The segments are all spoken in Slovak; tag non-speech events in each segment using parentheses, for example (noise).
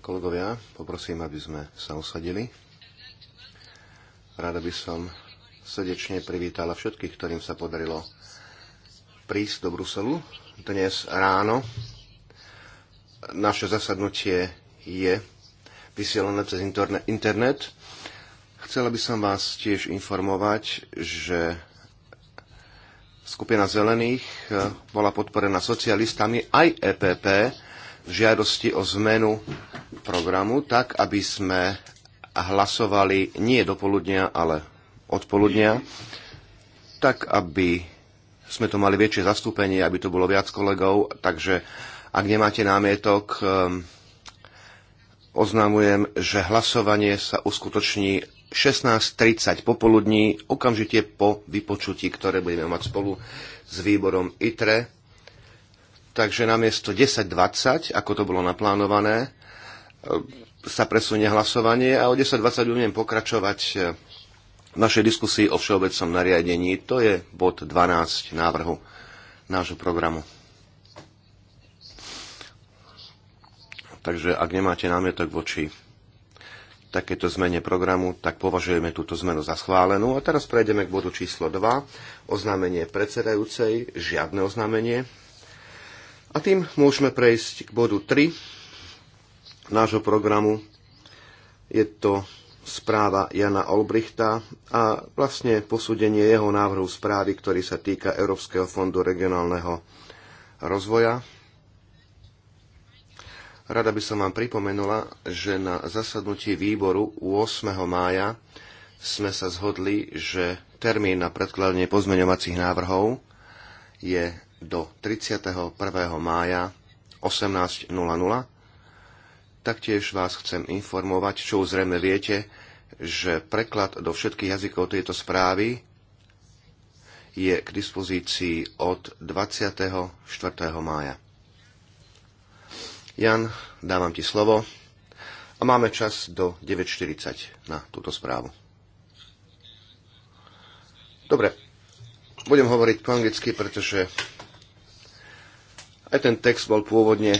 Kolegovia, poprosím, aby sme sa usadili. Rada by som srdečne privítala všetkých, ktorým sa podarilo prísť do Bruselu dnes ráno. Naše zasadnutie je vysielané cez internet. Chcela by som vás tiež informovať, že skupina zelených e, bola podporená socialistami aj EPP v žiadosti o zmenu programu tak, aby sme hlasovali nie do poludnia, ale od poludnia, tak aby sme to mali väčšie zastúpenie, aby to bolo viac kolegov. Takže ak nemáte námietok, e, oznamujem, že hlasovanie sa uskutoční 16.30 popoludní, okamžite po vypočutí, ktoré budeme mať spolu s výborom ITRE. Takže namiesto 10.20, ako to bolo naplánované, e, sa presunie hlasovanie a o 10.20 budem pokračovať e, v našej diskusii o všeobecnom nariadení. To je bod 12 návrhu nášho programu. Takže ak nemáte námietok voči takéto zmene programu, tak považujeme túto zmenu za schválenú. A teraz prejdeme k bodu číslo 2, oznámenie predsedajúcej, žiadne oznámenie. A tým môžeme prejsť k bodu 3 nášho programu. Je to správa Jana Olbrichta a vlastne posúdenie jeho návrhu správy, ktorý sa týka Európskeho fondu regionálneho rozvoja Rada by som vám pripomenula, že na zasadnutí výboru 8. mája sme sa zhodli, že termín na predkladanie pozmeňovacích návrhov je do 31. mája 18.00. Taktiež vás chcem informovať, čo už zrejme viete, že preklad do všetkých jazykov tejto správy je k dispozícii od 24. mája. Jan, dávam ti slovo a máme čas do 9.40 na túto správu. Dobre, budem hovoriť po anglicky, pretože aj ten text bol pôvodne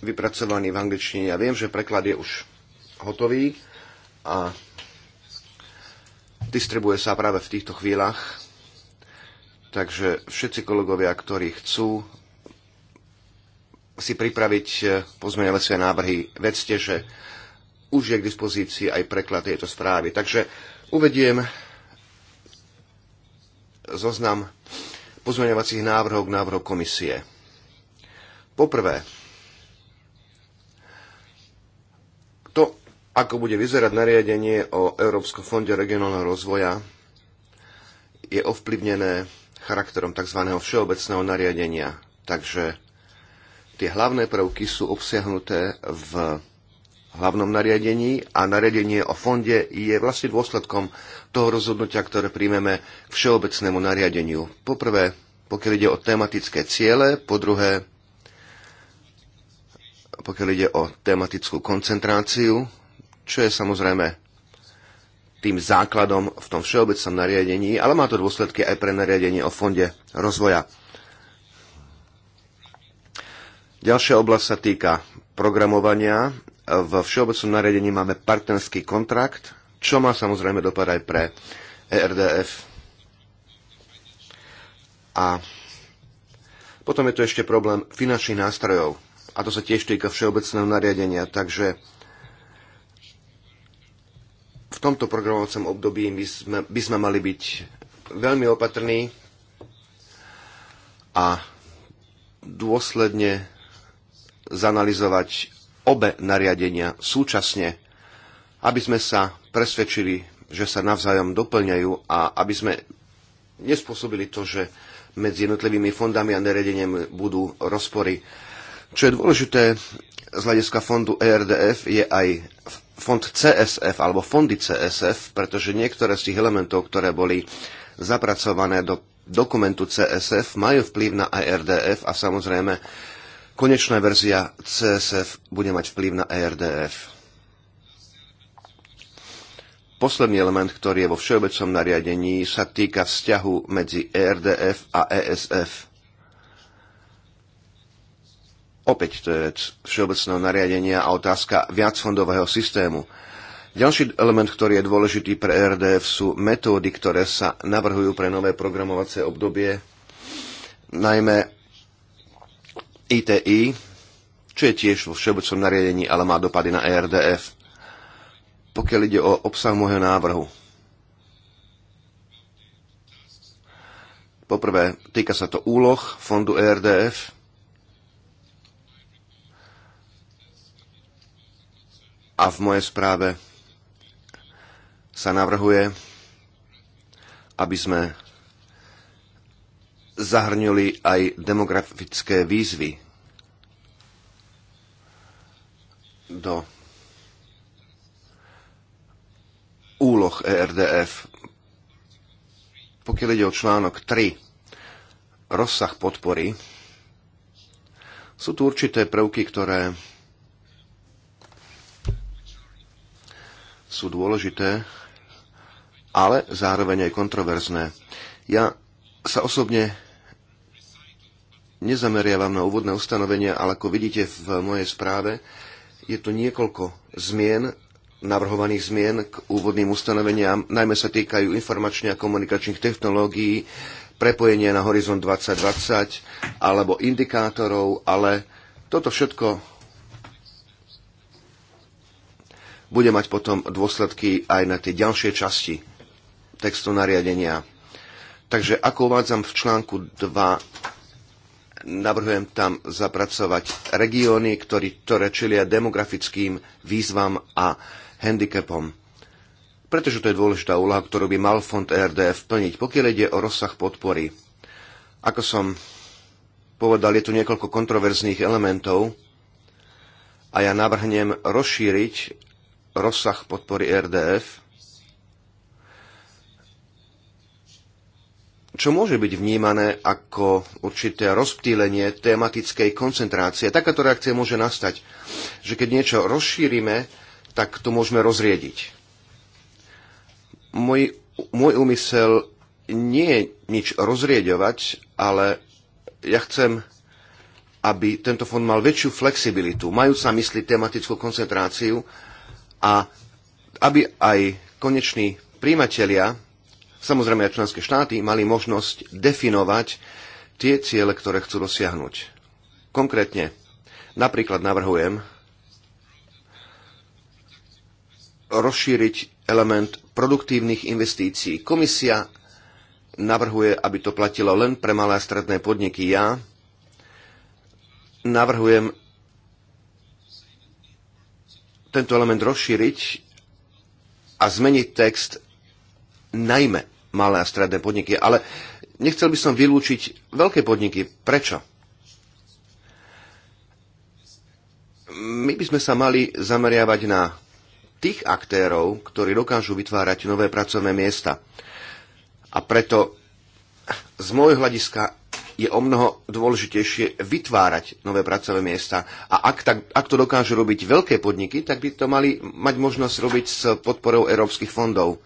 vypracovaný v angličtine. Ja viem, že preklad je už hotový a distribuje sa práve v týchto chvíľach. Takže všetci kolegovia, ktorí chcú, si pripraviť svoje návrhy. Vedzte, že už je k dispozícii aj preklad tejto správy. Takže uvediem zoznam pozmeňovacích návrhov k návrhu komisie. Poprvé, to, ako bude vyzerať nariadenie o Európskom fonde regionálneho rozvoja, je ovplyvnené charakterom tzv. všeobecného nariadenia. Takže Tie hlavné prvky sú obsiahnuté v hlavnom nariadení a nariadenie o fonde je vlastne dôsledkom toho rozhodnutia, ktoré príjmeme k všeobecnému nariadeniu. Poprvé, pokiaľ ide o tematické ciele, po druhé, pokiaľ ide o tematickú koncentráciu, čo je samozrejme tým základom v tom všeobecnom nariadení, ale má to dôsledky aj pre nariadenie o fonde rozvoja. Ďalšia oblasť sa týka programovania. V všeobecnom nariadení máme partnerský kontrakt, čo má samozrejme dopad aj pre ERDF. A potom je tu ešte problém finančných nástrojov. A to sa tiež týka všeobecného nariadenia. Takže v tomto programovacom období by sme, by sme mali byť veľmi opatrní a dôsledne zanalizovať obe nariadenia súčasne, aby sme sa presvedčili, že sa navzájom doplňajú a aby sme nespôsobili to, že medzi jednotlivými fondami a nariadeniami budú rozpory. Čo je dôležité z hľadiska fondu ERDF je aj fond CSF alebo fondy CSF, pretože niektoré z tých elementov, ktoré boli zapracované do dokumentu CSF, majú vplyv na ERDF a samozrejme konečná verzia CSF bude mať vplyv na ERDF. Posledný element, ktorý je vo všeobecnom nariadení, sa týka vzťahu medzi ERDF a ESF. Opäť to je vec všeobecného nariadenia a otázka viacfondového systému. Ďalší element, ktorý je dôležitý pre ERDF, sú metódy, ktoré sa navrhujú pre nové programovacie obdobie, najmä ITI, čo je tiež vo všeobecnom nariadení, ale má dopady na ERDF, pokiaľ ide o obsah môjho návrhu. Poprvé, týka sa to úloh fondu ERDF. A v mojej správe sa navrhuje, aby sme zahrnili aj demografické výzvy do úloh ERDF. Pokiaľ ide o článok 3, rozsah podpory, sú tu určité prvky, ktoré sú dôležité, ale zároveň aj kontroverzné. Ja sa osobne nezameriavam na úvodné ustanovenia, ale ako vidíte v mojej správe, je to niekoľko zmien, navrhovaných zmien k úvodným ustanoveniam, najmä sa týkajú informačných a komunikačných technológií, prepojenia na horizont 2020 alebo indikátorov, ale toto všetko bude mať potom dôsledky aj na tie ďalšie časti textu nariadenia. Takže ako uvádzam v článku 2, Navrhujem tam zapracovať regióny, ktorí, ktoré čelia demografickým výzvam a handicapom. Pretože to je dôležitá úloha, ktorú by mal fond RDF plniť, pokiaľ ide o rozsah podpory. Ako som povedal, je tu niekoľko kontroverzných elementov a ja navrhnem rozšíriť rozsah podpory RDF čo môže byť vnímané ako určité rozptýlenie tematickej koncentrácie. Takáto reakcia môže nastať, že keď niečo rozšírime, tak to môžeme rozriediť. Môj, môj úmysel nie je nič rozrieďovať, ale ja chcem, aby tento fond mal väčšiu flexibilitu, majúc na mysli tematickú koncentráciu a aby aj koneční príjimatelia samozrejme aj členské štáty, mali možnosť definovať tie ciele, ktoré chcú dosiahnuť. Konkrétne napríklad navrhujem rozšíriť element produktívnych investícií. Komisia navrhuje, aby to platilo len pre malé a stredné podniky. Ja navrhujem tento element rozšíriť a zmeniť text najmä malé a stredné podniky, ale nechcel by som vylúčiť veľké podniky. Prečo? My by sme sa mali zameriavať na tých aktérov, ktorí dokážu vytvárať nové pracovné miesta. A preto z môjho hľadiska je o mnoho dôležitejšie vytvárať nové pracové miesta. A ak, tak, ak to dokážu robiť veľké podniky, tak by to mali mať možnosť robiť s podporou európskych fondov.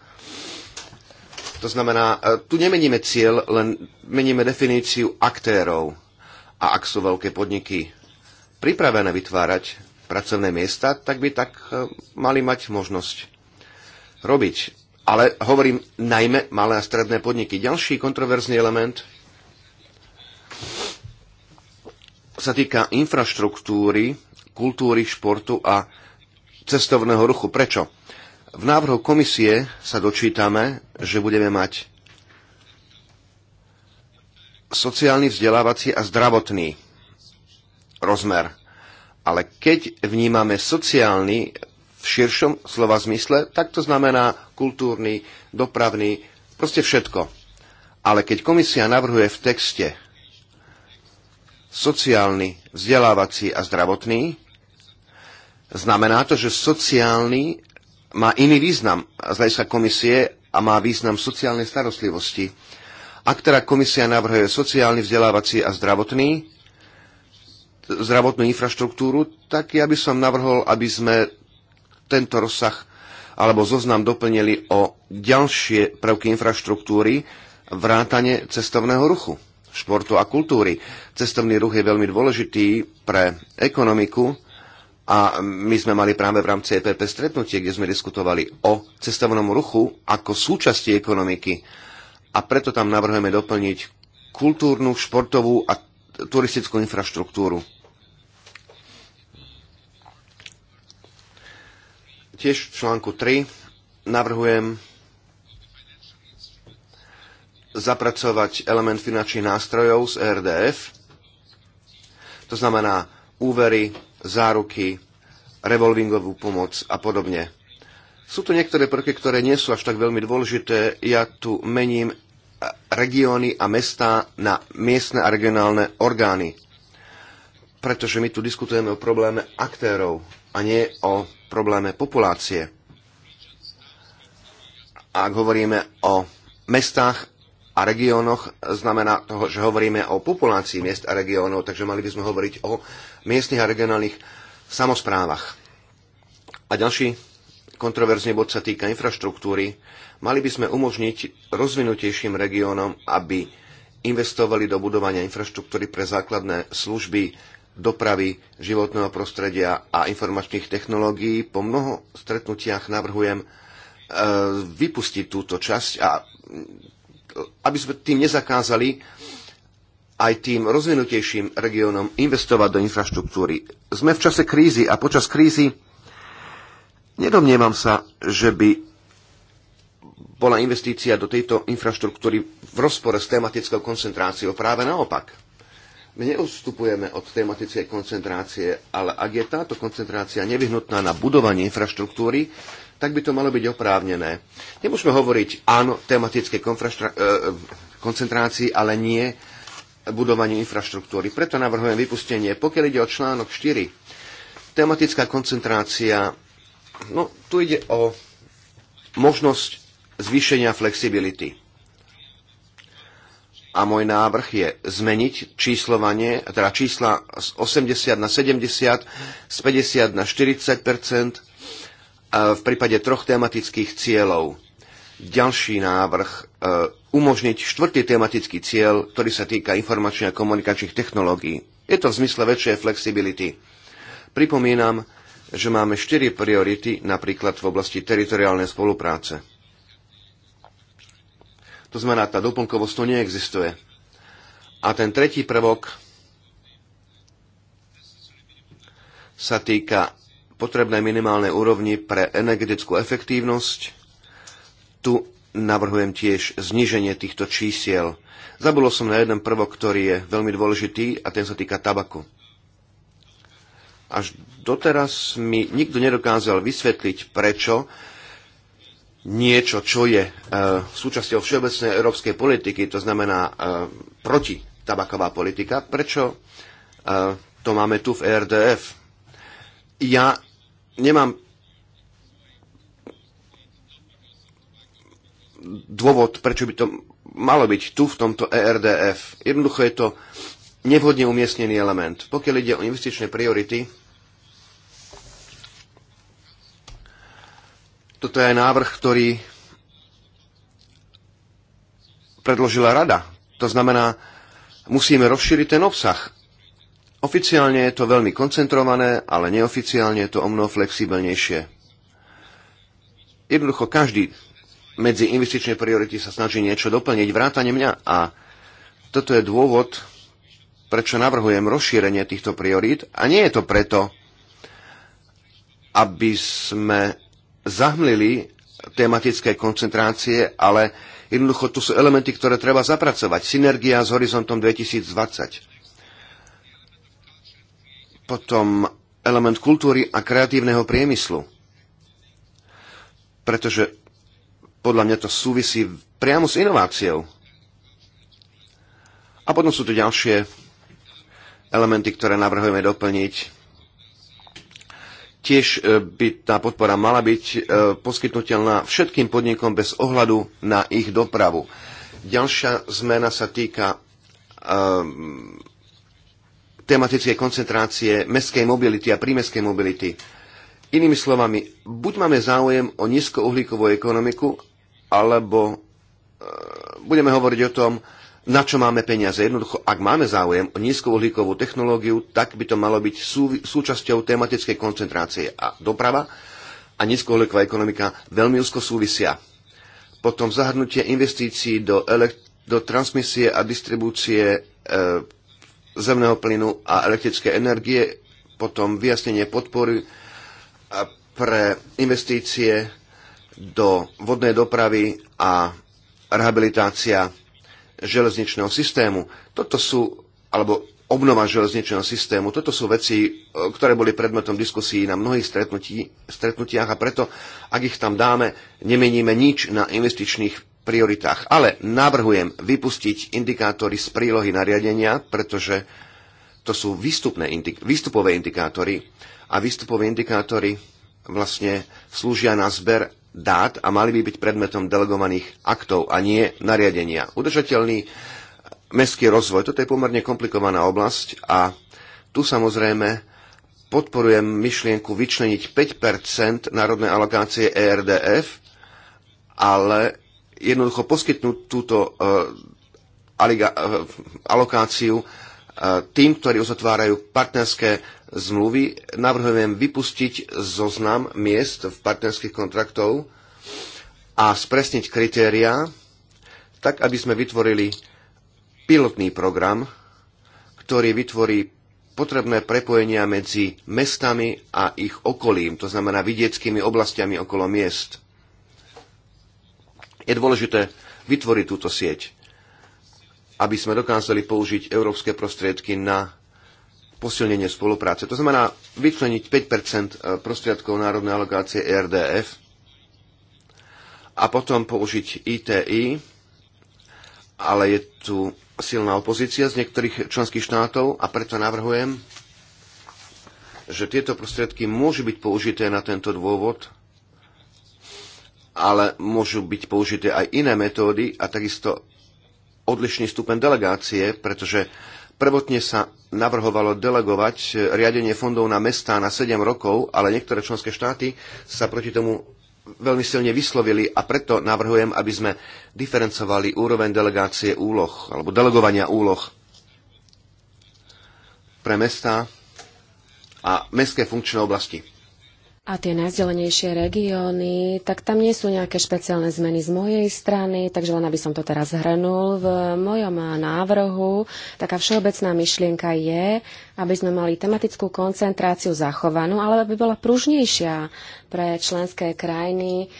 To znamená, e, tu nemeníme cieľ, len meníme definíciu aktérov. A ak sú veľké podniky pripravené vytvárať pracovné miesta, tak by tak e, mali mať možnosť robiť. Ale hovorím najmä malé a stredné podniky. Ďalší kontroverzný element sa týka infraštruktúry, kultúry, športu a cestovného ruchu. Prečo? V návrhu komisie sa dočítame, že budeme mať sociálny, vzdelávací a zdravotný rozmer. Ale keď vnímame sociálny v širšom slova zmysle, tak to znamená kultúrny, dopravný, proste všetko. Ale keď komisia navrhuje v texte sociálny, vzdelávací a zdravotný, znamená to, že sociálny má iný význam z hľadiska komisie a má význam sociálnej starostlivosti. Ak teda komisia navrhuje sociálny, vzdelávací a zdravotný, zdravotnú infraštruktúru, tak ja by som navrhol, aby sme tento rozsah alebo zoznam doplnili o ďalšie prvky infraštruktúry, vrátane cestovného ruchu, športu a kultúry. Cestovný ruch je veľmi dôležitý pre ekonomiku a my sme mali práve v rámci EPP stretnutie, kde sme diskutovali o cestovnom ruchu ako súčasti ekonomiky. A preto tam navrhujeme doplniť kultúrnu, športovú a turistickú infraštruktúru. Tiež v článku 3 navrhujem zapracovať element finančných nástrojov z e RDF, to znamená úvery, záruky, revolvingovú pomoc a podobne. Sú tu niektoré prvky, ktoré nie sú až tak veľmi dôležité. Ja tu mením regióny a mestá na miestne a regionálne orgány. Pretože my tu diskutujeme o probléme aktérov a nie o probléme populácie. A ak hovoríme o mestách a regiónoch znamená toho, že hovoríme o populácii miest a regiónov, takže mali by sme hovoriť o miestnych a regionálnych samozprávach. A ďalší kontroverzný bod sa týka infraštruktúry. Mali by sme umožniť rozvinutejším regiónom, aby investovali do budovania infraštruktúry pre základné služby dopravy, životného prostredia a informačných technológií. Po mnoho stretnutiach navrhujem e, vypustiť túto časť a aby sme tým nezakázali aj tým rozvinutejším regiónom investovať do infraštruktúry. Sme v čase krízy a počas krízy nedomnievam sa, že by bola investícia do tejto infraštruktúry v rozpore s tematickou koncentráciou. Práve naopak. My neustupujeme od tematickej koncentrácie, ale ak je táto koncentrácia nevyhnutná na budovanie infraštruktúry, tak by to malo byť oprávnené. Nemôžeme hovoriť áno tematickej e, koncentrácii, ale nie budovaniu infraštruktúry. Preto navrhujem vypustenie. Pokiaľ ide o článok 4, tematická koncentrácia, no tu ide o možnosť zvýšenia flexibility. A môj návrh je zmeniť číslovanie, teda čísla z 80 na 70, z 50 na 40 v prípade troch tematických cieľov. Ďalší návrh e, umožniť štvrtý tematický cieľ, ktorý sa týka informačných a komunikačných technológií. Je to v zmysle väčšej flexibility. Pripomínam, že máme štyri priority, napríklad v oblasti teritoriálnej spolupráce. To znamená, tá doplnkovosť tu neexistuje. A ten tretí prvok sa týka potrebnej minimálnej úrovni pre energetickú efektívnosť. Tu navrhujem tiež zníženie týchto čísiel. Zabudol som na jeden prvok, ktorý je veľmi dôležitý a ten sa týka tabaku. Až doteraz mi nikto nedokázal vysvetliť, prečo niečo, čo je e, súčasťou všeobecnej európskej politiky, to znamená e, proti tabaková politika, prečo e, to máme tu v ERDF ja nemám dôvod, prečo by to malo byť tu v tomto ERDF. Jednoducho je to nevhodne umiestnený element. Pokiaľ ide o investičné priority, toto je aj návrh, ktorý predložila rada. To znamená, musíme rozšíriť ten obsah Oficiálne je to veľmi koncentrované, ale neoficiálne je to o mnoho flexibilnejšie. Jednoducho každý medzi investičné priority sa snaží niečo doplniť, vrátane mňa. A toto je dôvod, prečo navrhujem rozšírenie týchto priorít. A nie je to preto, aby sme zahmlili tematické koncentrácie, ale jednoducho tu sú elementy, ktoré treba zapracovať. Synergia s horizontom 2020 potom element kultúry a kreatívneho priemyslu. Pretože podľa mňa to súvisí priamo s inováciou. A potom sú tu ďalšie elementy, ktoré navrhujeme doplniť Tiež e, by tá podpora mala byť e, poskytnutelná všetkým podnikom bez ohľadu na ich dopravu. Ďalšia zmena sa týka um, tematickej koncentrácie mestskej mobility a prímeskej mobility. Inými slovami, buď máme záujem o nízkouhlíkovú ekonomiku, alebo e, budeme hovoriť o tom, na čo máme peniaze. Jednoducho, ak máme záujem o nízkouhlíkovú technológiu, tak by to malo byť sú, súčasťou tematickej koncentrácie. A doprava a nízkouhlíková ekonomika veľmi úzko súvisia. Potom zahrnutie investícií do, elekt- do transmisie a distribúcie e, zemného plynu a elektrické energie, potom vyjasnenie podpory pre investície do vodnej dopravy a rehabilitácia železničného systému. Toto sú, alebo obnova železničného systému, toto sú veci, e, ktoré boli predmetom diskusí na mnohých stretnutí, stretnutiach a preto, ak ich tam dáme, nemeníme nič na investičných prioritách. Ale navrhujem vypustiť indikátory z prílohy nariadenia, pretože to sú výstupné indik- výstupové indikátory a výstupové indikátory vlastne slúžia na zber dát a mali by byť predmetom delegovaných aktov a nie nariadenia. Udržateľný mestský rozvoj, toto je pomerne komplikovaná oblasť a tu samozrejme podporujem myšlienku vyčleniť 5 národnej alokácie ERDF, ale jednoducho poskytnúť túto eh, eh, alokáciu eh, tým, ktorí uzatvárajú partnerské zmluvy. Navrhujem vypustiť zoznam miest v partnerských kontraktov a spresniť kritériá, tak aby sme vytvorili pilotný program, ktorý vytvorí potrebné prepojenia medzi mestami a ich okolím, to znamená vidieckými oblastiami okolo miest. Je dôležité vytvoriť túto sieť, aby sme dokázali použiť európske prostriedky na posilnenie spolupráce. To znamená vyčleniť 5 e, prostriedkov národnej alokácie e RDF a potom použiť ITI, ale je tu silná opozícia z niektorých členských štátov a preto navrhujem, že tieto prostriedky môžu byť použité na tento dôvod ale môžu byť použité aj iné metódy a takisto odlišný stupeň delegácie, pretože prvotne sa navrhovalo delegovať eh, riadenie fondov na mestá na 7 rokov, ale niektoré členské štáty sa proti tomu veľmi silne vyslovili a preto navrhujem, aby sme diferencovali úroveň delegácie úloh alebo delegovania úloh pre mesta a mestské funkčné oblasti a tie najzdelenejšie regióny, tak tam nie sú nejaké špeciálne zmeny z mojej strany, takže len aby som to teraz zhrnul. V mojom návrhu taká všeobecná myšlienka je, aby sme mali tematickú koncentráciu zachovanú, ale aby bola pružnejšia pre členské krajiny,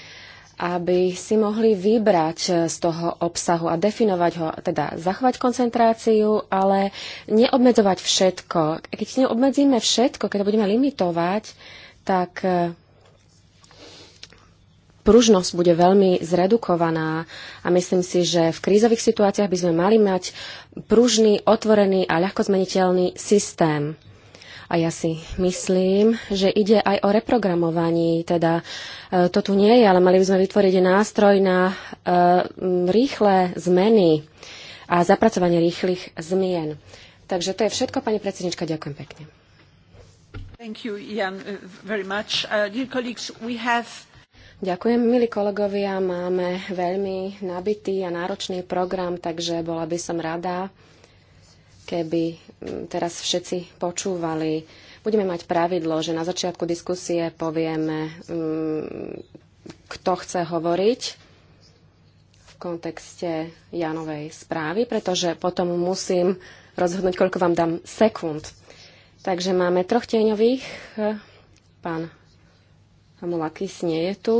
aby si mohli vybrať z toho obsahu a definovať ho, teda zachovať koncentráciu, ale neobmedzovať všetko. Keď neobmedzíme všetko, keď to budeme limitovať, tak e, pružnosť bude veľmi zredukovaná a myslím si, že v krízových situáciách by sme mali mať pružný, otvorený a ľahko zmeniteľný systém. A ja si myslím, že ide aj o reprogramovaní, teda e, to tu nie je, ale mali by sme vytvoriť nástroj na e, rýchle zmeny a zapracovanie rýchlych zmien. Takže to je všetko, pani predsednička, ďakujem pekne. Uh, uh, Ďakujem, milí kolegovia. Máme veľmi nabitý a náročný program, takže bola by som rada, keby mm, teraz všetci počúvali. Budeme mať pravidlo, že na začiatku diskusie povieme, mm, kto chce hovoriť v kontekste Janovej správy, pretože potom musím rozhodnúť, koľko vám dám sekúnd Takže máme troch tieňových. Pán Hamulakis nie je tu.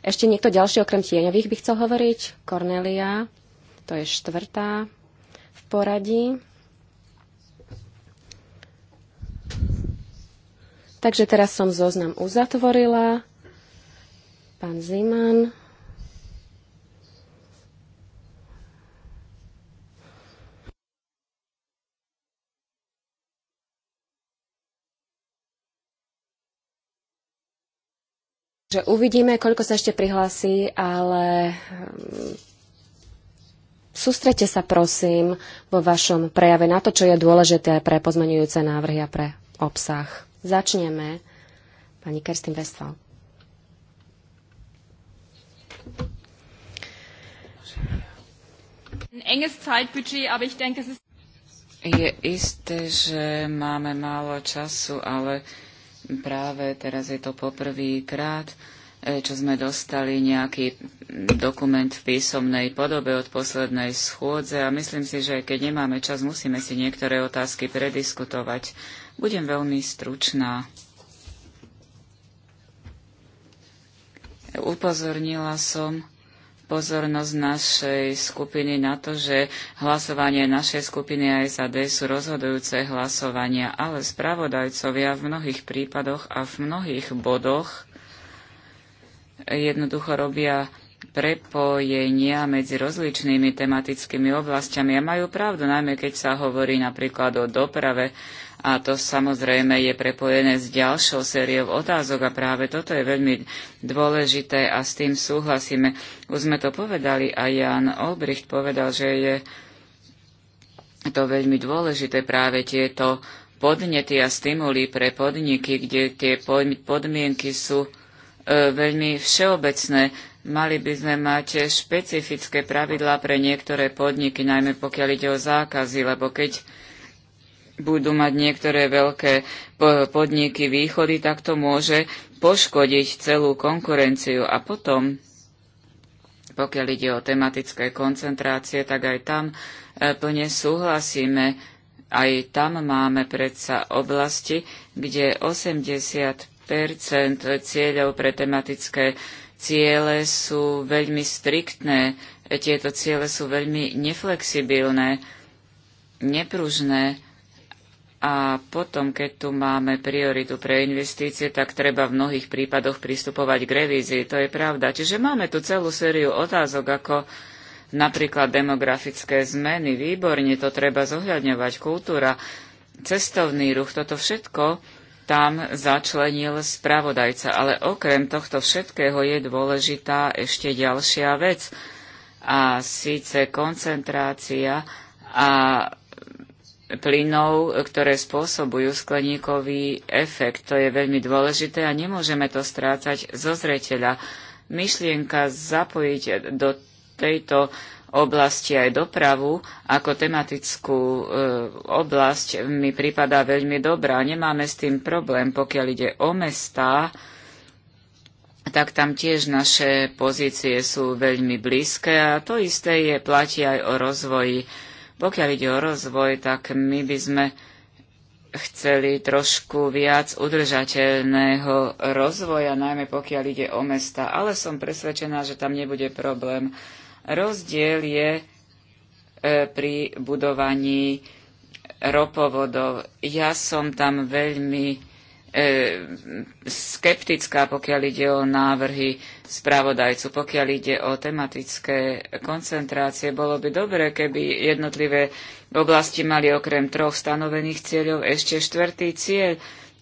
Ešte niekto ďalší okrem tieňových by chcel hovoriť? Cornelia, to je štvrtá v poradí. Takže teraz som zoznam uzatvorila. Pán Ziman. že uvidíme, koľko sa ešte prihlási, ale mm, sústrete sa prosím vo vašom prejave na to, čo je dôležité pre pozmenujúce návrhy a pre obsah. Začneme pani Kerstin Westphal. Je isté, že máme málo času, ale Práve teraz je to poprvýkrát, eh, čo sme dostali nejaký dokument v písomnej podobe od poslednej schôdze a myslím si, že keď nemáme čas, musíme si niektoré otázky prediskutovať. Budem veľmi stručná. Upozornila som pozornosť našej skupiny na to, že hlasovanie našej skupiny a SAD sú rozhodujúce hlasovania, ale spravodajcovia v mnohých prípadoch a v mnohých bodoch jednoducho robia prepojenia medzi rozličnými tematickými oblastiami a majú pravdu, najmä keď sa hovorí napríklad o doprave, a to samozrejme je prepojené s ďalšou sériou otázok a práve toto je veľmi dôležité a s tým súhlasíme. Už sme to povedali a Jan Olbricht povedal, že je to veľmi dôležité práve tieto podnety a stimuly pre podniky, kde tie podmienky sú e, veľmi všeobecné. Mali by sme mať špecifické pravidlá pre niektoré podniky, najmä pokiaľ ide o zákazy, lebo keď budú mať niektoré veľké podniky východy, tak to môže poškodiť celú konkurenciu. A potom, pokiaľ ide o tematické koncentrácie, tak aj tam e, plne súhlasíme. Aj tam máme predsa oblasti, kde 80 cieľov pre tematické ciele sú veľmi striktné, e, tieto ciele sú veľmi neflexibilné, nepružné a potom, keď tu máme prioritu pre investície, tak treba v mnohých prípadoch pristupovať k revízii. To je pravda. Čiže máme tu celú sériu otázok, ako napríklad demografické zmeny. Výborne to treba zohľadňovať. Kultúra, cestovný ruch, toto všetko tam začlenil spravodajca. Ale okrem tohto všetkého je dôležitá ešte ďalšia vec. A síce koncentrácia a plynov, ktoré spôsobujú skleníkový efekt. To je veľmi dôležité a nemôžeme to strácať zo zreteľa. Myšlienka zapojiť do tejto oblasti aj dopravu ako tematickú e, oblasť mi pripadá veľmi dobrá. Nemáme s tým problém, pokiaľ ide o mestá, tak tam tiež naše pozície sú veľmi blízke a to isté je platí aj o rozvoji pokiaľ ide o rozvoj, tak my by sme chceli trošku viac udržateľného rozvoja, najmä pokiaľ ide o mesta, ale som presvedčená, že tam nebude problém. Rozdiel je e, pri budovaní ropovodov. Ja som tam veľmi E, skeptická, pokiaľ ide o návrhy správodajcu. Pokiaľ ide o tematické koncentrácie, bolo by dobré, keby jednotlivé oblasti mali okrem troch stanovených cieľov ešte štvrtý cieľ.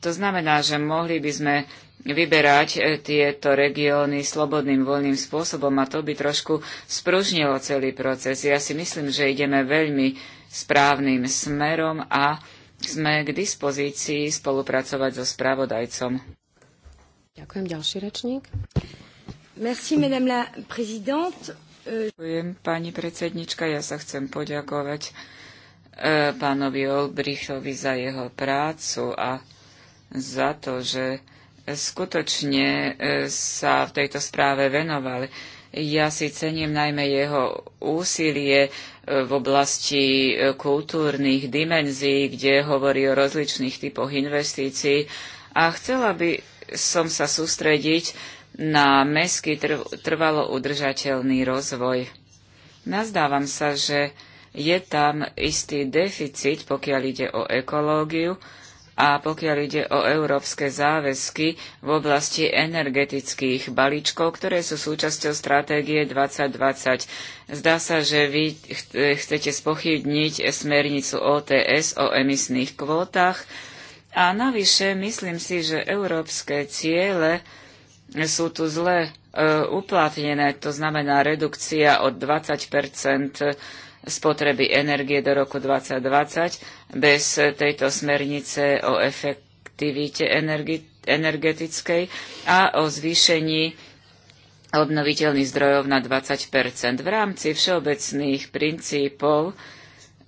To znamená, že mohli by sme vyberať e, tieto regióny slobodným, voľným spôsobom a to by trošku spružnilo celý proces. Ja si myslím, že ideme veľmi správnym smerom a sme k dispozícii spolupracovať so spravodajcom. Ďakujem, ďalší rečník. Merci, madame la présidente. Euh, Ďakujem, pani predsednička. Ja sa chcem poďakovať e, pánovi Olbrichovi za jeho prácu a za to, že skutočne e, sa v tejto správe venovali. Ja si cením najmä jeho úsilie e, v oblasti e, kultúrnych dimenzií, kde hovorí o rozličných typoch investícií. A chcela by som sa sústrediť na mestský trvalo udržateľný rozvoj. Nazdávam sa, že je tam istý deficit, pokiaľ ide o ekológiu, a pokiaľ ide o európske záväzky v oblasti energetických balíčkov, ktoré sú súčasťou stratégie 2020. Zdá sa, že vy chcete spochybniť smernicu OTS o emisných kvótach a navyše myslím si, že európske ciele sú tu zle e, uplatnené, to znamená redukcia od 20 spotreby energie do roku 2020. Bez tejto smernice o efektivite energetickej a o zvýšení obnoviteľných zdrojov na 20 V rámci všeobecných princípov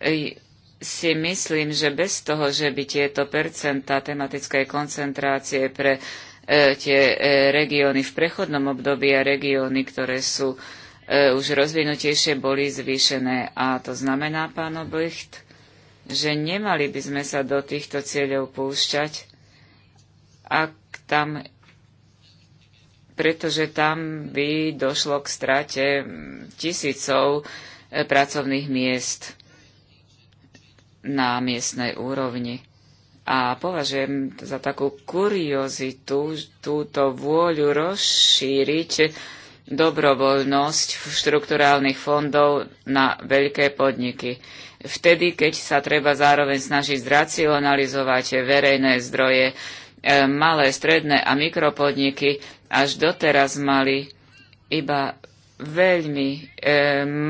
eh, si myslím, že bez toho, že by tieto percentá tematickej koncentrácie pre eh, tie eh, regióny v prechodnom období a regióny, ktoré sú E, už rozvinutejšie boli zvýšené. A to znamená, pán Oblicht, že nemali by sme sa do týchto cieľov púšťať, ak tam pretože tam by došlo k strate tisícov e, pracovných miest na miestnej úrovni. A považujem za takú kuriozitu túto vôľu rozšíriť dobrovoľnosť štrukturálnych fondov na veľké podniky. Vtedy, keď sa treba zároveň snažiť zracionalizovať verejné zdroje, e, malé, stredné a mikropodniky až doteraz mali iba veľmi e,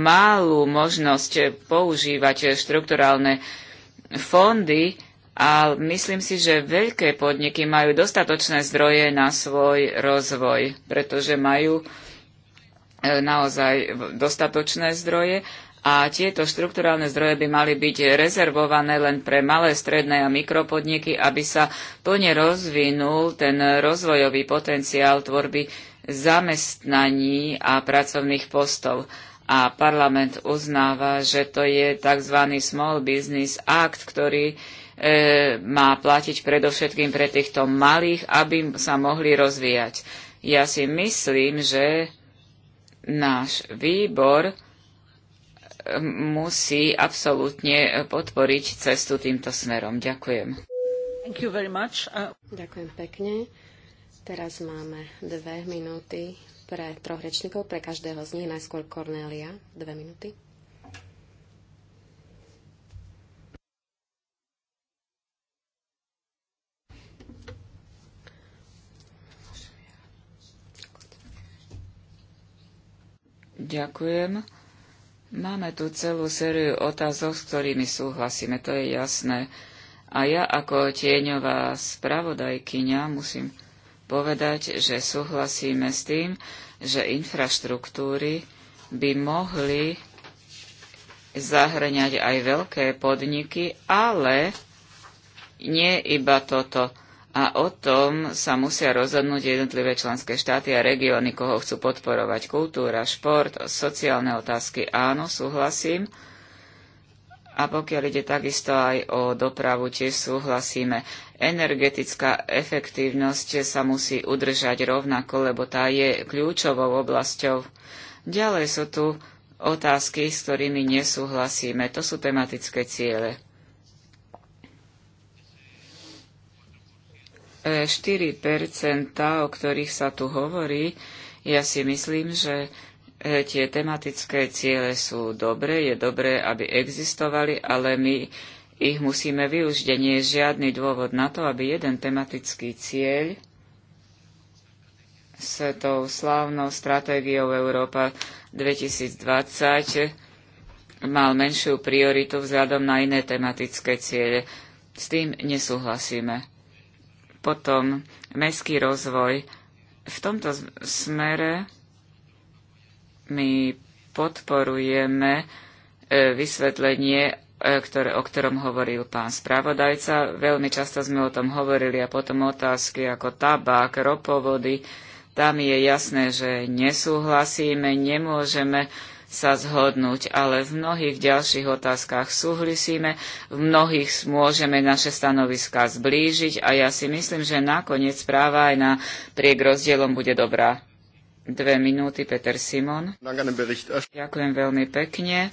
malú možnosť používať štrukturálne fondy a myslím si, že veľké podniky majú dostatočné zdroje na svoj rozvoj, pretože majú E, naozaj dostatočné zdroje a tieto štrukturálne zdroje by mali byť rezervované len pre malé, stredné a mikropodniky, aby sa plne rozvinul ten rozvojový potenciál tvorby zamestnaní a pracovných postov. A parlament uznáva, že to je tzv. Small Business Act, ktorý e, má platiť predovšetkým pre týchto malých, aby sa mohli rozvíjať. Ja si myslím, že náš výbor eh, musí absolútne podporiť cestu týmto smerom. Ďakujem. Uh, Ďakujem pekne. Teraz máme dve minúty pre troch rečníkov, pre každého z nich. Najskôr Cornelia, dve minúty. Ďakujem. Máme tu celú sériu otázok, s ktorými súhlasíme, to je jasné. A ja ako tieňová spravodajkyňa musím povedať, že súhlasíme s tým, že infraštruktúry by mohli zahrňať aj veľké podniky, ale nie iba toto a o tom sa musia rozhodnúť jednotlivé členské štáty a regióny, koho chcú podporovať. Kultúra, šport, sociálne otázky, áno, súhlasím. A pokiaľ ide takisto aj o dopravu, tiež súhlasíme. Energetická efektívnosť sa musí udržať rovnako, lebo tá je kľúčovou oblasťou. Ďalej sú tu otázky, s ktorými nesúhlasíme. To sú tematické ciele. 4%, o ktorých sa tu hovorí, ja si myslím, že e, tie tematické ciele sú dobré, je dobré, aby existovali, ale my ich musíme využiť. A nie je žiadny dôvod na to, aby jeden tematický cieľ s tou slávnou stratégiou Európa 2020 mal menšiu prioritu vzhľadom na iné tematické ciele. S tým nesúhlasíme. Potom mestský rozvoj. V tomto smere my podporujeme e, vysvetlenie, e, ktoré, o ktorom hovoril pán spravodajca. Veľmi často sme o tom hovorili a potom otázky ako tabák, ropovody. Tam je jasné, že nesúhlasíme, nemôžeme sa zhodnúť, ale v mnohých ďalších otázkach súhlasíme, v mnohých môžeme naše stanoviská zblížiť a ja si myslím, že nakoniec práva aj na priek rozdielom bude dobrá. Dve minúty, Peter Simon. Ďakujem veľmi pekne.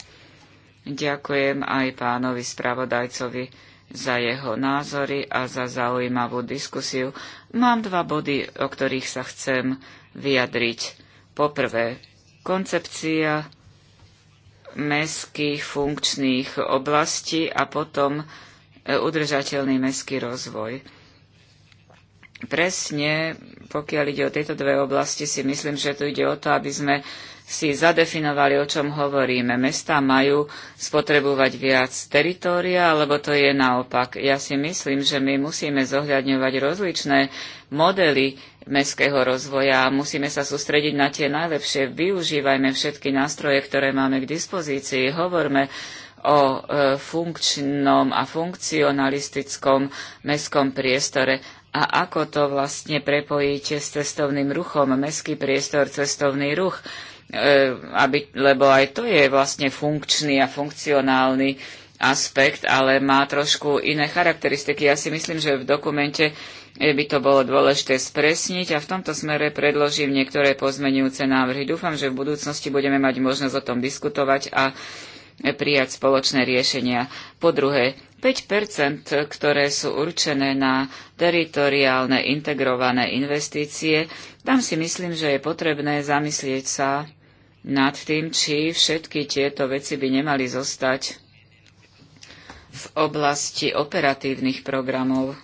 Ďakujem aj pánovi spravodajcovi za jeho názory a za zaujímavú diskusiu. Mám dva body, o ktorých sa chcem vyjadriť. Poprvé, koncepcia mestských funkčných oblastí a potom e, udržateľný mestský rozvoj. Presne, pokiaľ ide o tieto dve oblasti, si myslím, že tu ide o to, aby sme si zadefinovali, o čom hovoríme. Mestá majú spotrebovať viac teritória, alebo to je naopak. Ja si myslím, že my musíme zohľadňovať rozličné modely mestského rozvoja a musíme sa sústrediť na tie najlepšie. Využívajme všetky nástroje, ktoré máme k dispozícii. Hovorme o e, funkčnom a funkcionalistickom mestskom priestore. A ako to vlastne prepojíte s cestovným ruchom, mestský priestor, cestovný ruch, e, aby, lebo aj to je vlastne funkčný a funkcionálny aspekt, ale má trošku iné charakteristiky. Ja si myslím, že v dokumente by to bolo dôležité spresniť a v tomto smere predložím niektoré pozmenujúce návrhy. Dúfam, že v budúcnosti budeme mať možnosť o tom diskutovať a prijať spoločné riešenia. Po druhé, 5 ktoré sú určené na teritoriálne integrované investície, tam si myslím, že je potrebné zamyslieť sa nad tým, či všetky tieto veci by nemali zostať v oblasti operatívnych programov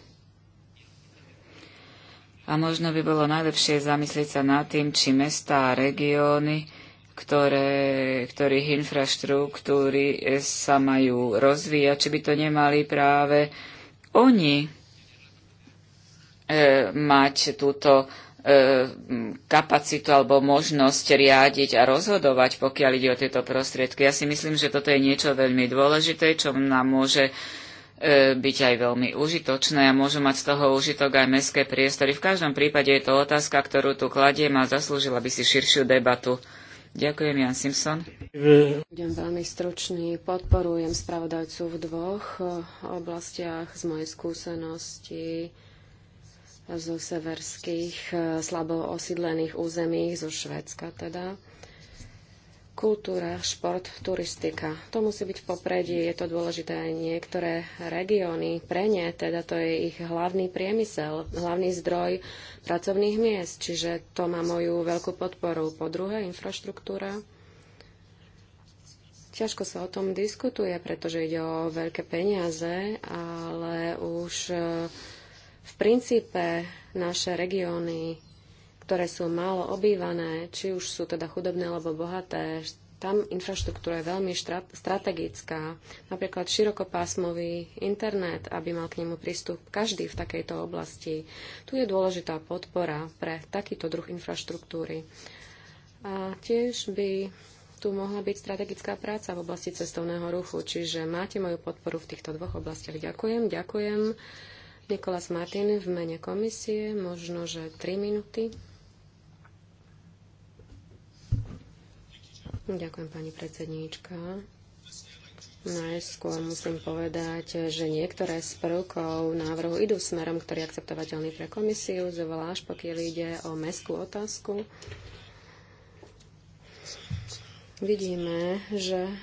a možno by bolo najlepšie zamyslieť sa nad tým, či mesta a regióny, ktoré, ktorých infraštruktúry sa majú rozvíjať, či by to nemali práve oni e, mať túto e, kapacitu alebo možnosť riadiť a rozhodovať, pokiaľ ide o tieto prostriedky. Ja si myslím, že toto je niečo veľmi dôležité, čo nám môže E, byť aj veľmi užitočné a môžu mať z toho užitok aj mestské priestory. V každom prípade je to otázka, ktorú tu kladiem a zaslúžila by si širšiu debatu. Ďakujem, Jan Simpson. Budem veľmi stručný. Podporujem spravodajcu v dvoch e, oblastiach z mojej skúsenosti e, zo severských slabo osídlených území, zo Švédska teda. Kultúra, šport, turistika. To musí byť v popredí, je to dôležité aj niektoré regióny. Pre ne teda to je ich hlavný priemysel, hlavný zdroj pracovných miest, čiže to má moju veľkú podporu. Po druhé, infraštruktúra. Ťažko sa o tom diskutuje, pretože ide o veľké peniaze, ale už eh, v princípe naše regióny ktoré sú málo obývané, či už sú teda chudobné alebo bohaté, tam infraštruktúra je veľmi strategická. Napríklad širokopásmový internet, aby mal k nemu prístup každý v takejto oblasti. Tu je dôležitá podpora pre takýto druh infraštruktúry. A tiež by tu mohla byť strategická práca v oblasti cestovného ruchu, čiže máte moju podporu v týchto dvoch oblastiach. Ďakujem, ďakujem. Nikolas Martin v mene komisie, možno, že 3 minúty. Ďakujem, pani predsedníčka. Najskôr musím povedať, že niektoré z prvkov návrhu idú smerom, ktorý je akceptovateľný pre komisiu, zvlášť pokiaľ ide o mestskú otázku. Vidíme, že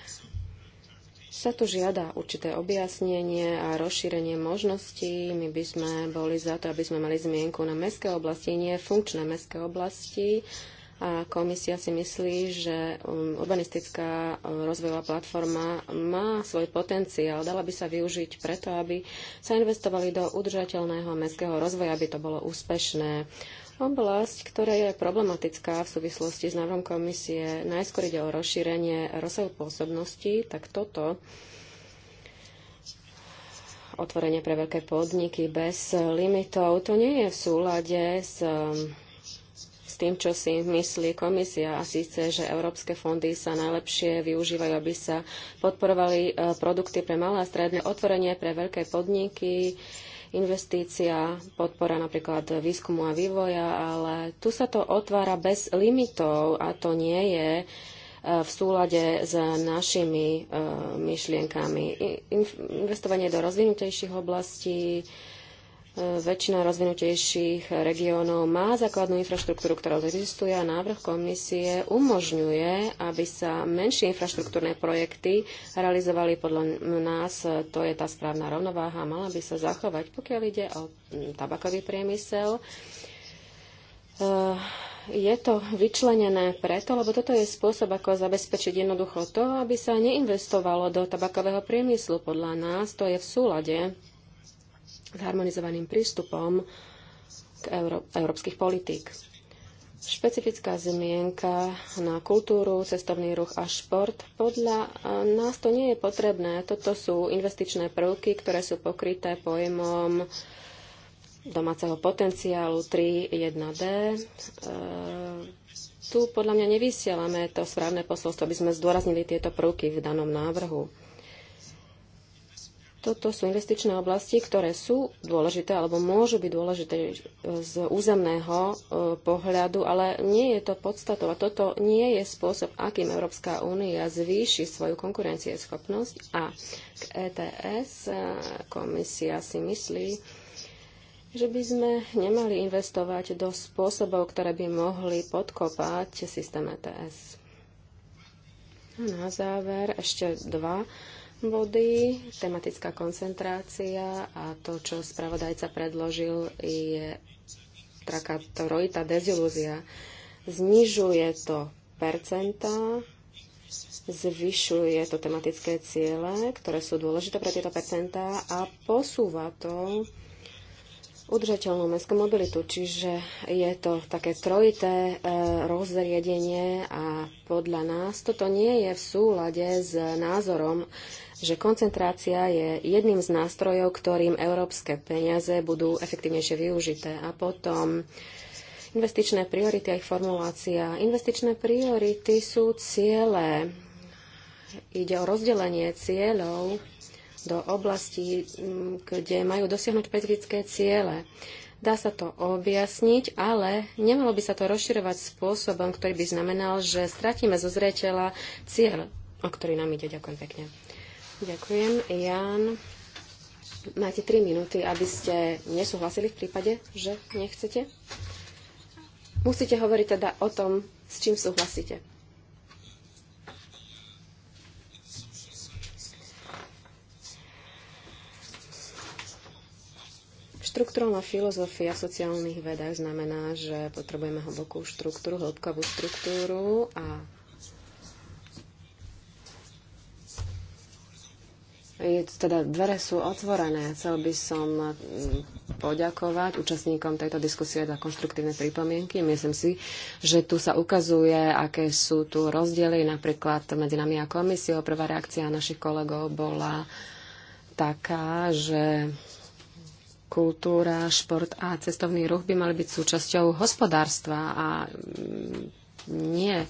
sa tu žiada určité objasnenie a rozšírenie možností. My by sme boli za to, aby sme mali zmienku na mestské oblasti, nie funkčné mestské oblasti, a komisia si myslí, že um, urbanistická um, rozvojová platforma má svoj potenciál, dala by sa využiť preto, aby sa investovali do udržateľného mestského rozvoja, aby to bolo úspešné. Oblasť, ktorá je problematická v súvislosti s návrhom komisie, najskôr ide o rozšírenie rozsahu pôsobnosti, tak toto otvorenie pre veľké podniky bez limitov, to nie je v súlade s um, tým, čo si myslí komisia, a síce, že európske fondy sa najlepšie využívajú, aby sa podporovali e, produkty pre malé a stredné, otvorenie pre veľké podniky, investícia, podpora napríklad výskumu a vývoja, ale tu sa to otvára bez limitov a to nie je e, v súlade s našimi e, myšlienkami. Investovanie do rozvinutejších oblastí, väčšina rozvinutejších regiónov má základnú infraštruktúru, ktorá existuje a návrh komisie umožňuje, aby sa menšie infraštruktúrne projekty realizovali podľa nás. To je tá správna rovnováha. Mala by sa zachovať, pokiaľ ide o mm, tabakový priemysel. Eh, je to vyčlenené preto, lebo toto je spôsob, ako zabezpečiť jednoducho to, aby sa neinvestovalo do tabakového priemyslu. Podľa nás to je v súlade zharmonizovaným prístupom k euro- európskych politík. Špecifická zmienka na kultúru, cestovný ruch a šport. Podľa eh, nás to nie je potrebné. Toto sú investičné prvky, ktoré sú pokryté pojmom domáceho potenciálu 3.1d. E, eh, tu podľa mňa nevysielame to správne posolstvo, aby sme zdôraznili tieto prvky v danom návrhu. Toto sú investičné oblasti, ktoré sú dôležité alebo môžu byť dôležité e, z územného e, pohľadu, ale nie je to podstatou a toto nie je spôsob, akým Európska únia zvýši svoju konkurencieschopnosť a k ETS e, komisia si myslí, že by sme nemali investovať do spôsobov, ktoré by mohli podkopať systém ETS. A na záver ešte dva body. Tematická koncentrácia a to, čo spravodajca predložil, je taká trojitá dezilúzia. Znižuje to percenta, zvyšuje to tematické ciele, ktoré sú dôležité pre tieto percentá a posúva to udržateľnú mestskú mobilitu. Čiže je to také trojité e, rozriadenie a podľa nás toto nie je v súlade s názorom že koncentrácia je jedným z nástrojov, ktorým európske peniaze budú efektívnejšie využité. A potom investičné priority a ich formulácia. Investičné priority sú ciele. Ide o rozdelenie cieľov do oblastí, kde majú dosiahnuť špecifické ciele. Dá sa to objasniť, ale nemalo by sa to rozširovať spôsobom, ktorý by znamenal, že stratíme zo zreteľa cieľ, o ktorý nám ide. Ďakujem pekne. Ďakujem. Jan, máte 3 minúty, aby ste nesúhlasili v prípade, že nechcete. Musíte hovoriť teda o tom, s čím súhlasíte. Štruktúrna filozofia v sociálnych vedách znamená, že potrebujeme hlbokú štruktúru, hĺbkovú štruktúru a Je, teda dvere sú otvorené. Chcel by som mm, poďakovať účastníkom tejto diskusie za konštruktívne pripomienky. Myslím si, že tu sa ukazuje, aké sú tu rozdiely napríklad medzi nami a komisiou. Prvá reakcia našich kolegov bola taká, že kultúra, šport a cestovný ruch by mali byť súčasťou hospodárstva a mm, nie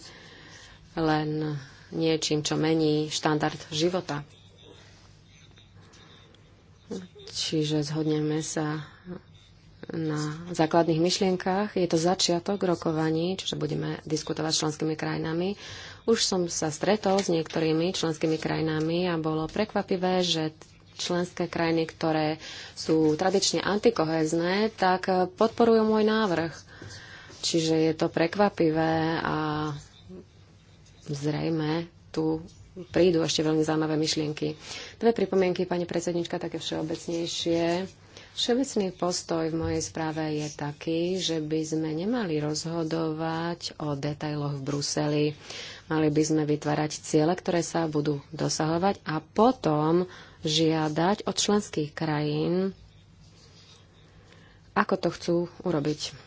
len niečím, čo mení štandard života čiže zhodneme sa na základných myšlienkách. Je to začiatok rokovaní, čiže budeme diskutovať s členskými krajinami. Už som sa stretol s niektorými členskými krajinami a bolo prekvapivé, že členské krajiny, ktoré sú tradične antikohezné, tak podporujú môj návrh. Čiže je to prekvapivé a zrejme tu prídu ešte veľmi zaujímavé myšlienky. Dve pripomienky, pani predsednička, také všeobecnejšie. Všeobecný postoj v mojej správe je taký, že by sme nemali rozhodovať o detailoch v Bruseli. Mali by sme vytvárať ciele, ktoré sa budú dosahovať a potom žiadať od členských krajín, ako to chcú urobiť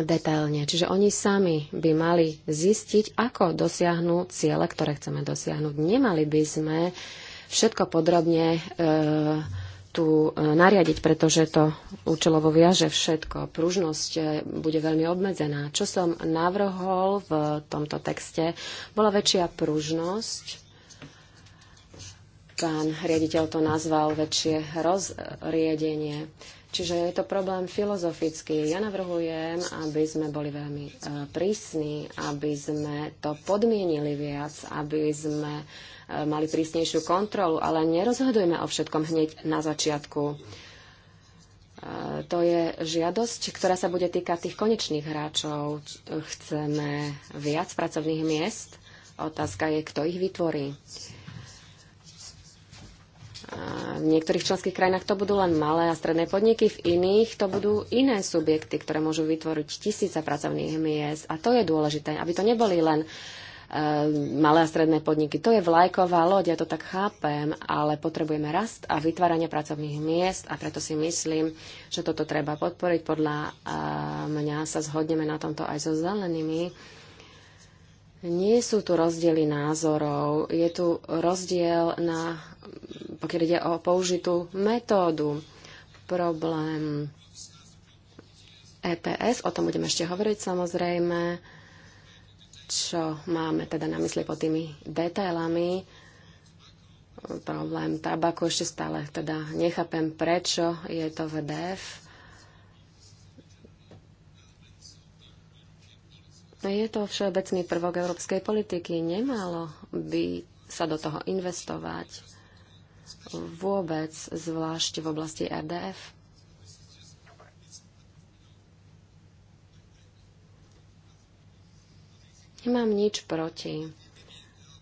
detailne. Čiže oni sami by mali zistiť, ako dosiahnu ciele, ktoré chceme dosiahnuť. Nemali by sme všetko podrobne e, tu e, nariadiť, pretože to účelovo viaže všetko. Pružnosť e, bude veľmi obmedzená. Čo som navrhol v tomto texte, bola väčšia pružnosť. Pán riaditeľ to nazval väčšie rozriedenie. E, Čiže je to problém filozofický. Ja navrhujem, aby sme boli veľmi e, prísni, aby sme to podmienili viac, aby sme e, mali prísnejšiu kontrolu, ale nerozhodujme o všetkom hneď na začiatku. E, to je žiadosť, ktorá sa bude týkať tých konečných hráčov. Chceme viac pracovných miest. Otázka je, kto ich vytvorí. V niektorých členských krajinách to budú len malé a stredné podniky, v iných to budú iné subjekty, ktoré môžu vytvoriť tisíce pracovných miest. A to je dôležité, aby to neboli len e, malé a stredné podniky. To je vlajková loď, ja to tak chápem, ale potrebujeme rast a vytváranie pracovných miest a preto si myslím, že toto treba podporiť. Podľa e, mňa sa zhodneme na tomto aj so zelenými. Nie sú tu rozdiely názorov, je tu rozdiel na pokiaľ ide o použitú metódu, problém ETS, o tom budeme ešte hovoriť samozrejme, čo máme teda na mysli pod tými detailami. Problém tabaku ešte stále teda nechápem, prečo je to VDF. Je to všeobecný prvok európskej politiky. Nemalo by sa do toho investovať vôbec, zvlášť v oblasti RDF. Nemám nič proti,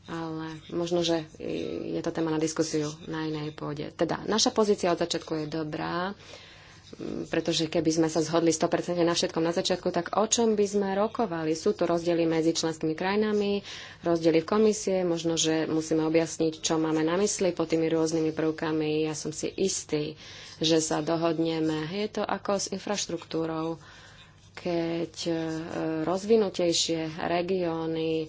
ale možno, že je to téma na diskusiu na inej pôde. Teda, naša pozícia od začiatku je dobrá pretože keby sme sa zhodli 100% na všetkom na začiatku, tak o čom by sme rokovali? Sú tu rozdiely medzi členskými krajinami, rozdiely v komisie, možno, že musíme objasniť, čo máme na mysli pod tými rôznymi prvkami. Ja som si istý, že sa dohodneme. Je to ako s infraštruktúrou, keď e, rozvinutejšie regióny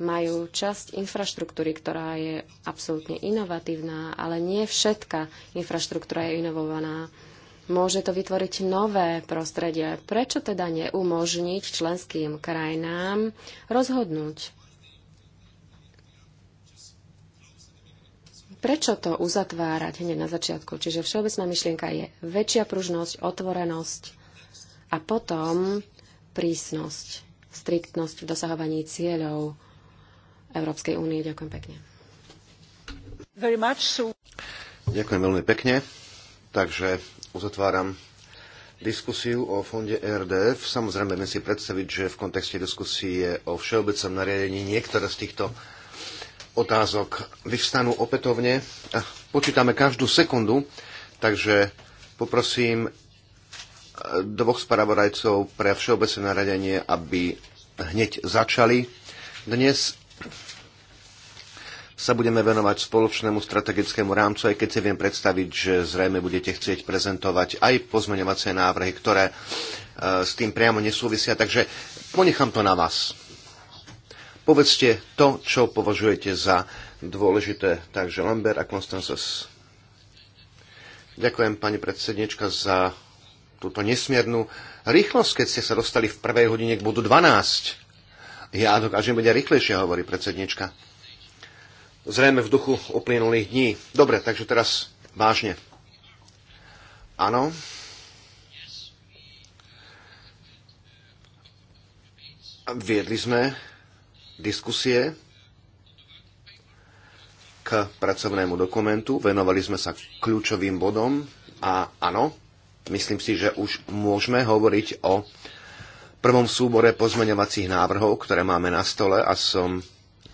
majú časť infraštruktúry, ktorá je absolútne inovatívna, ale nie všetká infraštruktúra je inovovaná môže to vytvoriť nové prostredie. Prečo teda neumožniť členským krajinám rozhodnúť? Prečo to uzatvárať hneď na začiatku? Čiže všeobecná myšlienka je väčšia pružnosť, otvorenosť a potom prísnosť, striktnosť v dosahovaní cieľov Európskej únie. Ďakujem pekne. Ďakujem veľmi pekne. Takže uzatváram diskusiu o fonde RDF. Samozrejme, viem si predstaviť, že v kontexte diskusie o všeobecnom nariadení niektoré z týchto otázok vyvstanú opätovne. Počítame každú sekundu, takže poprosím dvoch spravodajcov pre všeobecné nariadenie, aby hneď začali. Dnes sa budeme venovať spoločnému strategickému rámcu, aj keď si viem predstaviť, že zrejme budete chcieť prezentovať aj pozmeňovacie návrhy, ktoré e, s tým priamo nesúvisia, takže ponechám to na vás. Povedzte to, čo považujete za dôležité. Takže Lambert a Konstances. Ďakujem, pani predsednička, za túto nesmiernu rýchlosť, keď ste sa dostali v prvej hodine k bodu 12. Ja dokážem byť aj rýchlejšie, hovorí predsednička zrejme v duchu uplynulých dní. Dobre, takže teraz vážne. Áno. Viedli sme diskusie k pracovnému dokumentu, venovali sme sa kľúčovým bodom a áno, myslím si, že už môžeme hovoriť o prvom súbore pozmeňovacích návrhov, ktoré máme na stole a som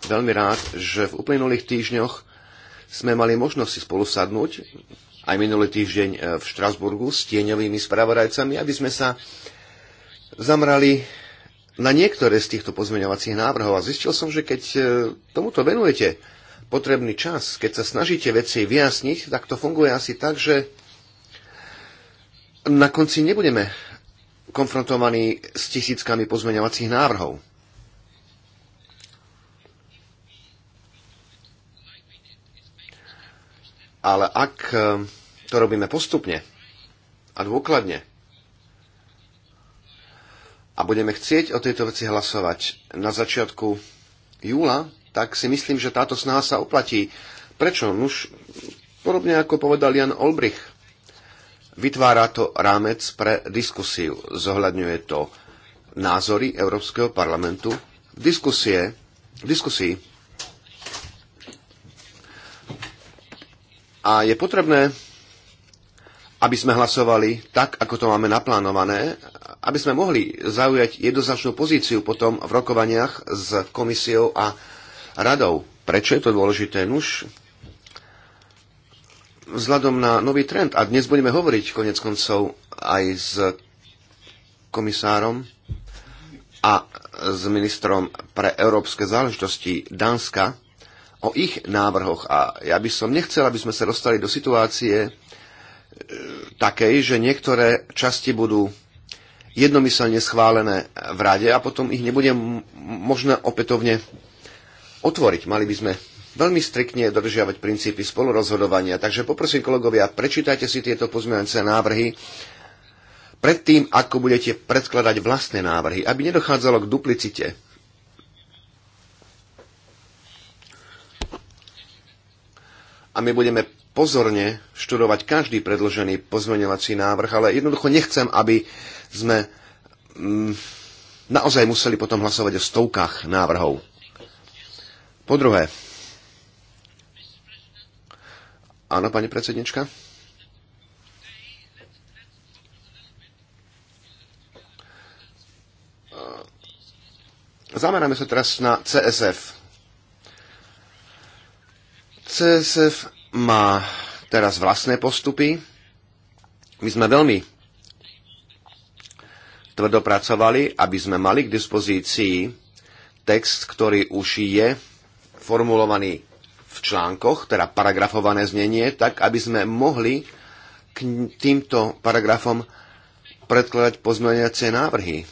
veľmi rád, že v uplynulých týždňoch sme mali možnosť si spolu sadnúť, aj minulý týždeň e, v Štrasburgu s tieňovými spravodajcami, aby sme sa zamrali na niektoré z týchto pozmeňovacích návrhov. A zistil som, že keď e, tomuto venujete potrebný čas, keď sa snažíte veci vyjasniť, tak to funguje asi tak, že na konci nebudeme konfrontovaní s tisíckami pozmeňovacích návrhov. Ale ak eh, to robíme postupne a dôkladne a budeme chcieť o tejto veci hlasovať na začiatku júla, tak si myslím, že táto snaha sa oplatí. Prečo? Nuž, podobne ako povedal Jan Olbrich, vytvára to rámec pre diskusiu. Zohľadňuje to názory Európskeho parlamentu v, diskusie, v diskusii A je potrebné, aby sme hlasovali tak, ako to máme naplánované, aby sme mohli zaujať jednoznačnú pozíciu potom v rokovaniach s komisiou a radou. Prečo je to dôležité? Nuž, vzhľadom na nový trend, a dnes budeme hovoriť konec koncov aj s komisárom a s ministrom pre európske záležitosti Dánska, o ich návrhoch. A ja by som nechcel, aby sme sa dostali do situácie e, takej, že niektoré časti budú jednomyselne schválené v rade a potom ich nebude možné opätovne otvoriť. Mali by sme veľmi striktne dodržiavať princípy spolurozhodovania. Takže poprosím kolegovia, prečítajte si tieto pozmeňujúce návrhy predtým, ako budete predkladať vlastné návrhy, aby nedochádzalo k duplicite a my budeme pozorne študovať každý predložený pozmeňovací návrh, ale jednoducho nechcem, aby sme mm, naozaj museli potom hlasovať o stovkách návrhov. Po druhé. Áno, pani predsednička? Zameráme sa teraz na CSF, CSF má teraz vlastné postupy. My sme veľmi tvrdopracovali, aby sme mali k dispozícii text, ktorý už je formulovaný v článkoch, teda paragrafované znenie, tak aby sme mohli k týmto paragrafom predkladať pozmeňujúce návrhy.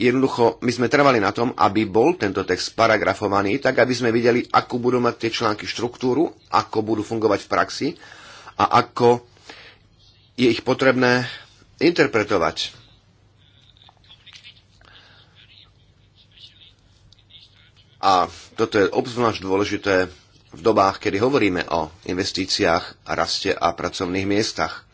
Jednoducho, my sme trvali na tom, aby bol tento text paragrafovaný, tak aby sme videli, akú budú mať tie články štruktúru, ako budú fungovať v praxi a ako je ich potrebné interpretovať. A toto je obzvlášť dôležité v dobách, kedy hovoríme o investíciách, raste a pracovných miestach.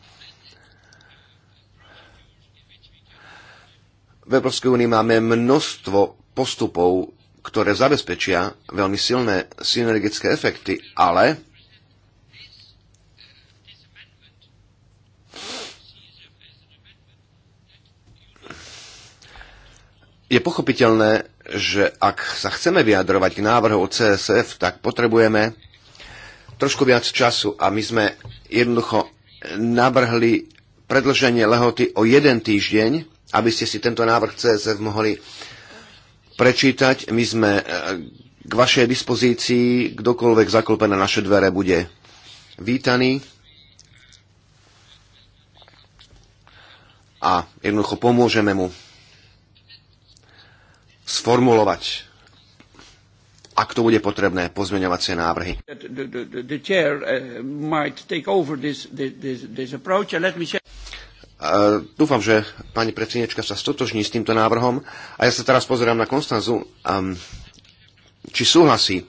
V Európskej únii máme množstvo postupov, ktoré zabezpečia veľmi silné synergické efekty, ale je pochopiteľné, že ak sa chceme vyjadrovať k návrhu o CSF, tak potrebujeme trošku viac času a my sme jednoducho navrhli predlženie lehoty o jeden týždeň, aby ste si tento návrh CSF mohli prečítať. My sme e, k vašej dispozícii, kdokoľvek zaklope na naše dvere bude vítaný. A jednoducho pomôžeme mu sformulovať, ak to bude potrebné, pozmeňovacie návrhy. Dúfam, že pani predsednička sa stotožní s týmto návrhom a ja sa teraz pozerám na Konstanzu, um, či súhlasí.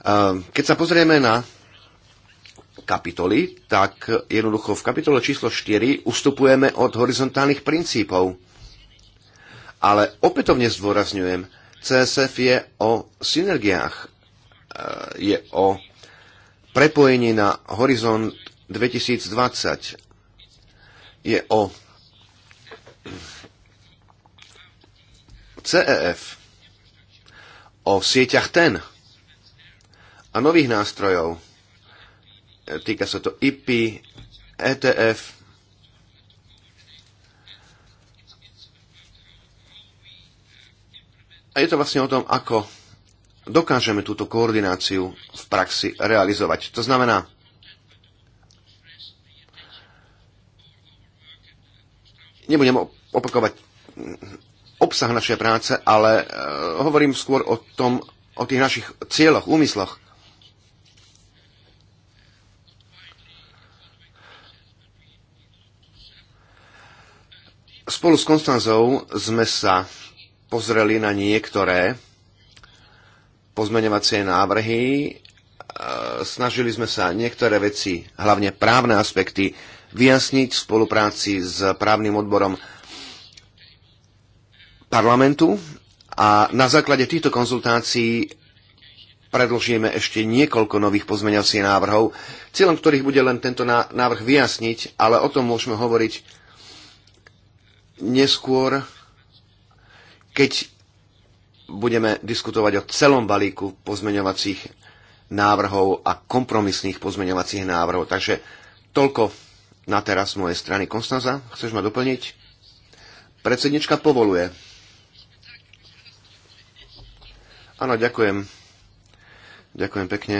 Um, keď sa pozrieme na kapitoly, tak jednoducho v kapitole číslo 4 ustupujeme od horizontálnych princípov. Ale opätovne zdôrazňujem, CSF je o synergiách, uh, je o prepojení na horizont 2020 je o CEF, o sieťach TEN a nových nástrojov. E, týka sa to IP, ETF, A je to vlastne o tom, ako dokážeme túto koordináciu v praxi realizovať. To znamená, Nebudem opakovať mm, obsah našej práce, ale e, hovorím skôr o tom, o tých našich cieľoch, úmysloch. Spolu s Konstanzou sme sa pozreli na niektoré pozmeňovacie návrhy. E, snažili sme sa niektoré veci, hlavne právne aspekty, vyjasniť v spolupráci s právnym odborom parlamentu a na základe týchto konzultácií predložíme ešte niekoľko nových pozmeňovacích návrhov, cieľom ktorých bude len tento návrh vyjasniť, ale o tom môžeme hovoriť neskôr, keď budeme diskutovať o celom balíku pozmeňovacích návrhov a kompromisných pozmeňovacích návrhov. Takže toľko na teraz z mojej strany Konstanza, chceš ma doplniť? Predsednička povoluje. Áno, ďakujem. Ďakujem pekne.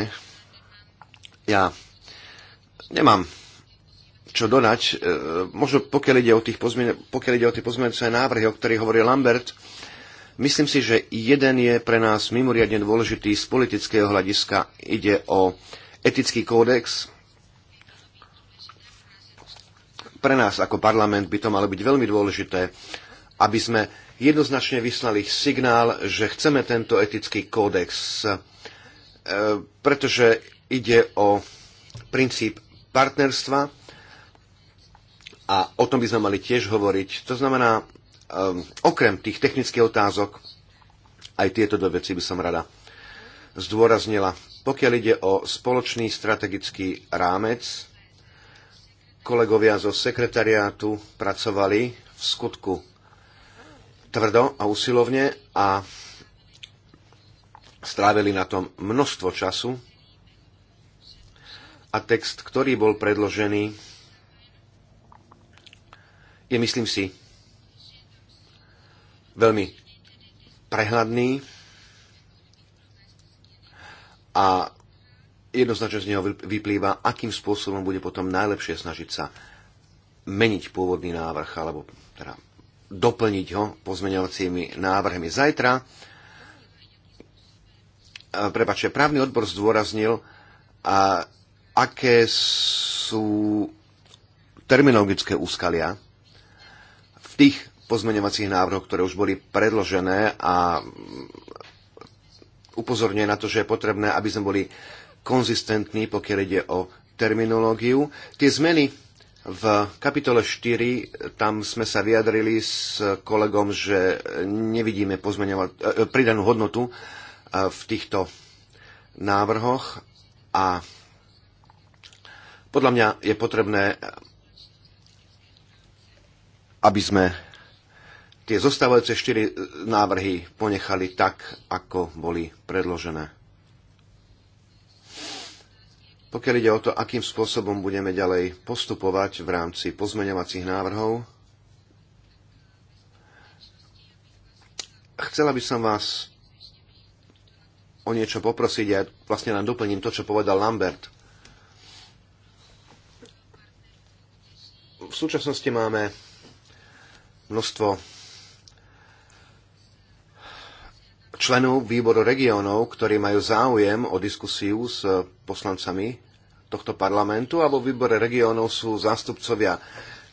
Ja nemám čo dodať. E, možno pokiaľ ide o, tých pozmien- pokiaľ ide o tie pozmeňujúce návrhy, o ktorých hovorí Lambert, myslím si, že jeden je pre nás mimoriadne dôležitý z politického hľadiska. Ide o etický kódex, pre nás ako parlament by to malo byť veľmi dôležité, aby sme jednoznačne vyslali signál, že chceme tento etický kódex, eh, pretože ide o princíp partnerstva a o tom by sme mali tiež hovoriť. To znamená, eh, okrem tých technických otázok, aj tieto dve veci by som rada zdôraznila. Pokiaľ ide o spoločný strategický rámec, kolegovia zo sekretariátu pracovali v skutku tvrdo a usilovne a strávili na tom množstvo času a text, ktorý bol predložený, je, myslím si, veľmi prehľadný a jednoznačne z neho vyplýva, akým spôsobom bude potom najlepšie snažiť sa meniť pôvodný návrh alebo teda doplniť ho pozmeňovacími návrhmi. Zajtra, e, prepačte, právny odbor zdôraznil, a e, aké sú terminologické úskalia v tých pozmeňovacích návrhoch, ktoré už boli predložené a upozorňuje na to, že je potrebné, aby sme boli konzistentní, pokiaľ ide o terminológiu. Tie zmeny v kapitole 4 tam sme sa vyjadrili s kolegom, že nevidíme e, e, pridanú hodnotu e, v týchto návrhoch a podľa mňa je potrebné, aby sme tie zostávajúce štyri návrhy ponechali tak, ako boli predložené. Pokiaľ ide o to, akým spôsobom budeme ďalej postupovať v rámci pozmeňovacích návrhov, chcela by som vás o niečo poprosiť a ja vlastne len doplním to, čo povedal Lambert. V súčasnosti máme množstvo členov výboru regiónov, ktorí majú záujem o diskusiu s eh, poslancami tohto parlamentu a v výbore regiónov sú zástupcovia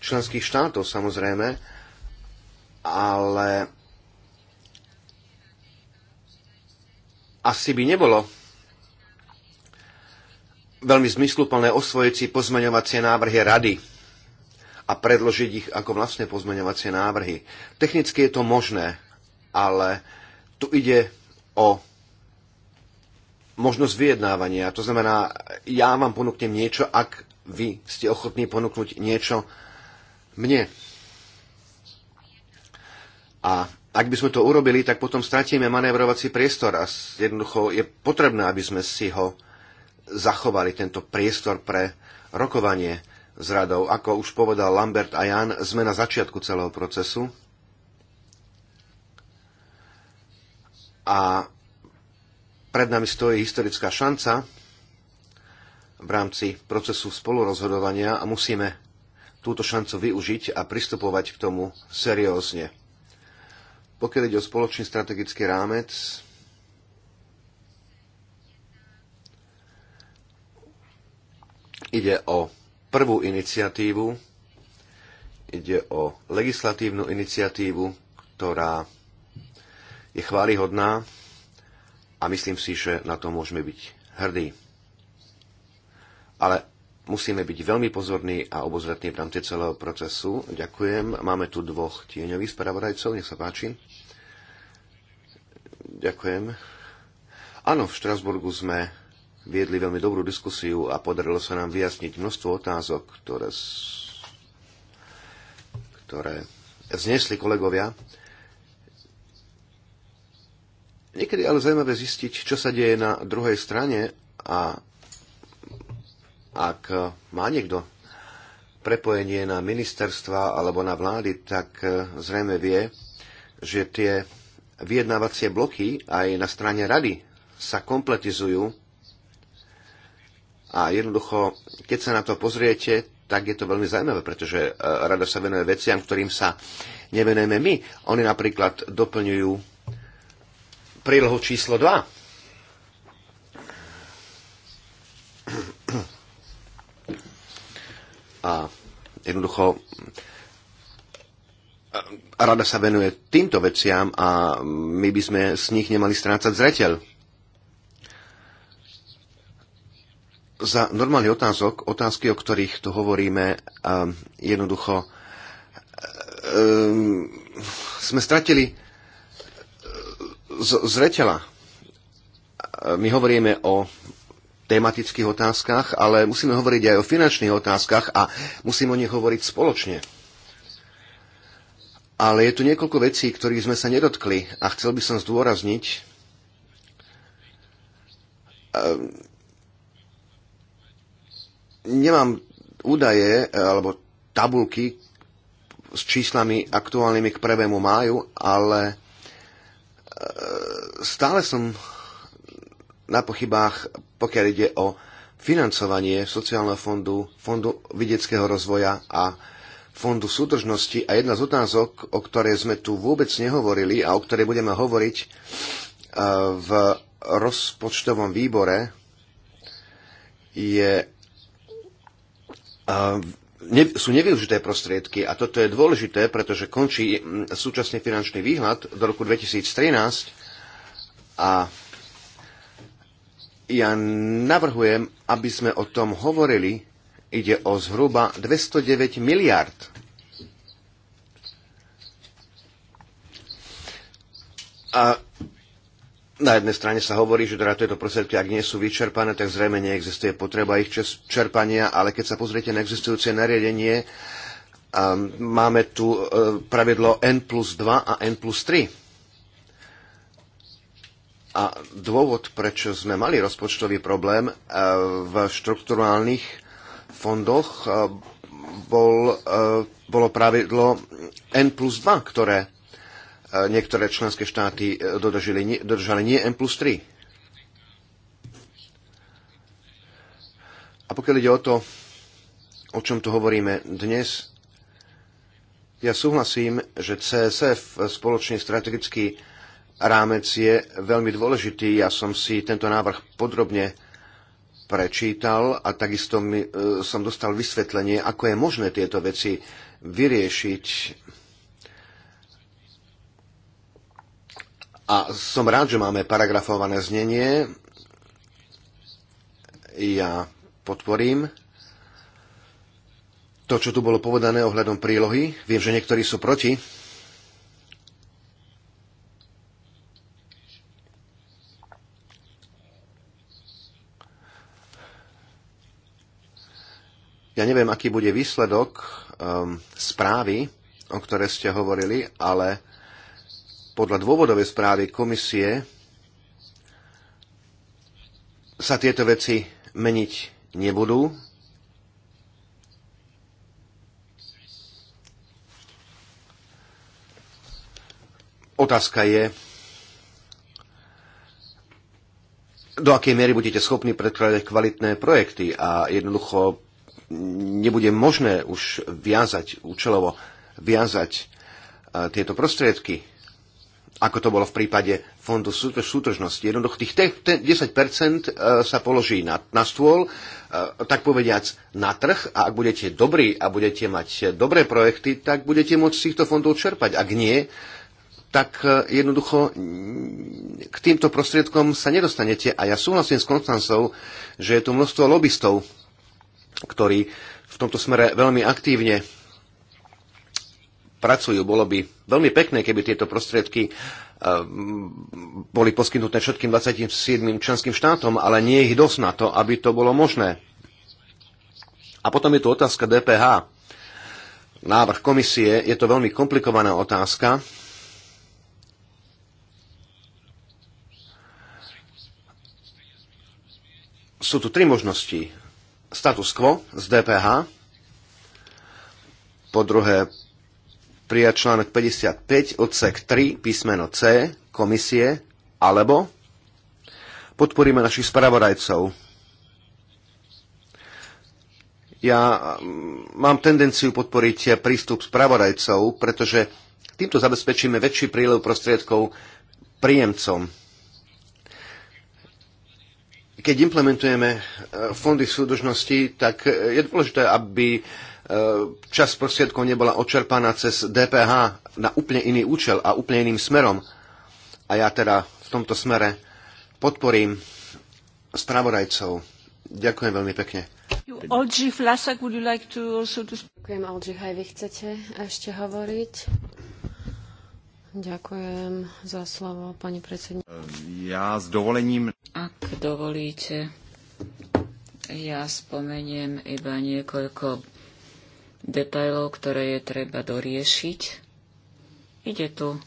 členských štátov samozrejme, ale asi by nebolo veľmi zmysluplné osvojiť si pozmeňovacie návrhy rady a predložiť ich ako vlastné pozmeňovacie návrhy. Technicky je to možné, ale tu ide o možnosť vyjednávania. To znamená, ja vám ponúknem niečo, ak vy ste ochotní ponúknuť niečo mne. A ak by sme to urobili, tak potom stratíme manévrovací priestor a jednoducho je potrebné, aby sme si ho zachovali, tento priestor pre rokovanie s radou. Ako už povedal Lambert a Jan, sme na začiatku celého procesu A pred nami stojí historická šanca v rámci procesu spolurozhodovania a musíme túto šancu využiť a pristupovať k tomu seriózne. Pokiaľ ide o spoločný strategický rámec, ide o prvú iniciatívu, ide o legislatívnu iniciatívu, ktorá je chválihodná a myslím si, že na to môžeme byť hrdí. Ale musíme byť veľmi pozorní a obozretní v rámci celého procesu. Ďakujem. Máme tu dvoch tieňových spravodajcov. Nech sa páči. Ďakujem. Áno, v Štrasburgu sme viedli veľmi dobrú diskusiu a podarilo sa nám vyjasniť množstvo otázok, ktoré, ktoré znesli kolegovia. Niekedy ale zaujímavé zistiť, čo sa deje na druhej strane a ak má niekto prepojenie na ministerstva alebo na vlády, tak e, zrejme vie, že tie vyjednávacie bloky aj na strane rady sa kompletizujú a jednoducho, keď sa na to pozriete, tak je to veľmi zaujímavé, pretože e, rada sa venuje veciam, ktorým sa nevenujeme my. Oni napríklad doplňujú prílohu číslo 2. A jednoducho rada sa venuje týmto veciam a my by sme z nich nemali strácať zreteľ. Za normálny otázok, otázky, o ktorých tu hovoríme, jednoducho ehm, sme stratili zretela. My hovoríme o tematických otázkach, ale musíme hovoriť aj o finančných otázkach a musíme o nich hovoriť spoločne. Ale je tu niekoľko vecí, ktorých sme sa nedotkli a chcel by som zdôrazniť. Ehm, nemám údaje alebo tabulky s číslami aktuálnymi k 1. máju, ale stále som na pochybách, pokiaľ ide o financovanie sociálneho fondu, fondu vidieckého rozvoja a fondu súdržnosti. A jedna z otázok, o ktorej sme tu vôbec nehovorili a o ktorej budeme hovoriť eh, v rozpočtovom výbore, je eh, ne, sú nevyužité prostriedky a toto je dôležité, pretože končí mm, súčasný finančný výhľad do roku 2013 a ja navrhujem, aby sme o tom hovorili. Ide o zhruba 209 miliard. A na jednej strane sa hovorí, že teda tieto prostriedky, ak nie sú vyčerpané, tak zrejme neexistuje potreba ich čerpania, ale keď sa pozriete na existujúce nariadenie, um, máme tu uh, pravidlo N plus 2 a N plus 3. A dôvod, prečo sme mali rozpočtový problém uh, v štrukturálnych fondoch, uh, bol, bolo pravidlo N plus 2, ktoré niektoré členské štáty e, dodržali, dodržali nie M plus 3. A pokiaľ ide o to, o čom tu hovoríme dnes, ja súhlasím, že CSF, spoločný strategický rámec, je veľmi dôležitý. Ja som si tento návrh podrobne prečítal a takisto mi, e, som dostal vysvetlenie, ako je možné tieto veci vyriešiť A som rád, že máme paragrafované znenie. Ja podporím to, čo tu bolo povedané ohľadom prílohy. Viem, že niektorí sú proti. Ja neviem, aký bude výsledok um, správy, o ktoré ste hovorili, ale podľa dôvodovej správy komisie sa tieto veci meniť nebudú. Otázka je, do akej miery budete schopní predkladať kvalitné projekty a jednoducho nebude možné už viazať, účelovo viazať tieto prostriedky ako to bolo v prípade fondu súdržnosti. Jednoducho tých 10% e, sa položí na, na stôl, e, tak povediac na trh a ak budete dobrí a budete mať dobré projekty, tak budete môcť z týchto fondov čerpať. Ak nie, tak e, jednoducho k týmto prostriedkom sa nedostanete. A ja súhlasím s Konstancov, že je tu množstvo lobbystov, ktorí v tomto smere veľmi aktívne pracujú. Bolo by veľmi pekné, keby tieto prostriedky eh, boli poskytnuté všetkým 27 členským štátom, ale nie je ich dosť na to, aby to bolo možné. A potom je tu otázka DPH. Návrh komisie je to veľmi komplikovaná otázka. Sú tu tri možnosti. Status quo z DPH, po druhé prijať článok 55 odsek 3 písmeno C komisie alebo podporíme našich spravodajcov. Ja mm, mám tendenciu podporiť prístup spravodajcov, pretože týmto zabezpečíme väčší prílev prostriedkov príjemcom. Keď implementujeme eh, fondy súdržnosti, tak eh, je dôležité, aby E, časť prostriedkov nebola očerpaná cez DPH na úplne iný účel a úplne iným smerom. A ja teda v tomto smere podporím spravodajcov. Ďakujem veľmi pekne. Ďakujem, Olži, aj vy chcete ešte hovoriť? Ďakujem za slovo, pani predsedníčka. Ja s dovolením... Ak dovolíte, ja spomeniem iba niekoľko detajlov, ktoré je treba doriešiť. Ide tu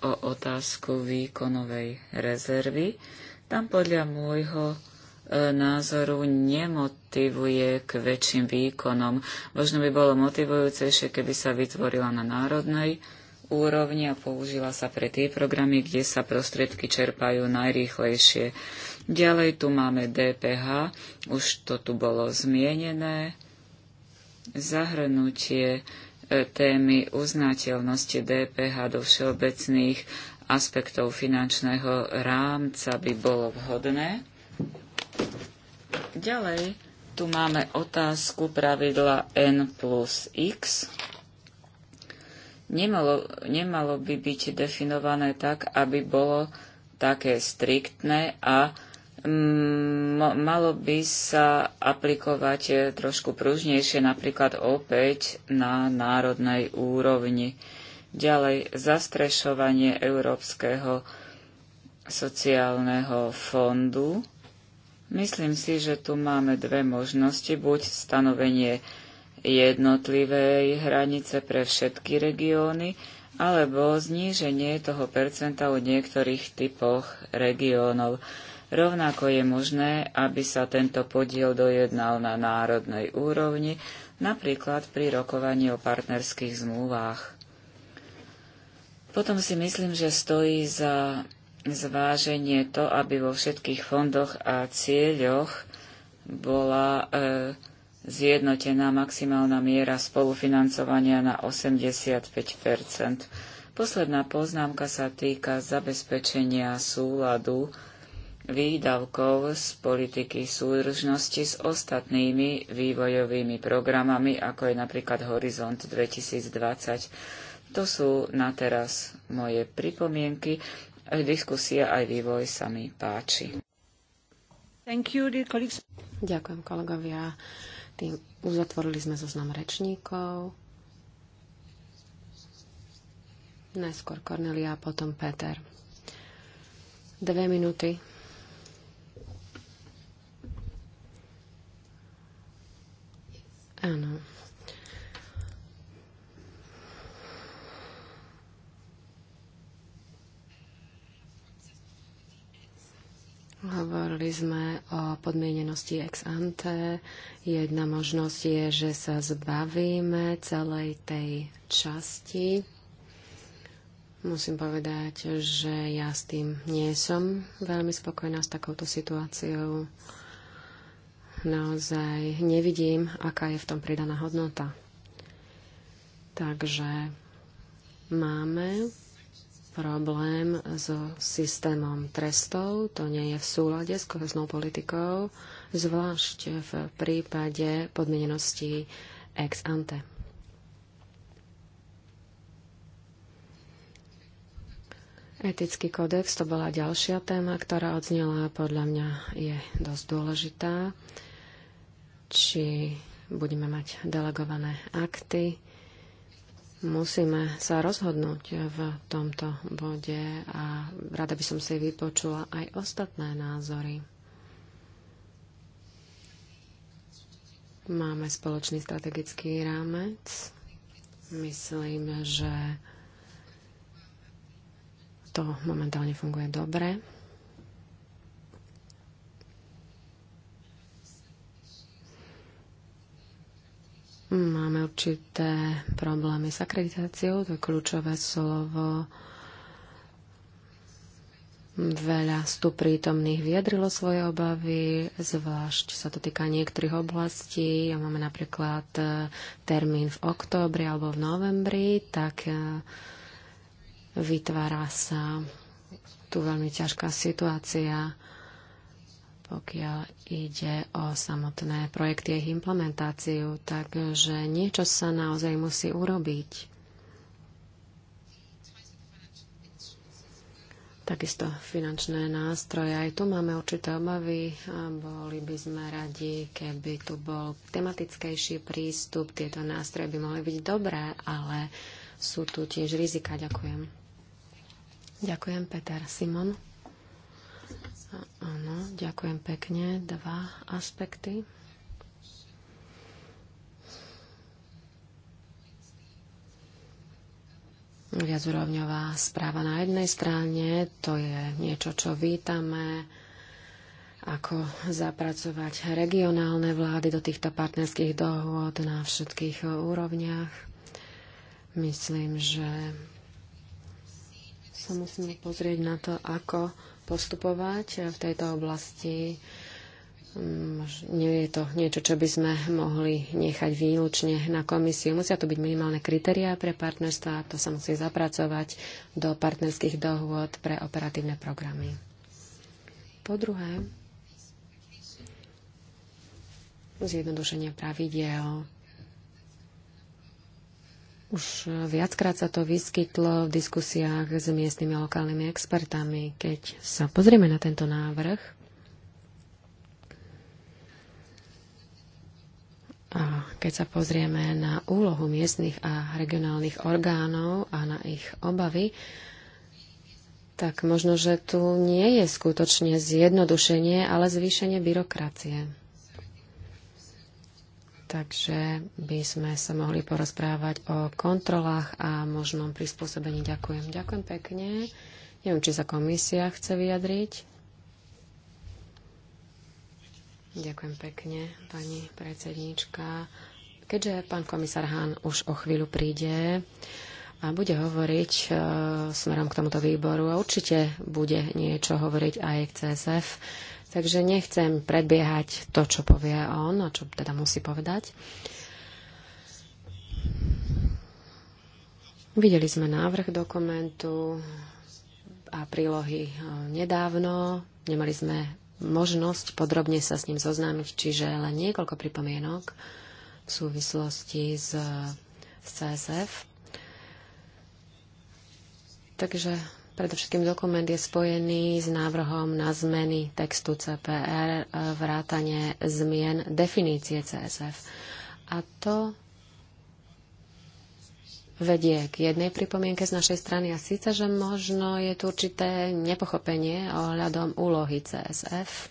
o otázku výkonovej rezervy. Tam podľa môjho e, názoru nemotivuje k väčším výkonom. Možno by bolo motivujúcejšie, keby sa vytvorila na národnej úrovni a použila sa pre tie programy, kde sa prostriedky čerpajú najrýchlejšie. Ďalej tu máme DPH, už to tu bolo zmienené zahrnutie e, témy uznateľnosti DPH do všeobecných aspektov finančného rámca by bolo vhodné. Ďalej tu máme otázku pravidla N plus X. Nemalo, nemalo by byť definované tak, aby bolo také striktné a Mm, malo by sa aplikovať e, trošku pružnejšie, napríklad opäť na národnej úrovni. Ďalej zastrešovanie Európskeho sociálneho fondu. Myslím si, že tu máme dve možnosti. Buď stanovenie jednotlivej hranice pre všetky regióny, alebo zníženie toho percenta u niektorých typoch regiónov. Rovnako je možné, aby sa tento podiel dojednal na národnej úrovni, napríklad pri rokovaní o partnerských zmluvách. Potom si myslím, že stojí za zváženie to, aby vo všetkých fondoch a cieľoch bola e, zjednotená maximálna miera spolufinancovania na 85 Posledná poznámka sa týka zabezpečenia súladu výdavkov z politiky súdržnosti s ostatnými vývojovými programami, ako je napríklad Horizont 2020. To sú na teraz moje pripomienky. Diskusia aj vývoj sa mi páči. You, Ďakujem, kolegovia. Tým uzatvorili sme zoznam rečníkov. Najskôr Cornelia, potom Peter. Dve minúty Áno. Hovorili sme o podmienenosti ex ante. Jedna možnosť je, že sa zbavíme celej tej časti. Musím povedať, že ja s tým nie som veľmi spokojná s takouto situáciou naozaj nevidím, aká je v tom pridaná hodnota. Takže máme problém so systémom trestov. To nie je v súlade s koheznou politikou, zvlášť v prípade podmienenosti ex ante. Etický kódex to bola ďalšia téma, ktorá odznela podľa mňa je dosť dôležitá či budeme mať delegované akty. Musíme sa rozhodnúť v tomto bode a rada by som si vypočula aj ostatné názory. Máme spoločný strategický rámec. Myslím, že to momentálne funguje dobre. Máme určité problémy s akreditáciou, to je kľúčové slovo. Veľa stu prítomných vyjadrilo svoje obavy, zvlášť sa to týka niektorých oblastí. máme napríklad e, termín v októbri alebo v novembri, tak e, vytvára sa tu veľmi ťažká situácia pokiaľ ide o samotné projekty a ich implementáciu, takže niečo sa naozaj musí urobiť. Takisto finančné nástroje. Aj tu máme určité obavy a boli by sme radi, keby tu bol tematickejší prístup. Tieto nástroje by mohli byť dobré, ale sú tu tiež rizika. Ďakujem. Ďakujem, Peter. Simon? Áno, ďakujem pekne. Dva aspekty. Viacúrovňová správa na jednej strane, to je niečo, čo vítame, ako zapracovať regionálne vlády do týchto partnerských dohôd na všetkých úrovniach. Myslím, že sa musíme pozrieť na to, ako postupovať v tejto oblasti. Mm, nie je to niečo, čo by sme mohli nechať výlučne na komisiu. Musia to byť minimálne kritériá pre partnerstva a to sa musí zapracovať do partnerských dohôd pre operatívne programy. Po druhé, zjednodušenie pravidiel už viackrát sa to vyskytlo v diskusiách s miestnymi a lokálnymi expertami. Keď sa pozrieme na tento návrh a keď sa pozrieme na úlohu miestnych a regionálnych orgánov a na ich obavy, tak možno, že tu nie je skutočne zjednodušenie, ale zvýšenie byrokracie takže by sme sa mohli porozprávať o kontrolách a možnom prispôsobení. Ďakujem. Ďakujem pekne. Neviem, či sa komisia chce vyjadriť. Ďakujem pekne, pani predsedníčka. Keďže pán komisár Hahn už o chvíľu príde a bude hovoriť e, smerom k tomuto výboru a určite bude niečo hovoriť aj k CSF, Takže nechcem predbiehať to, čo povie on a čo teda musí povedať. Videli sme návrh dokumentu a prílohy e, nedávno. Nemali sme možnosť podrobne sa s ním zoznámiť, čiže len niekoľko pripomienok v súvislosti s, e, s CSF. Takže Predovšetkým dokument je spojený s návrhom na zmeny textu CPR, e, vrátanie zmien definície CSF. A to vedie k jednej pripomienke z našej strany a síce, že možno je tu určité nepochopenie ohľadom úlohy CSF.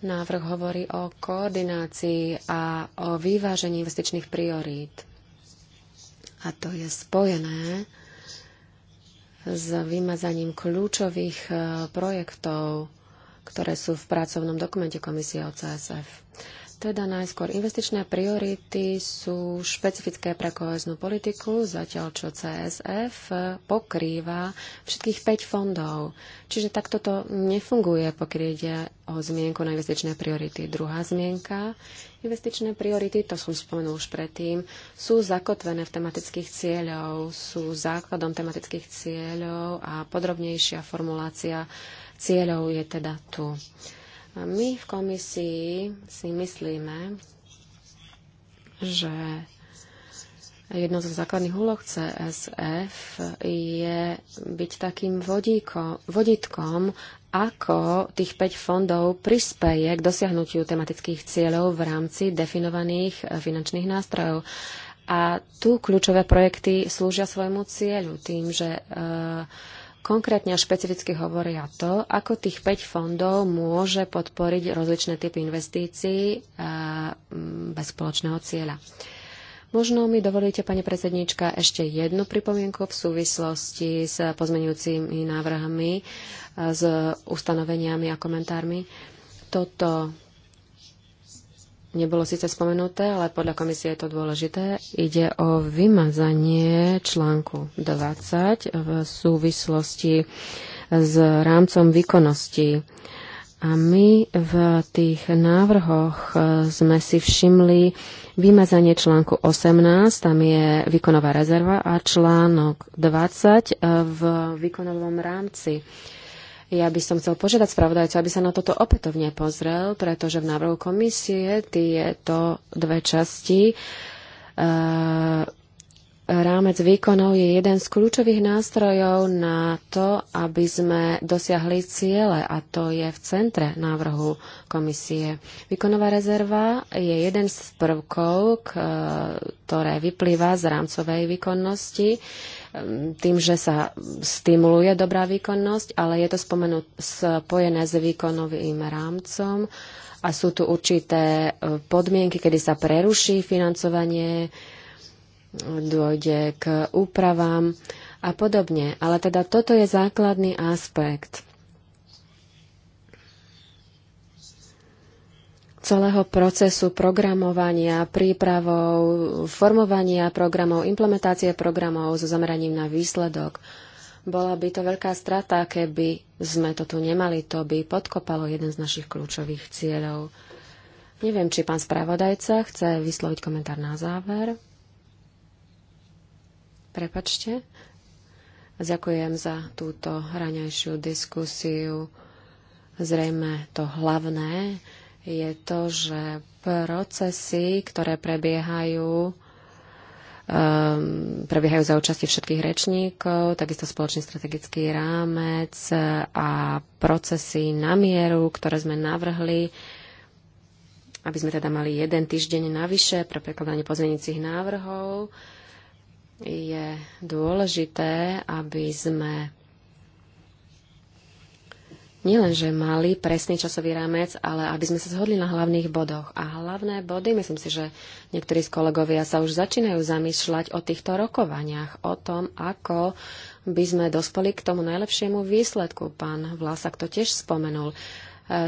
Návrh hovorí o koordinácii a o vyvážení investičných priorít. A to je spojené s vymazaním kľúčových eh, projektov, ktoré sú v pracovnom dokumente komisie o CSF. Teda najskôr investičné priority sú špecifické pre koheznú politiku, zatiaľ čo CSF pokrýva všetkých 5 fondov. Čiže takto to nefunguje, pokiaľ ide o zmienku na investičné priority. Druhá zmienka, investičné priority, to som spomenul už predtým, sú zakotvené v tematických cieľov, sú základom tematických cieľov a podrobnejšia formulácia cieľov je teda tu. A my v komisii si myslíme, že jedno zo základných úloh CSF je byť takým vodíko, vodítkom, ako tých 5 fondov prispeje k dosiahnutiu tematických cieľov v rámci definovaných e, finančných nástrojov. A tu kľúčové projekty slúžia svojmu cieľu tým, že uh, konkrétne a špecificky hovoria to, ako tých 5 fondov môže podporiť rozličné typy investícií e, bez spoločného cieľa. Možno mi dovolíte, pani predsedníčka, ešte jednu pripomienku v súvislosti s pozmenujúcimi návrhmi, e, s ustanoveniami a komentármi. Toto nebolo síce spomenuté, ale podľa komisie je to dôležité. Ide o vymazanie článku 20 v súvislosti s rámcom výkonnosti. A my v tých návrhoch sme si všimli vymazanie článku 18, tam je výkonová rezerva, a článok 20 v výkonovom rámci. Ja by som chcel požiadať spravodajcu, aby sa na toto opätovne pozrel, pretože v návrhu komisie tieto dve časti e, Rámec výkonov je jeden z kľúčových nástrojov na to, aby sme dosiahli ciele a to je v centre návrhu komisie. Výkonová rezerva je jeden z prvkov, e, ktoré vyplýva z rámcovej výkonnosti tým, že sa stimuluje dobrá výkonnosť, ale je to spomenú, spojené s výkonovým rámcom a sú tu určité e, podmienky, kedy sa preruší financovanie, e, dôjde k úpravám a podobne. Ale teda toto je základný aspekt celého procesu programovania, prípravou, formovania programov, implementácie programov so zameraním na výsledok. Bola by to veľká strata, keby sme to tu nemali, to by podkopalo jeden z našich kľúčových cieľov. Neviem, či pán spravodajca chce vysloviť komentár na záver. Prepačte. Ďakujem za túto hraňajšiu diskusiu. Zrejme to hlavné, je to, že procesy, ktoré prebiehajú, um, prebiehajú za účasti všetkých rečníkov, takisto spoločný strategický rámec a procesy na mieru, ktoré sme navrhli, aby sme teda mali jeden týždeň navyše pre prekladanie pozmeňujúcich návrhov. Je dôležité, aby sme nielenže mali presný časový rámec, ale aby sme sa zhodli na hlavných bodoch. A hlavné body, myslím si, že niektorí z kolegovia sa už začínajú zamýšľať o týchto rokovaniach, o tom, ako by sme dospeli k tomu najlepšiemu výsledku. Pán Vlasak to tiež spomenul. E,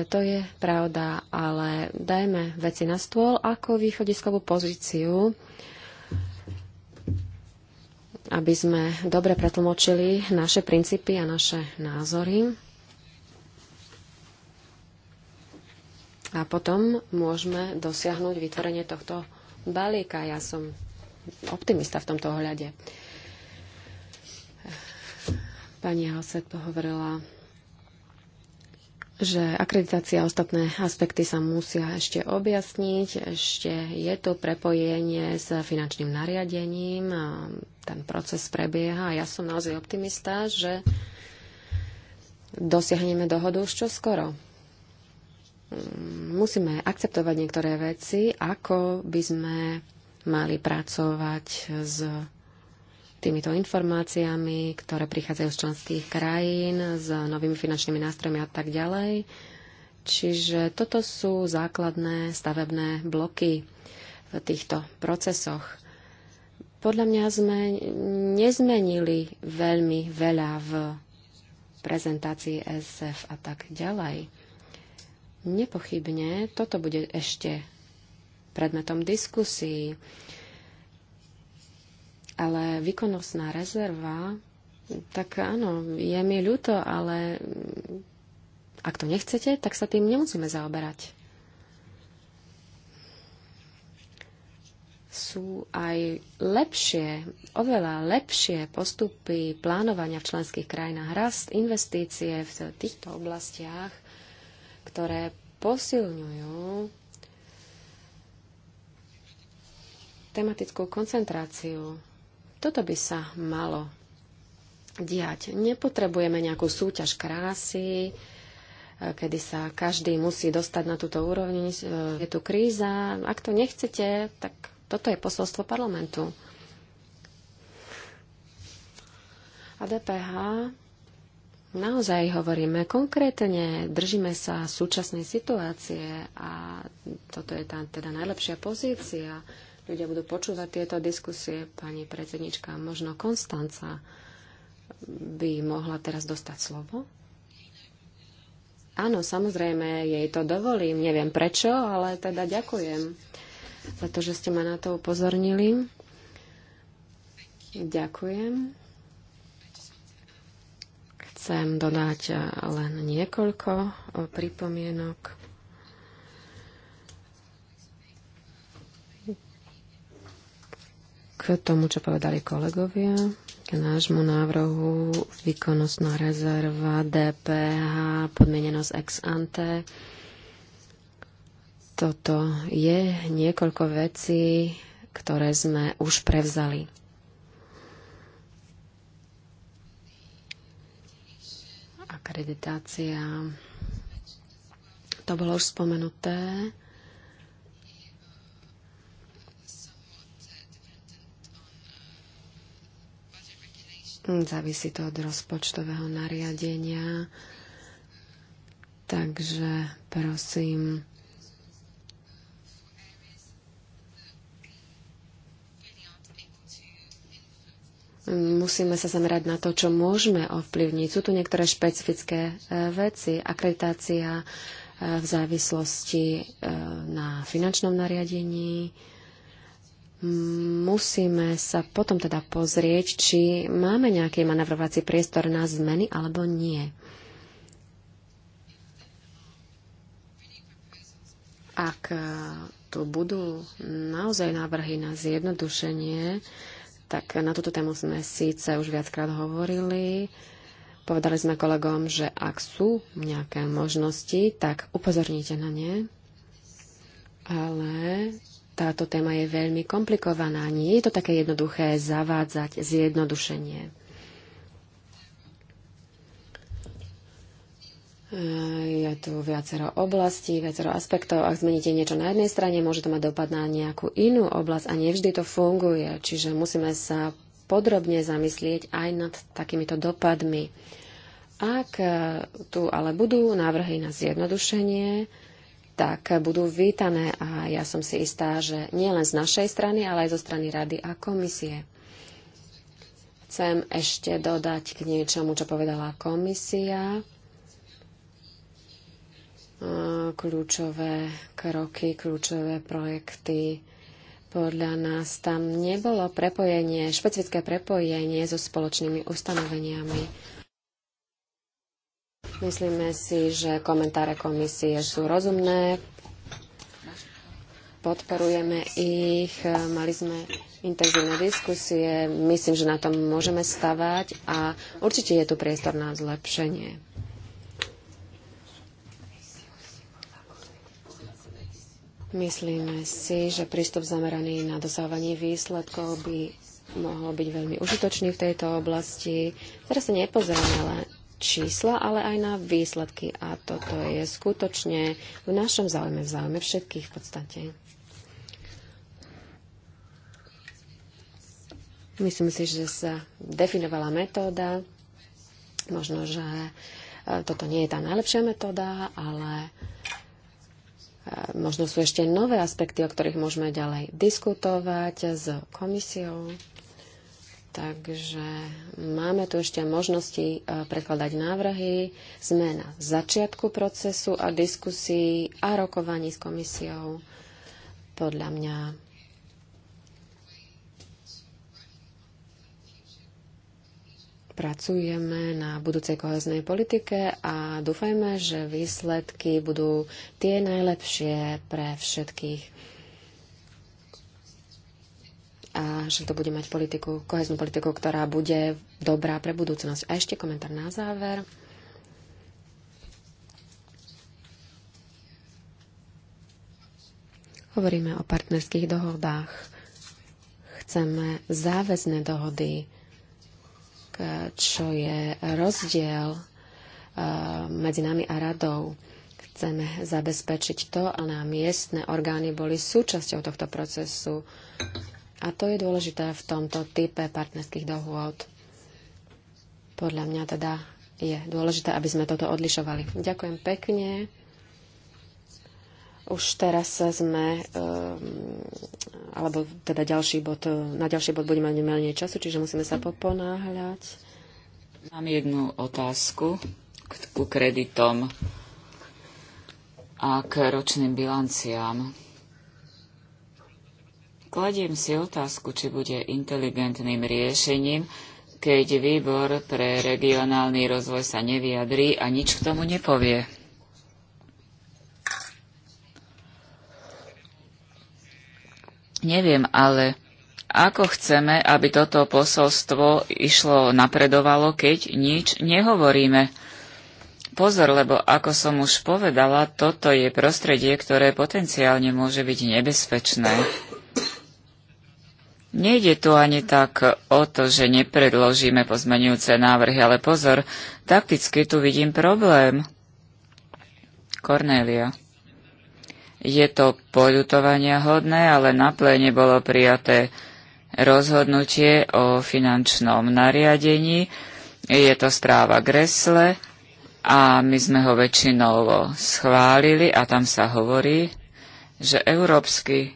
to je pravda, ale dajme veci na stôl ako východiskovú pozíciu aby sme dobre pretlmočili naše princípy a naše názory. A potom môžeme dosiahnuť vytvorenie tohto balíka. Ja som optimista v tomto ohľade. Pani Hoset pohovorila, že akreditácia a ostatné aspekty sa musia ešte objasniť. Ešte je tu prepojenie s finančným nariadením a ten proces prebieha. A ja som naozaj optimista, že dosiahneme dohodu už čoskoro. skoro musíme akceptovať niektoré veci, ako by sme mali pracovať s týmito informáciami, ktoré prichádzajú z členských krajín, s novými finančnými nástrojmi a tak ďalej. Čiže toto sú základné stavebné bloky v týchto procesoch. Podľa mňa sme nezmenili veľmi veľa v prezentácii SF a tak ďalej. Nepochybne toto bude ešte predmetom diskusí, ale výkonnostná rezerva, tak áno, je mi ľúto, ale ak to nechcete, tak sa tým nemusíme zaoberať. sú aj lepšie, oveľa lepšie postupy plánovania v členských krajinách. Rast investície v týchto oblastiach ktoré posilňujú tematickú koncentráciu. Toto by sa malo diať. Nepotrebujeme nejakú súťaž krásy, kedy sa každý musí dostať na túto úroveň. Je tu kríza. Ak to nechcete, tak toto je posolstvo parlamentu. A DPH Naozaj hovoríme konkrétne, držíme sa súčasnej situácie a toto je tá teda najlepšia pozícia. Ľudia budú počúvať tieto diskusie. Pani predsednička, možno Konstanca by mohla teraz dostať slovo? Áno, samozrejme, jej to dovolím. Neviem prečo, ale teda ďakujem za to, že ste ma na to upozornili. Ďakujem. Chcem dodať eh, len niekoľko eh, pripomienok. K tomu, čo povedali kolegovia, k nášmu návrhu výkonnostná rezerva DPH podmienenosť ex ante. Toto je niekoľko vecí, ktoré sme už prevzali akreditácia. To bolo už spomenuté. Závisí to od rozpočtového nariadenia. Takže prosím, musíme sa zamerať na to, čo môžeme ovplyvniť. Sú tu niektoré špecifické e, veci. Akreditácia e, v závislosti e, na finančnom nariadení. Musíme sa potom teda pozrieť, či máme nejaký manevrovací priestor na zmeny alebo nie. Ak tu budú naozaj návrhy na zjednodušenie, tak na túto tému sme síce už viackrát hovorili. Povedali sme kolegom, že ak sú nejaké možnosti, tak upozornite na ne. Ale táto téma je veľmi komplikovaná. Nie je to také jednoduché zavádzať zjednodušenie. Je tu viacero oblastí, viacero aspektov. Ak zmeníte niečo na jednej strane, môže to mať dopad na nejakú inú oblasť a nevždy to funguje. Čiže musíme sa podrobne zamyslieť aj nad takýmito dopadmi. Ak tu ale budú návrhy na zjednodušenie, tak budú vítané a ja som si istá, že nie len z našej strany, ale aj zo strany Rady a komisie chcem ešte dodať k niečomu, čo povedala komisia kľúčové kroky, kľúčové projekty. Podľa nás tam nebolo prepojenie, špecifické prepojenie so spoločnými ustanoveniami. Myslíme si, že komentáre komisie sú rozumné, podporujeme ich, mali sme intenzívne diskusie, myslím, že na tom môžeme stavať a určite je tu priestor na zlepšenie. Myslíme si, že prístup zameraný na dosávanie výsledkov by mohol byť veľmi užitočný v tejto oblasti. Teraz sa nepozeráme na čísla, ale aj na výsledky. A toto je skutočne v našom záujme, v záujme všetkých v podstate. Myslím si, že sa definovala metóda. Možno, že e, toto nie je tá najlepšia metóda, ale Možno sú ešte nové aspekty, o ktorých môžeme ďalej diskutovať s komisiou. Takže máme tu ešte možnosti e, predkladať návrhy. Sme na začiatku procesu a diskusí a rokovaní s komisiou. Podľa mňa pracujeme na budúcej koheznej politike a dúfajme, že výsledky budú tie najlepšie pre všetkých a že to bude mať politiku, koheznú politiku, ktorá bude dobrá pre budúcnosť. A ešte komentár na záver. Hovoríme o partnerských dohodách. Chceme záväzné dohody čo je rozdiel e, medzi nami a radou. Chceme zabezpečiť to, na miestne orgány boli súčasťou tohto procesu. A to je dôležité v tomto type partnerských dohôd. Podľa mňa teda je dôležité, aby sme toto odlišovali. Ďakujem pekne. Už teraz sme, ehm, alebo teda ďalší bod, na ďalší bod budeme mať menej času, čiže musíme sa poponáhľať. Mám jednu otázku k, ku kreditom a k ročným bilanciám. Kladiem si otázku, či bude inteligentným riešením, keď výbor pre regionálny rozvoj sa nevyjadrí a nič k tomu nepovie. neviem, ale ako chceme, aby toto posolstvo išlo napredovalo, keď nič nehovoríme? Pozor, lebo ako som už povedala, toto je prostredie, ktoré potenciálne môže byť nebezpečné. Nejde tu ani tak o to, že nepredložíme pozmenujúce návrhy, ale pozor, takticky tu vidím problém. Cornelia. Je to poľutovania hodné, ale na pléne bolo prijaté rozhodnutie o finančnom nariadení. Je to správa Gresle a my sme ho väčšinovo schválili a tam sa hovorí, že Európsky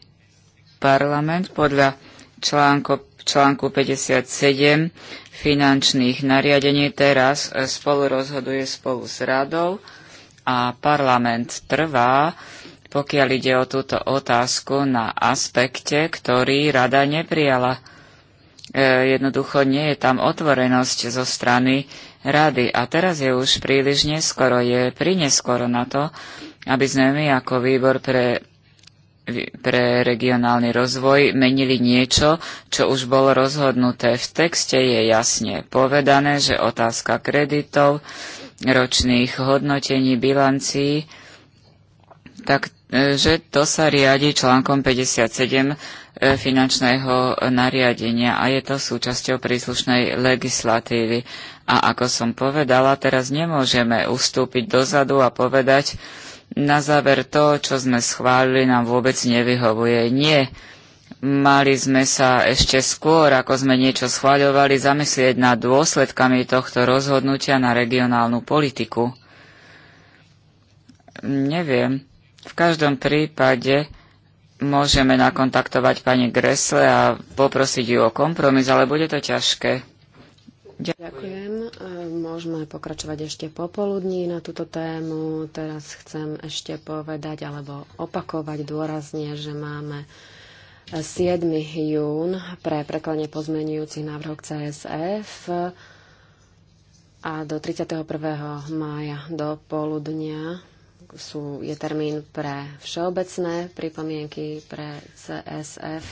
parlament podľa článko, článku 57 finančných nariadení teraz spolu rozhoduje spolu s radou a parlament trvá pokiaľ ide o túto otázku na aspekte, ktorý rada neprijala. E, jednoducho nie je tam otvorenosť zo strany rady a teraz je už príliš neskoro, je prineskoro na to, aby sme my ako výbor pre, pre regionálny rozvoj menili niečo, čo už bolo rozhodnuté. V texte je jasne povedané, že otázka kreditov, ročných hodnotení bilancií, tak E, že to sa riadi článkom 57 e, finančného nariadenia a je to súčasťou príslušnej legislatívy. A ako som povedala, teraz nemôžeme ustúpiť dozadu a povedať, na záver to, čo sme schválili, nám vôbec nevyhovuje. Nie. Mali sme sa ešte skôr, ako sme niečo schváľovali, zamyslieť nad dôsledkami tohto rozhodnutia na regionálnu politiku. Neviem v každom prípade môžeme nakontaktovať pani Gresle a poprosiť ju o kompromis, ale bude to ťažké. Ďakujem. Ďakujem. Môžeme pokračovať ešte popoludní na túto tému. Teraz chcem ešte povedať alebo opakovať dôrazne, že máme 7. jún pre preklenie pozmenujúcich návrhov CSF a do 31. mája do poludnia sú, je termín pre všeobecné pripomienky pre CSF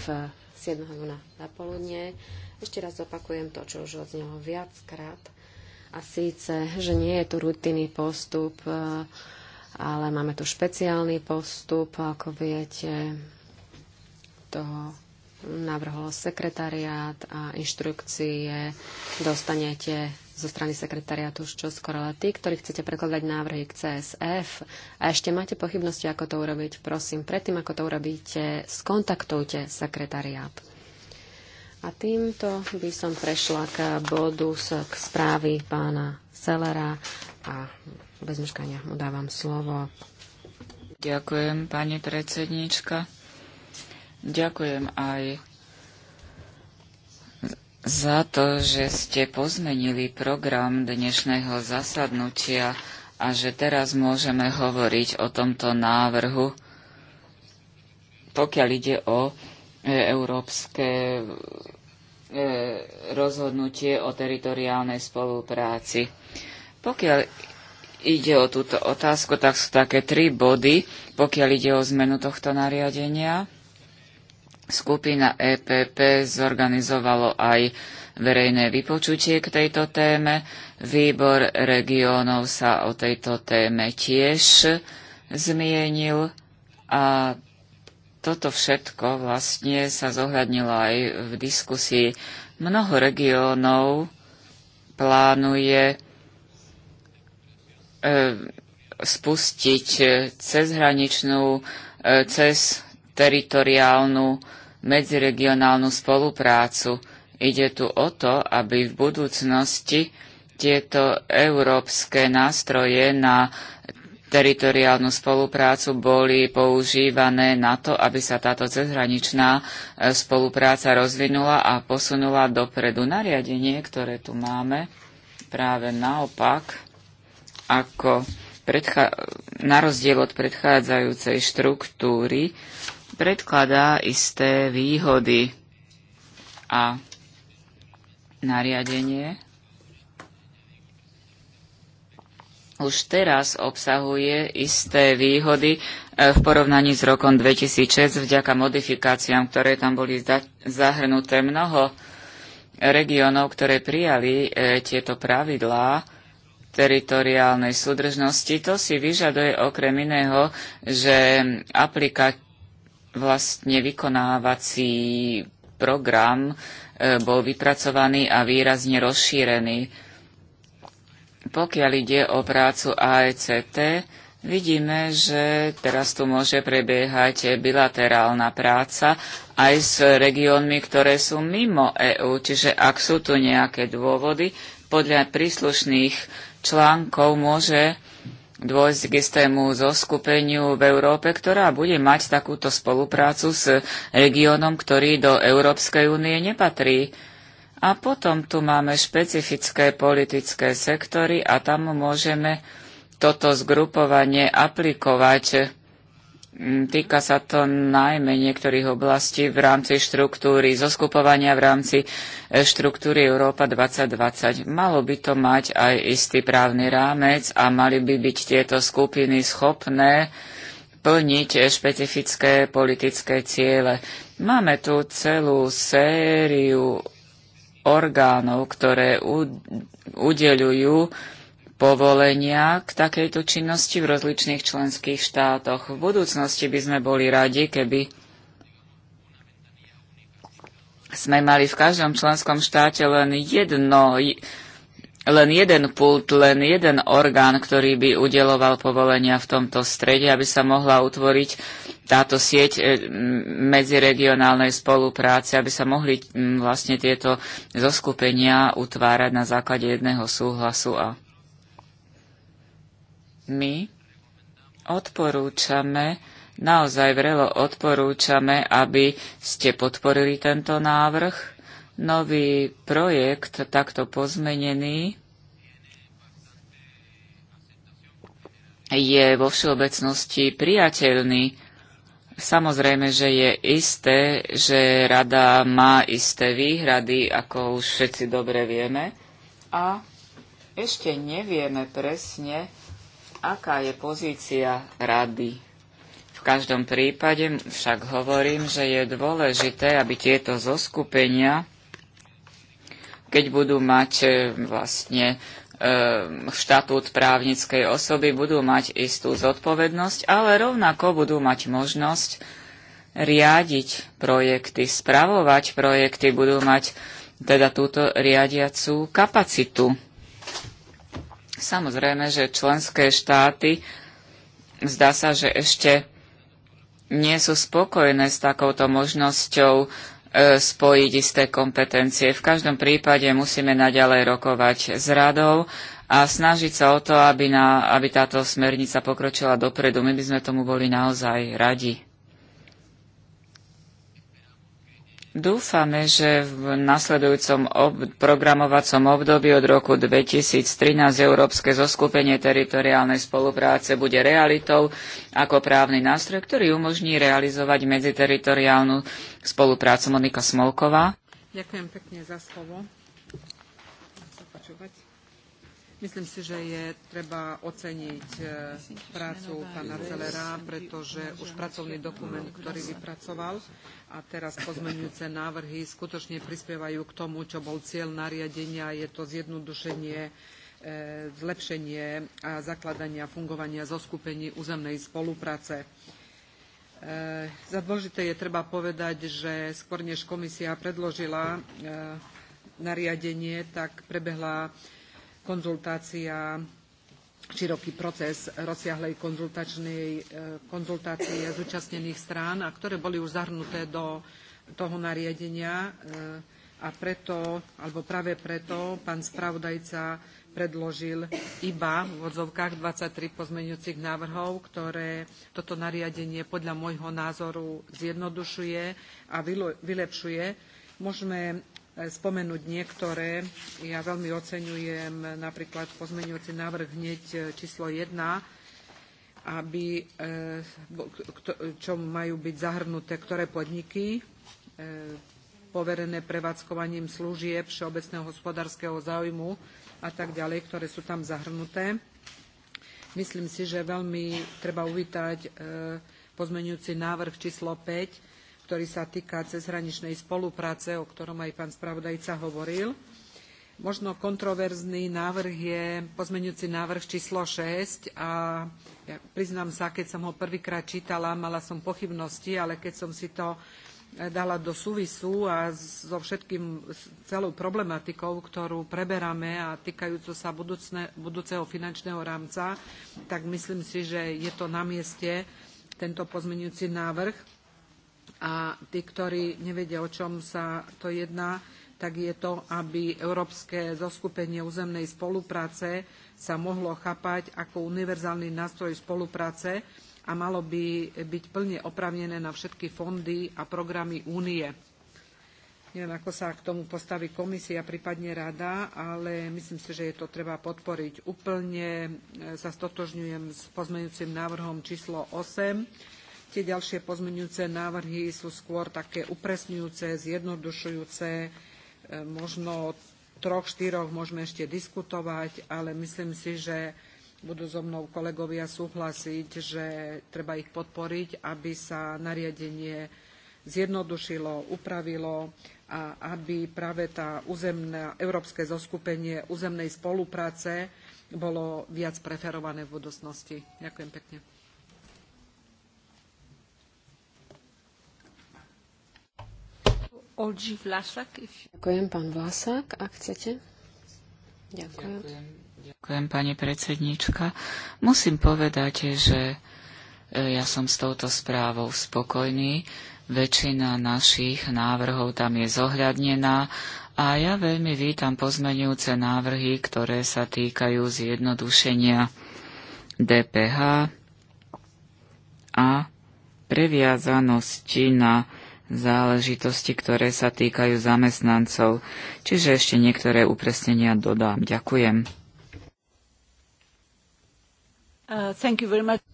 7. Eh, júna na poludne. Ešte raz opakujem to, čo už odznelo viackrát. A síce, že nie je tu rutinný postup, eh, ale máme tu špeciálny postup, ako viete, toho navrhol sekretariát a inštrukcie dostanete zo strany sekretariátu už čoskoro. Ale tí, ktorí chcete prekladať návrhy k CSF a ešte máte pochybnosti, ako to urobiť, prosím, predtým, ako to urobíte, skontaktujte sekretariát. A týmto by som prešla k bodu k správy pána Selera a bez meškania mu dávam slovo. Ďakujem, pani predsedníčka. Ďakujem aj za to, že ste pozmenili program dnešného zasadnutia a že teraz môžeme hovoriť o tomto návrhu, pokiaľ ide o e, európske e, rozhodnutie o teritoriálnej spolupráci. Pokiaľ ide o túto otázku, tak sú také tri body, pokiaľ ide o zmenu tohto nariadenia. Skupina EPP zorganizovalo aj verejné vypočutie k tejto téme. Výbor regiónov sa o tejto téme tiež zmienil a toto všetko vlastne sa zohľadnilo aj v diskusii. Mnoho regiónov plánuje e, spustiť cezhraničnú, e, cez teritoriálnu medziregionálnu spoluprácu. Ide tu o to, aby v budúcnosti tieto európske nástroje na teritoriálnu spoluprácu boli používané na to, aby sa táto cezhraničná e, spolupráca rozvinula a posunula dopredu. Nariadenie, ktoré tu máme, práve naopak, ako na rozdiel od predchádzajúcej štruktúry, predkladá isté výhody a nariadenie už teraz obsahuje isté výhody e, v porovnaní s rokom 2006 vďaka modifikáciám, ktoré tam boli zahrnuté mnoho regiónov, ktoré prijali e, tieto pravidlá teritoriálnej súdržnosti. To si vyžaduje okrem iného, že aplika- vlastne vykonávací program e, bol vypracovaný a výrazne rozšírený. Pokiaľ ide o prácu AECT, vidíme, že teraz tu môže prebiehať bilaterálna práca aj s regiónmi, ktoré sú mimo EÚ. Čiže ak sú tu nejaké dôvody, podľa príslušných článkov môže dôjsť k istému zoskupeniu v Európe, ktorá bude mať takúto spoluprácu s regiónom, ktorý do Európskej únie nepatrí. A potom tu máme špecifické politické sektory a tam môžeme toto zgrupovanie aplikovať. Mm, týka sa to najmä niektorých oblastí v rámci štruktúry zoskupovania, v rámci e, štruktúry Európa 2020. Malo by to mať aj istý právny rámec a mali by byť tieto skupiny schopné plniť e, špecifické politické ciele. Máme tu celú sériu orgánov, ktoré udeľujú povolenia k takejto činnosti v rozličných členských štátoch. V budúcnosti by sme boli radi, keby sme mali v každom členskom štáte len jedno, len jeden pult, len jeden orgán, ktorý by udeloval povolenia v tomto strede, aby sa mohla utvoriť táto sieť e, medziregionálnej spolupráce, aby sa mohli vlastne tieto zoskupenia utvárať na základe jedného súhlasu a my odporúčame, naozaj vrelo odporúčame, aby ste podporili tento návrh. Nový projekt, takto pozmenený, je vo všeobecnosti priateľný. Samozrejme, že je isté, že rada má isté výhrady, ako už všetci dobre vieme. A ešte nevieme presne, aká je pozícia rady. V každom prípade však hovorím, že je dôležité, aby tieto zoskupenia, keď budú mať e, vlastne e, štatút právnickej osoby, budú mať istú zodpovednosť, ale rovnako budú mať možnosť riadiť projekty, spravovať projekty, budú mať teda túto riadiacú kapacitu. Samozrejme, že členské štáty zdá sa, že ešte nie sú spokojné s takouto možnosťou e, spojiť isté kompetencie. V každom prípade musíme naďalej rokovať s radou a snažiť sa o to, aby, na, aby táto smernica pokročila dopredu. My by sme tomu boli naozaj radi. Dúfame, že v nasledujúcom ob- programovacom období od roku 2013 Európske zoskupenie teritoriálnej spolupráce bude realitou ako právny nástroj, ktorý umožní realizovať medziteritoriálnu spoluprácu. Monika Smolková. Ďakujem pekne za slovo. Myslím si, že je treba oceniť e, prácu pána Celera, pretože už pracovný dokument, ktorý vypracoval, a teraz pozmenujúce návrhy skutočne prispievajú k tomu, čo bol cieľ nariadenia. Je to zjednodušenie, e, zlepšenie a zakladania fungovania zoskupení územnej spolupráce. E, za dôležité je treba povedať, že skôr než komisia predložila e, nariadenie, tak prebehla konzultácia široký proces rozsiahlej e, konzultácie zúčastnených strán a ktoré boli už zahrnuté do toho nariadenia e, a preto, alebo práve preto, pán spravodajca predložil iba v odzovkách 23 pozmeňujúcich návrhov, ktoré toto nariadenie podľa môjho názoru zjednodušuje a vylepšuje. Môžeme E, spomenúť niektoré. Ja veľmi oceňujem napríklad pozmeňujúci návrh hneď e, číslo 1, aby, e, čo majú byť zahrnuté, ktoré podniky poverené prevádzkovaním služieb všeobecného hospodárskeho záujmu a tak ďalej, ktoré sú tam zahrnuté. Myslím si, že veľmi treba uvítať pozmeňujúci návrh číslo 5, ktorý sa týka cezhraničnej spolupráce, o ktorom aj pán spravodajca hovoril. Možno kontroverzný návrh je pozmeňujúci návrh číslo 6 a ja priznám sa, keď som ho prvýkrát čítala, mala som pochybnosti, ale keď som si to eh, dala do súvisu a so všetkým celou problematikou, ktorú preberáme a týkajúco sa budúcne, budúceho finančného rámca, tak myslím si, že je to na mieste tento pozmeňujúci návrh a tí, ktorí nevedia, o čom sa to jedná, tak je to, aby Európske zoskupenie územnej spolupráce sa mohlo chápať ako univerzálny nástroj spolupráce a malo by byť plne opravnené na všetky fondy a programy únie. Neviem, ako sa k tomu postaví komisia, prípadne rada, ale myslím si, že je to treba podporiť. Úplne e, sa stotožňujem s pozmeňujúcim návrhom číslo 8 Tie ďalšie pozmenujúce návrhy sú skôr také upresňujúce, zjednodušujúce, e, možno troch, štyroch môžeme ešte diskutovať, ale myslím si, že budú so mnou kolegovia súhlasiť, že treba ich podporiť, aby sa nariadenie zjednodušilo, upravilo a aby práve tá územná, európske zoskupenie územnej spolupráce bolo viac preferované v budúcnosti. Ďakujem pekne. Vlasak. Ďakujem, pán Vlasák, ak chcete. Ďakujem. Ďakujem, ďakujem pani predsednička. Musím povedať, že e, ja som s touto správou spokojný. Väčšina našich návrhov tam je zohľadnená a ja veľmi vítam pozmenujúce návrhy, ktoré sa týkajú zjednodušenia DPH a previazanosti na záležitosti, ktoré sa týkajú zamestnancov. Čiže ešte niektoré upresnenia dodám. Ďakujem. Uh,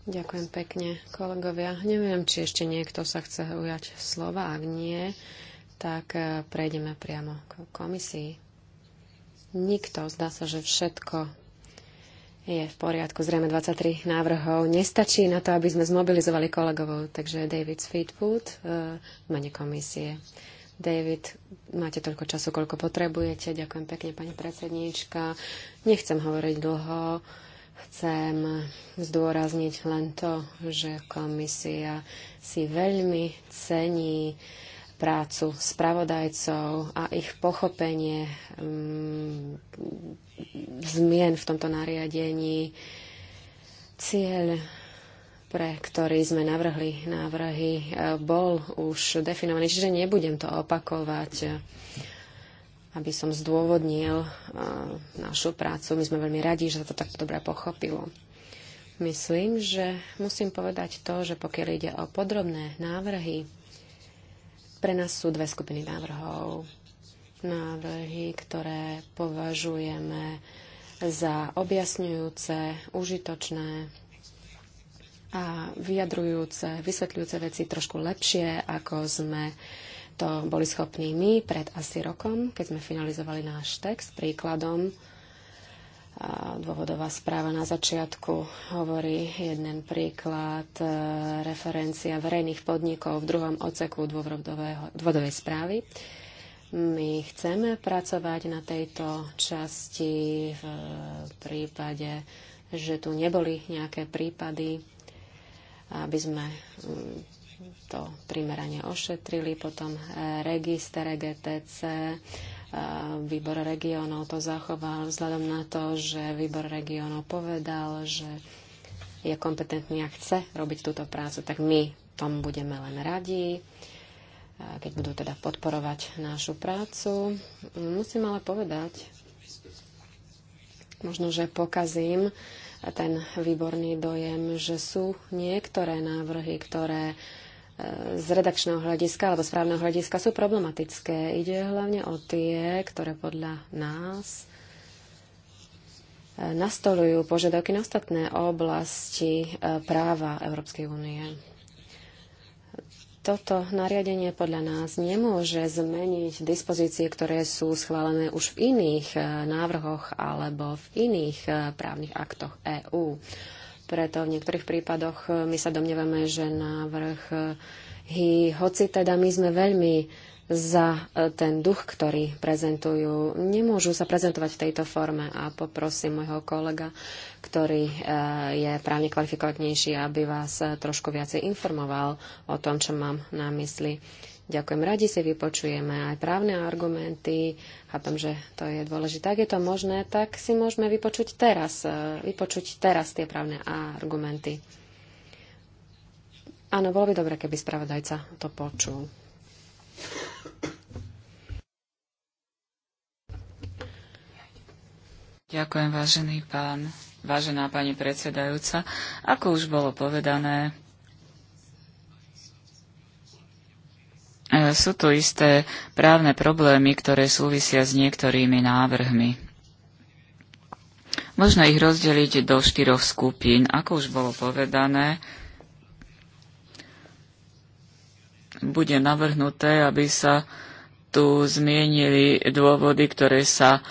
Ďakujem pekne, kolegovia. Neviem, či ešte niekto sa chce ujať slova. Ak nie, tak uh, prejdeme priamo k komisii. Nikto, zdá sa, že všetko je v poriadku. Zrejme 23 návrhov nestačí na to, aby sme zmobilizovali kolegov. Takže David Sweetwood uh, eh, mene komisie. David, máte toľko času, koľko potrebujete. Ďakujem pekne, pani predsedníčka. Nechcem hovoriť dlho. Chcem zdôrazniť len to, že komisia si veľmi cení prácu spravodajcov a ich pochopenie mm, zmien v tomto nariadení. Cieľ, pre ktorý sme navrhli návrhy, e, bol už definovaný, čiže nebudem to opakovať aby som zdôvodnil uh, našu prácu. My sme veľmi radi, že sa to takto dobre pochopilo. Myslím, že musím povedať to, že pokiaľ ide o podrobné návrhy, pre nás sú dve skupiny návrhov. Návrhy, ktoré považujeme za objasňujúce, užitočné a vyjadrujúce, vysvetľujúce veci trošku lepšie, ako sme to boli schopní my pred asi rokom, keď sme finalizovali náš text. Príkladom dôvodová správa na začiatku hovorí jeden príklad e, referencia verejných podnikov v druhom oceku dôvodovej správy. My chceme pracovať na tejto časti v prípade, že tu neboli nejaké prípady, aby sme mm, to primerane ošetrili. Potom register e GTC výbor regiónov to zachoval vzhľadom na to, že výbor regiónov povedal, že je kompetentný a chce robiť túto prácu, tak my tom budeme len radi, keď budú teda podporovať našu prácu. Musím ale povedať, možno, že pokazím ten výborný dojem, že sú niektoré návrhy, ktoré z redakčného hľadiska alebo správneho hľadiska sú problematické. Ide hlavne o tie, ktoré podľa nás e, nastolujú požiadavky na ostatné oblasti e, práva Európskej únie. Toto nariadenie podľa nás nemôže zmeniť dispozície, ktoré sú schválené už v iných e, návrhoch alebo v iných právnych aktoch EÚ. Preto v niektorých prípadoch e, my sa domnievame, že návrh e, hy, hoci teda my sme veľmi za e, ten duch, ktorý prezentujú, nemôžu sa prezentovať v tejto forme a poprosím môjho kolega, ktorý je právne kvalifikovanejší, aby vás trošku viacej informoval o tom, čo mám na mysli. Ďakujem, radi si vypočujeme aj právne argumenty. Chápem, že to je dôležité. Ak je to možné, tak si môžeme vypočuť teraz, e, vypočuť teraz tie právne argumenty. Áno, bolo by dobre, keby spravodajca to počul. Ďakujem, vážený pán, vážená pani predsedajúca. Ako už bolo povedané, E, sú tu isté právne problémy, ktoré súvisia s niektorými návrhmi. Možno ich rozdeliť do štyroch skupín. Ako už bolo povedané, bude navrhnuté, aby sa tu zmienili dôvody, ktoré sa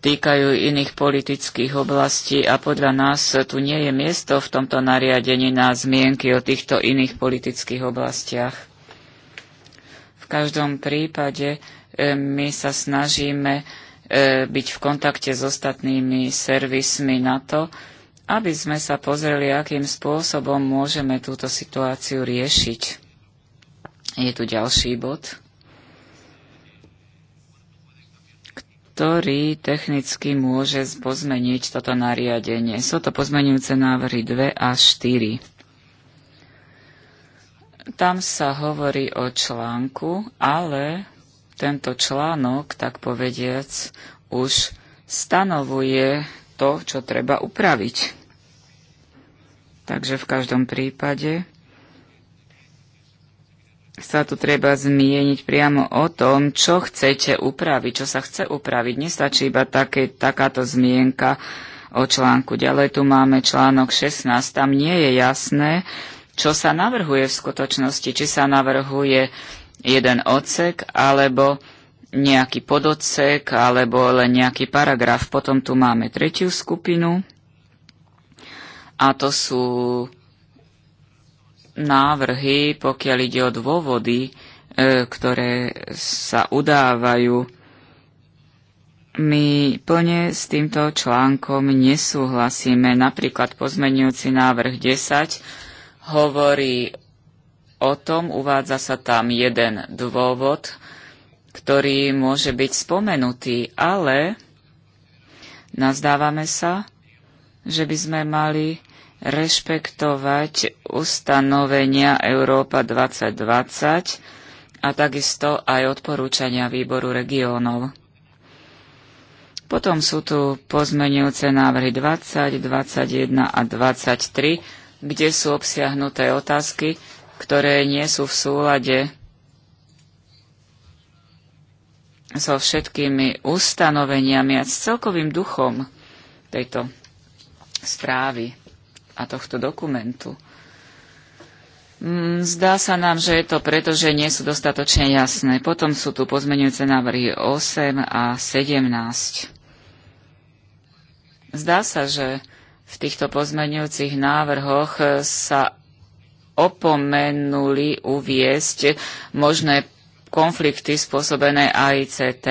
týkajú iných politických oblastí a podľa nás tu nie je miesto v tomto nariadení na zmienky o týchto iných politických oblastiach každom prípade e, my sa snažíme e, byť v kontakte s ostatnými servismi na to, aby sme sa pozreli, akým spôsobom môžeme túto situáciu riešiť. Je tu ďalší bod, ktorý technicky môže pozmeniť toto nariadenie. Sú to pozmenujúce návrhy 2 a 4. Tam sa hovorí o článku, ale tento článok, tak povediac, už stanovuje to, čo treba upraviť. Takže v každom prípade sa tu treba zmieniť priamo o tom, čo chcete upraviť, čo sa chce upraviť. Nestačí iba také, takáto zmienka o článku. Ďalej tu máme článok 16. Tam nie je jasné, čo sa navrhuje v skutočnosti, či sa navrhuje jeden odsek alebo nejaký pododsek alebo len nejaký paragraf. Potom tu máme tretiu skupinu a to sú návrhy, pokiaľ ide o dôvody, e, ktoré sa udávajú. My plne s týmto článkom nesúhlasíme. Napríklad pozmenujúci návrh 10 hovorí o tom, uvádza sa tam jeden dôvod, ktorý môže byť spomenutý, ale nazdávame sa, že by sme mali rešpektovať ustanovenia Európa 2020 a takisto aj odporúčania výboru regiónov. Potom sú tu pozmenujúce návrhy 20, 21 a 23, kde sú obsiahnuté otázky, ktoré nie sú v súlade so všetkými ustanoveniami a s celkovým duchom tejto správy a tohto dokumentu. Mm, zdá sa nám, že je to preto, že nie sú dostatočne jasné. Potom sú tu pozmenujúce návrhy 8 a 17. Zdá sa, že v týchto pozmeňujúcich návrhoch eh, sa opomenuli uviesť možné konflikty spôsobené AICT.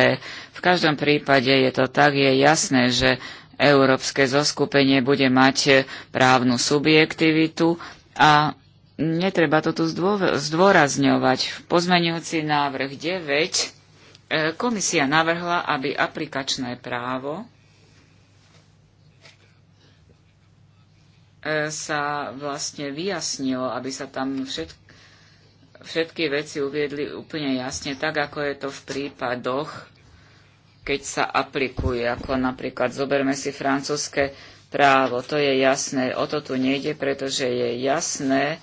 V každom prípade je to tak, je jasné, že európske zoskupenie bude mať eh, právnu subjektivitu a netreba to tu zdôrazňovať. V pozmeňujúci návrh 9 eh, komisia navrhla, aby aplikačné právo E, sa vlastne vyjasnilo, aby sa tam všetky, všetky veci uviedli úplne jasne, tak ako je to v prípadoch, keď sa aplikuje, ako napríklad zoberme si francúzske právo. To je jasné, o to tu nejde, pretože je jasné,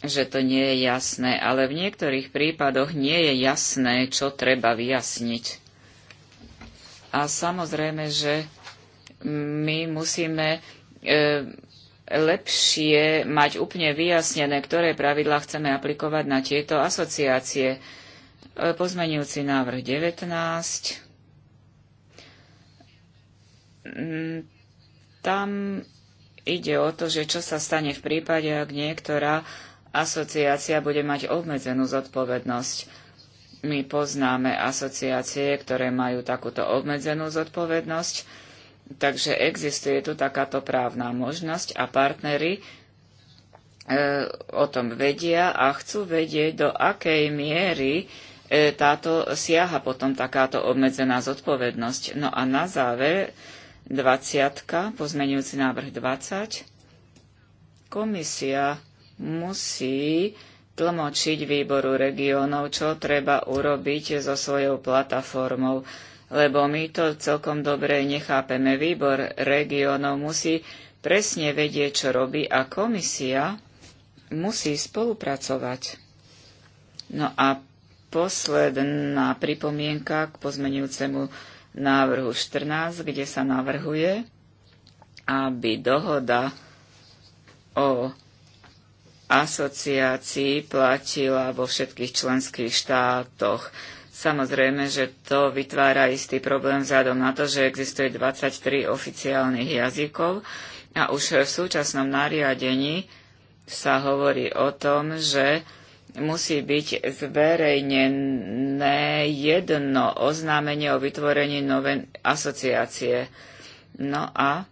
že to nie je jasné, ale v niektorých prípadoch nie je jasné, čo treba vyjasniť. A samozrejme, že my musíme e, lepšie mať úplne vyjasnené, ktoré pravidlá chceme aplikovať na tieto asociácie. E, pozmenujúci návrh 19. Mm, tam ide o to, že čo sa stane v prípade, ak niektorá asociácia bude mať obmedzenú zodpovednosť. My poznáme asociácie, ktoré majú takúto obmedzenú zodpovednosť Takže existuje tu takáto právna možnosť a partnery e, o tom vedia a chcú vedieť, do akej miery e, táto siaha potom takáto obmedzená zodpovednosť. No a na záver 20, pozmenujúci návrh 20, komisia musí tlmočiť výboru regiónov, čo treba urobiť so svojou plataformou lebo my to celkom dobre nechápeme. Výbor regiónov musí presne vedieť, čo robí a komisia musí spolupracovať. No a posledná pripomienka k pozmenujúcemu návrhu 14, kde sa navrhuje, aby dohoda o asociácii platila vo všetkých členských štátoch. Samozrejme, že to vytvára istý problém vzhľadom na to, že existuje 23 oficiálnych jazykov a už v súčasnom nariadení sa hovorí o tom, že musí byť zverejnené jedno oznámenie o vytvorení novej asociácie. No a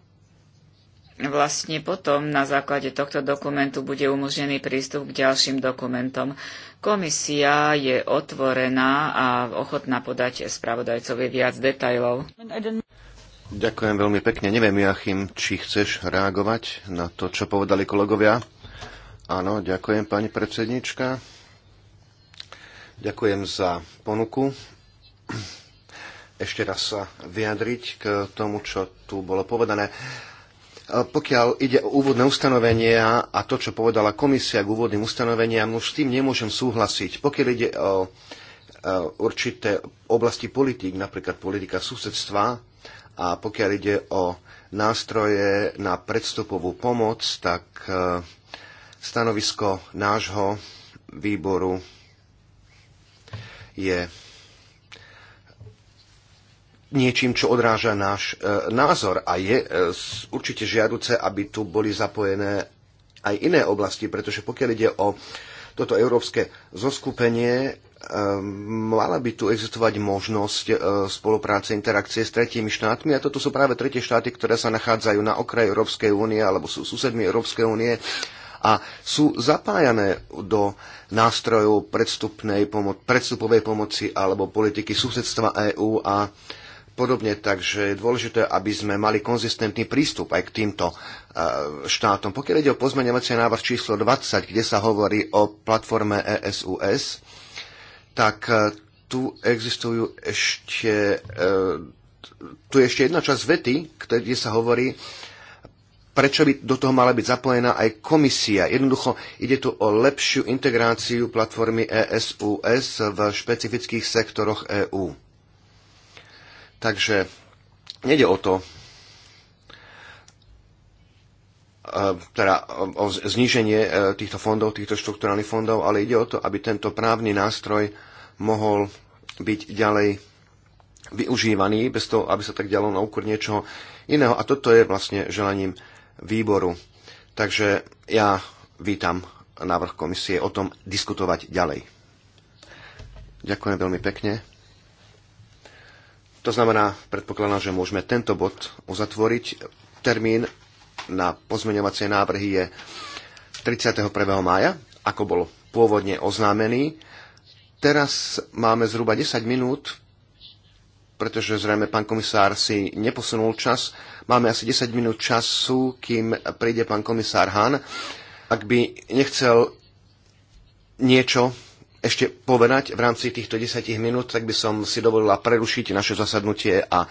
vlastne potom na základe tohto dokumentu bude umožnený prístup k ďalším dokumentom. Komisia je otvorená a ochotná podať spravodajcovi viac detajlov. Ďakujem veľmi pekne. Neviem, Joachim, či chceš reagovať na to, čo povedali kolegovia. Áno, ďakujem, pani predsednička. Ďakujem za ponuku ešte raz sa vyjadriť k tomu, čo tu bolo povedané. E, pokiaľ ide o úvodné ustanovenia a to, čo povedala komisia k úvodným ustanoveniam, už s tým nemôžem súhlasiť. Pokiaľ ide o e, určité oblasti politík, napríklad politika susedstva a pokiaľ ide o nástroje na predstupovú pomoc, tak e, stanovisko nášho výboru je niečím, čo odráža náš e, názor. A je e, určite žiaduce, aby tu boli zapojené aj iné oblasti, pretože pokiaľ ide o toto európske zoskupenie, e, mala by tu existovať možnosť e, spolupráce, interakcie s tretími štátmi. A toto sú práve tretie štáty, ktoré sa nachádzajú na okraji Európskej únie alebo sú susedmi Európskej únie a sú zapájané do nástrojov predstupovej pomoci alebo politiky susedstva EÚ a podobne, takže je dôležité, aby sme mali konzistentný prístup aj k týmto e, štátom. Pokiaľ ide o pozmeňovacie návrh číslo 20, kde sa hovorí o platforme ESUS, tak e, tu existujú ešte, e, tu je ešte jedna časť vety, kde sa hovorí, prečo by do toho mala byť zapojená aj komisia. Jednoducho ide tu o lepšiu integráciu platformy ESUS v špecifických sektoroch EÚ. Takže nejde o to, e, teda o zníženie e, týchto fondov, týchto štrukturálnych fondov, ale ide o to, aby tento právny nástroj mohol byť ďalej využívaný, bez toho, aby sa tak dialo na úkor niečoho iného. A toto je vlastne želaním výboru. Takže ja vítam návrh komisie o tom diskutovať ďalej. Ďakujem veľmi pekne. To znamená, predpokladám, že môžeme tento bod uzatvoriť. Termín na pozmeňovacie návrhy je 31. mája, ako bolo pôvodne oznámený. Teraz máme zhruba 10 minút, pretože zrejme pán komisár si neposunul čas. Máme asi 10 minút času, kým príde pán komisár Han. Ak by nechcel niečo ešte povedať v rámci týchto 10 minút, tak by som si dovolila prerušiť naše zasadnutie a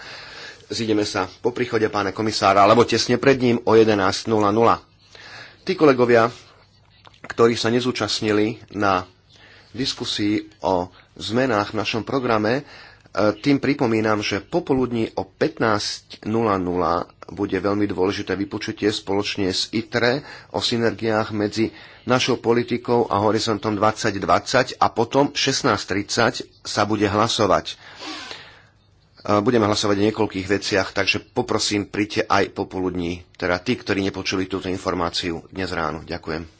zídeme sa po príchode pána komisára, alebo tesne pred ním o 11.00. Tí kolegovia, ktorí sa nezúčastnili na diskusii o zmenách v našom programe, e, tým pripomínam, že popoludní o 15.00 bude veľmi dôležité vypočutie spoločne s ITRE o synergiách medzi našou politikou a horizontom 2020 a potom 16.30 sa bude hlasovať. E, budeme hlasovať o niekoľkých veciach, takže poprosím, príďte aj popoludní, teda tí, ktorí nepočuli túto informáciu dnes ráno. Ďakujem.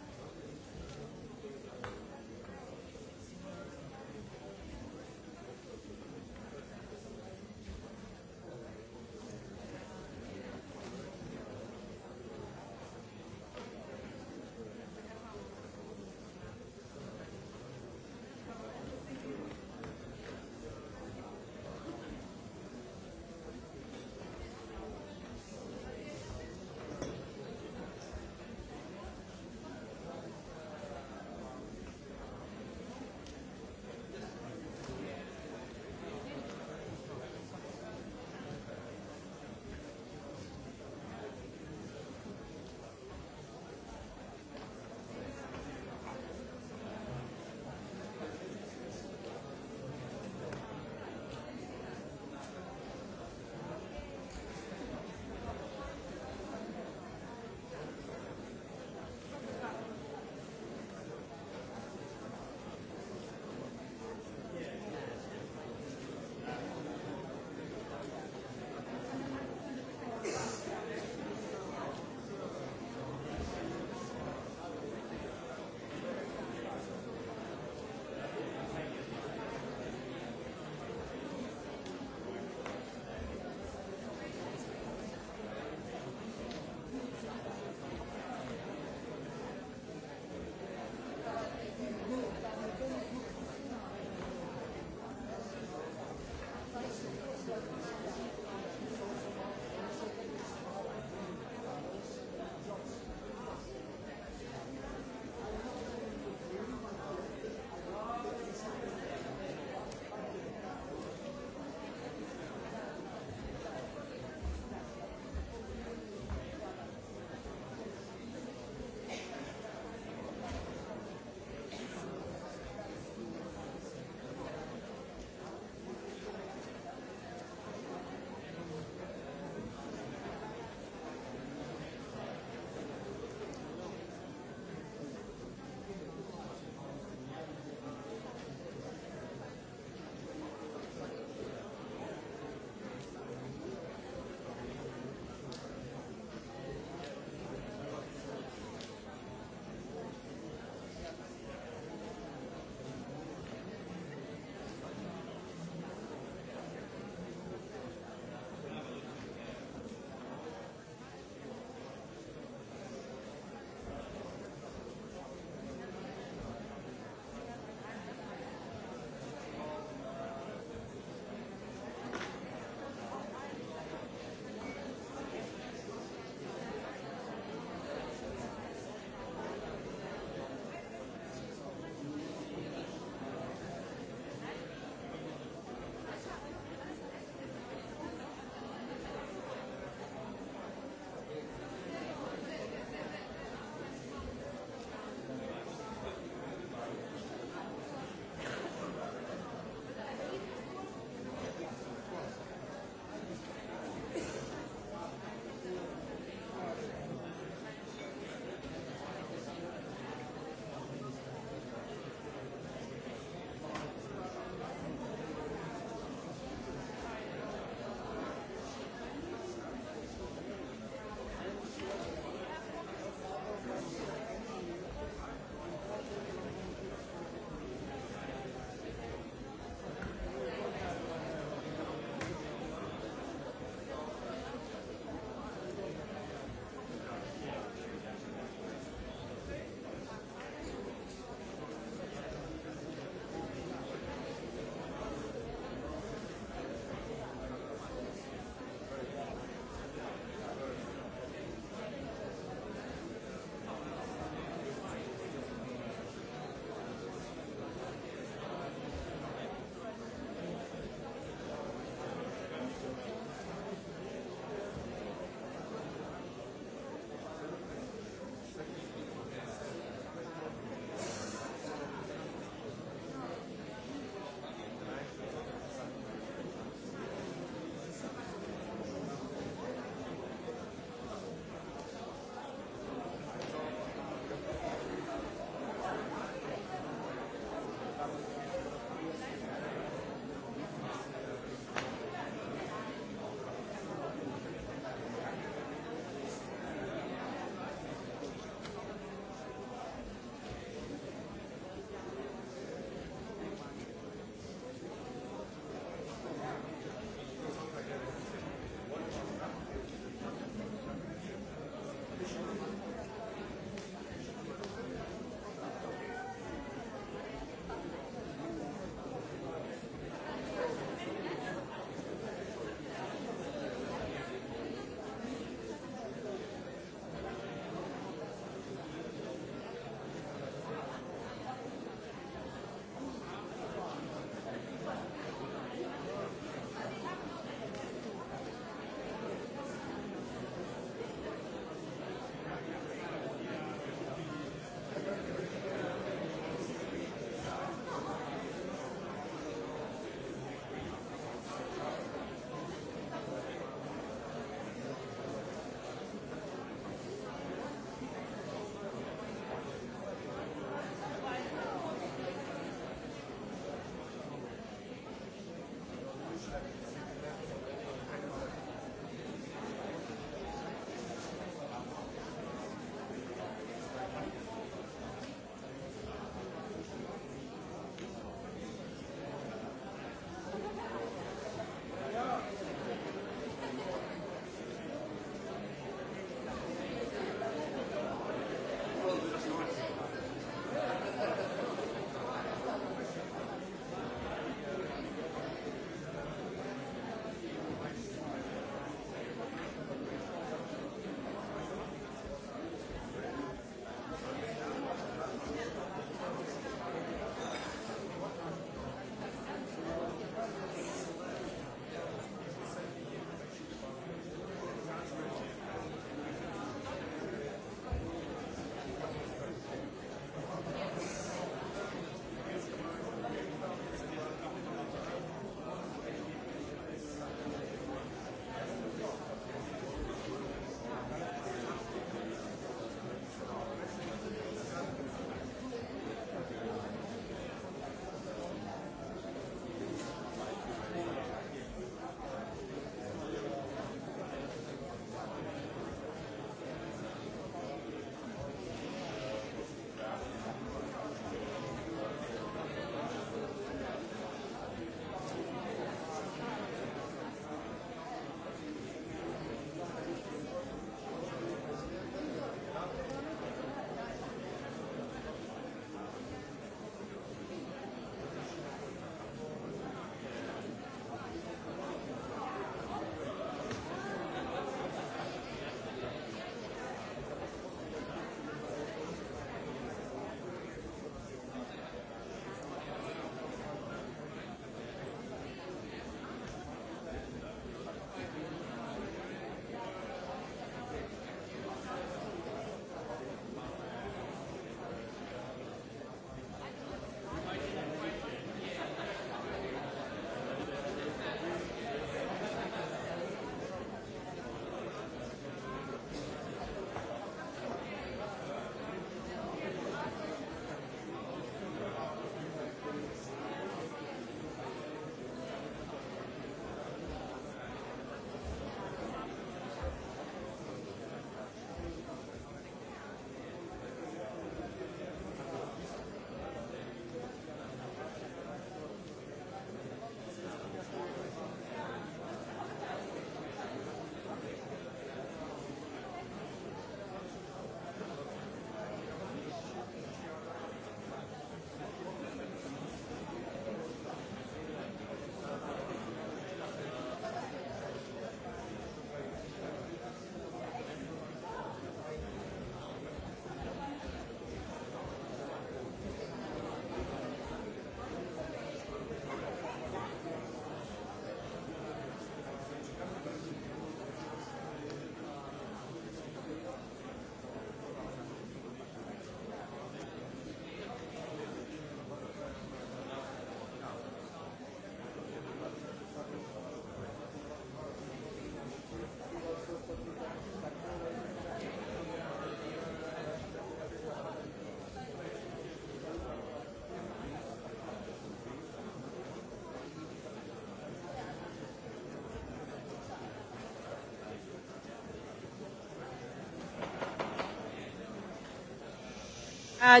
Uh,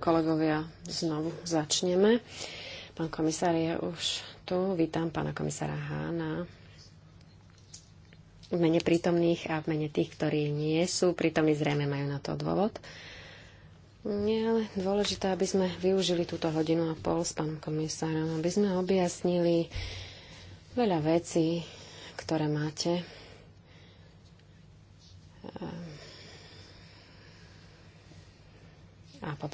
Kolegovia, znovu začneme. Pán komisár je už tu. Vítam pána komisára Hána. V mene prítomných a v mene tých, ktorí nie sú prítomní, zrejme majú na to dôvod. Nie, ale dôležité, aby sme využili túto hodinu a pol s pánom komisárom, aby sme objasnili veľa vecí, ktoré máte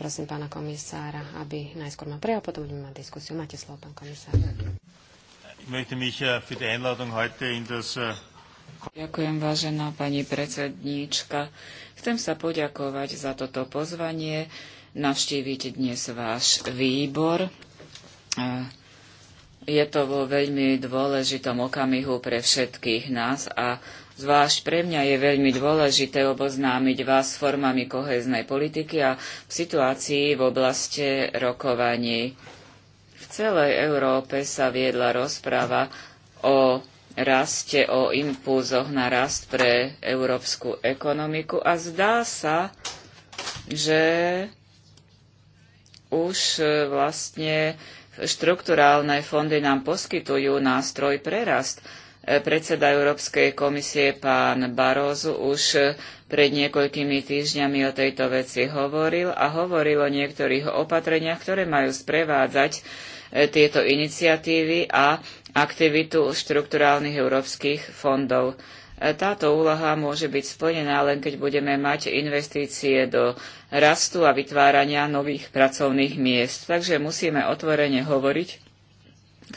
poprosím pána komisára, aby najskôr ma prejal, potom budeme mať diskusiu. Máte slovo, pán komisár. Äh, äh, Ďakujem, vážená pani predsedníčka. Chcem sa poďakovať za toto pozvanie navštíviť dnes váš výbor. Äh, je to vo veľmi dôležitom okamihu pre všetkých nás a Zvlášť pre mňa je veľmi dôležité oboznámiť vás s formami kohéznej politiky a v situácii v oblasti rokovaní. V celej Európe sa viedla rozpráva o raste, o impulzoch na rast pre európsku ekonomiku a zdá sa, že už e, vlastne štrukturálne fondy nám poskytujú nástroj pre rast Predseda Európskej komisie pán Barozu už pred niekoľkými týždňami o tejto veci hovoril a hovoril o niektorých opatreniach, ktoré majú sprevádzať e, tieto iniciatívy a aktivitu štrukturálnych európskych fondov. E, táto úloha môže byť splnená len keď budeme mať investície do rastu a vytvárania nových pracovných miest. Takže musíme otvorene hovoriť,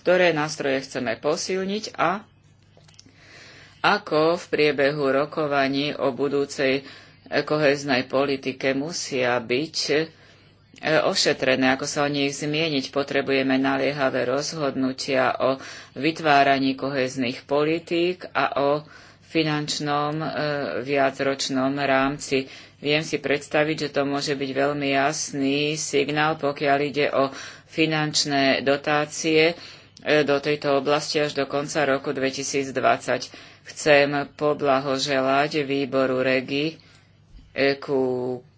ktoré nástroje chceme posilniť a ako v priebehu rokovaní o budúcej koheznej politike musia byť e, ošetrené, ako sa o nich zmieniť. Potrebujeme naliehavé rozhodnutia o vytváraní kohezných politík a o finančnom e, viacročnom rámci. Viem si predstaviť, že to môže byť veľmi jasný signál, pokiaľ ide o finančné dotácie e, do tejto oblasti až do konca roku 2020 Chcem poblahoželať výboru REGI e, ku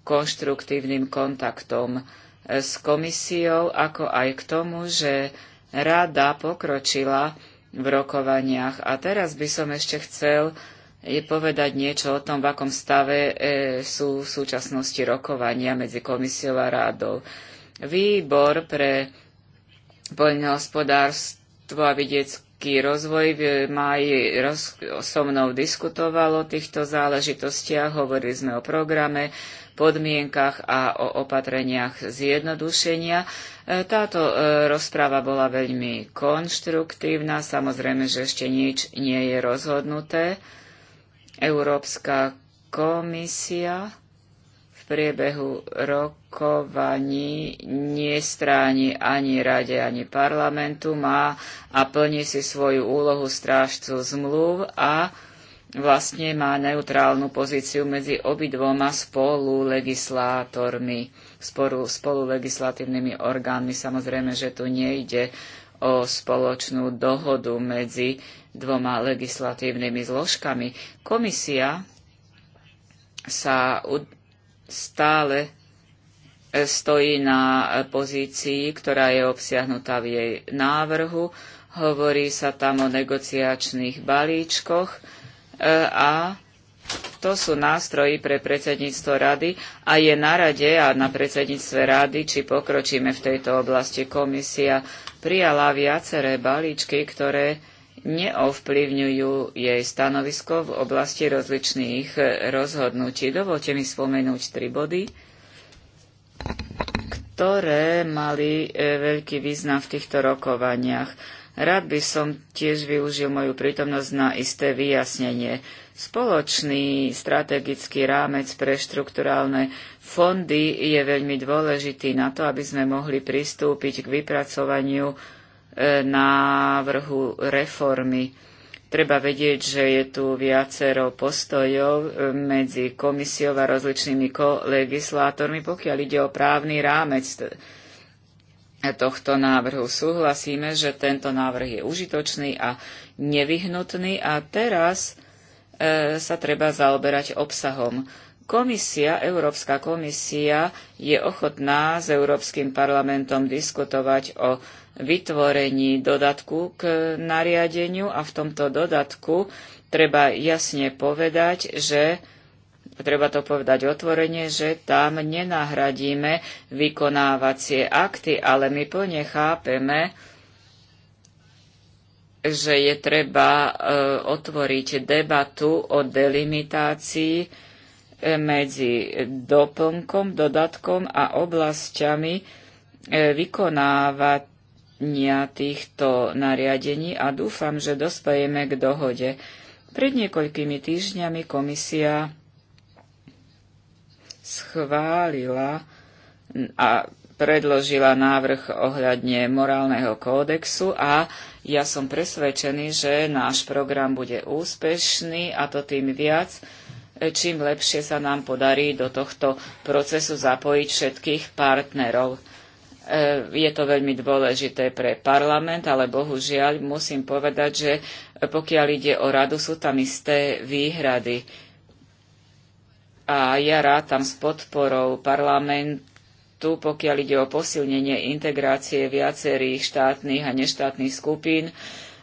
konštruktívnym kontaktom e, s komisiou, ako aj k tomu, že rada pokročila v rokovaniach. A teraz by som ešte chcel e, povedať niečo o tom, v akom stave sú v súčasnosti rokovania medzi komisiou a rádou. Výbor pre poľnohospodárstvo a vidiecku ekonomický rozvoj. V máji roz, so mnou diskutovalo o týchto záležitostiach, hovorili sme o programe, podmienkach a o opatreniach zjednodušenia. E, táto e, rozpráva bola veľmi konštruktívna, samozrejme, že ešte nič nie je rozhodnuté. Európska komisia priebehu rokovaní nestráni ani rade, ani parlamentu, má a plní si svoju úlohu strážcu zmluv a vlastne má neutrálnu pozíciu medzi obidvoma spolulegislátormi, spolu, spolulegislatívnymi orgánmi. Samozrejme, že tu nejde o spoločnú dohodu medzi dvoma legislatívnymi zložkami. Komisia sa stále e, stojí na e, pozícii, ktorá je obsiahnutá v jej návrhu. Hovorí sa tam o negociačných balíčkoch e, a to sú nástroji pre predsedníctvo rady a je na rade a na predsedníctve rady, či pokročíme v tejto oblasti. Komisia prijala viaceré balíčky, ktoré neovplyvňujú jej stanovisko v oblasti rozličných rozhodnutí. Dovolte mi spomenúť tri body, ktoré mali e, veľký význam v týchto rokovaniach. Rád by som tiež využil moju prítomnosť na isté vyjasnenie. Spoločný strategický rámec pre štrukturálne fondy je veľmi dôležitý na to, aby sme mohli pristúpiť k vypracovaniu E, návrhu reformy. Treba vedieť, že je tu viacero postojov e, medzi komisiou a rozličnými kolegislátormi, pokiaľ ide o právny rámec tohto návrhu. Súhlasíme, že tento návrh je užitočný a nevyhnutný a teraz e, sa treba zaoberať obsahom. Komisia, Európska komisia je ochotná s Európskym parlamentom diskutovať o vytvorení dodatku k nariadeniu a v tomto dodatku treba jasne povedať, že treba to povedať otvorene, že tam nenahradíme vykonávacie akty, ale my plne chápeme, že je treba e, otvoriť debatu o delimitácii e, medzi doplnkom, dodatkom a oblasťami e, vykonávať týchto nariadení a dúfam, že dospejeme k dohode. Pred niekoľkými týždňami komisia schválila a predložila návrh ohľadne morálneho kódexu a ja som presvedčený, že náš program bude úspešný a to tým viac, čím lepšie sa nám podarí do tohto procesu zapojiť všetkých partnerov. E, je to veľmi dôležité pre parlament, ale bohužiaľ musím povedať, že pokiaľ ide o radu, sú tam isté výhrady. A ja rátam s podporou parlamentu, pokiaľ ide o posilnenie integrácie viacerých štátnych a neštátnych skupín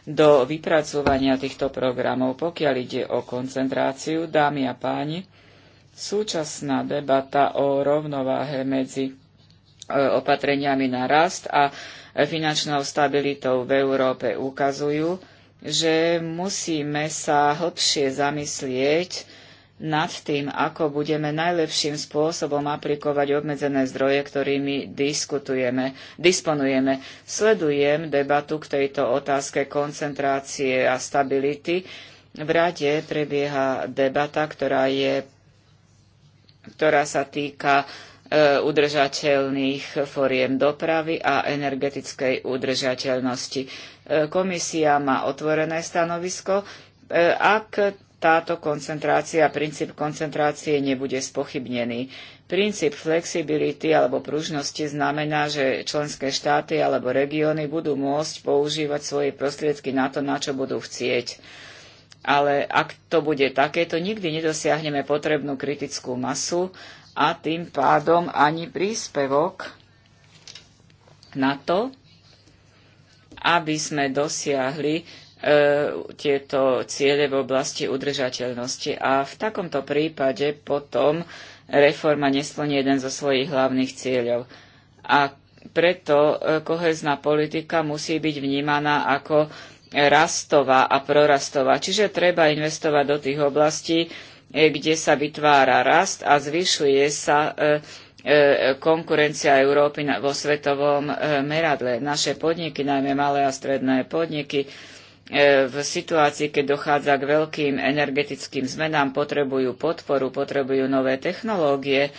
do vypracovania týchto programov. Pokiaľ ide o koncentráciu, dámy a páni, súčasná debata o rovnováhe medzi E, opatreniami na rast a finančnou stabilitou v Európe ukazujú, že musíme sa hlbšie zamyslieť nad tým, ako budeme najlepším spôsobom aplikovať obmedzené zdroje, ktorými diskutujeme, disponujeme. Sledujem debatu k tejto otázke koncentrácie a stability. V rade prebieha debata, ktorá, je, ktorá sa týka Eh, udržateľných foriem dopravy a energetickej udržateľnosti. Eh, komisia má otvorené stanovisko. Eh, ak táto koncentrácia, princíp koncentrácie nebude spochybnený. Princíp flexibility alebo pružnosti znamená, že členské štáty alebo regióny budú môcť používať svoje prostriedky na to, na čo budú chcieť. Ale ak to bude takéto, nikdy nedosiahneme potrebnú kritickú masu, a tým pádom ani príspevok na to, aby sme dosiahli e, tieto ciele v oblasti udržateľnosti. A v takomto prípade potom reforma nesplní jeden zo svojich hlavných cieľov. A preto e, kohezná politika musí byť vnímaná ako rastová a prorastová. Čiže treba investovať do tých oblastí, E, kde sa vytvára rast a zvyšuje sa e, e, konkurencia Európy vo svetovom meradle. Naše podniky, najmä malé a stredné podniky, v situácii, keď dochádza k veľkým energetickým zmenám, potrebujú podporu, potrebujú nové technológie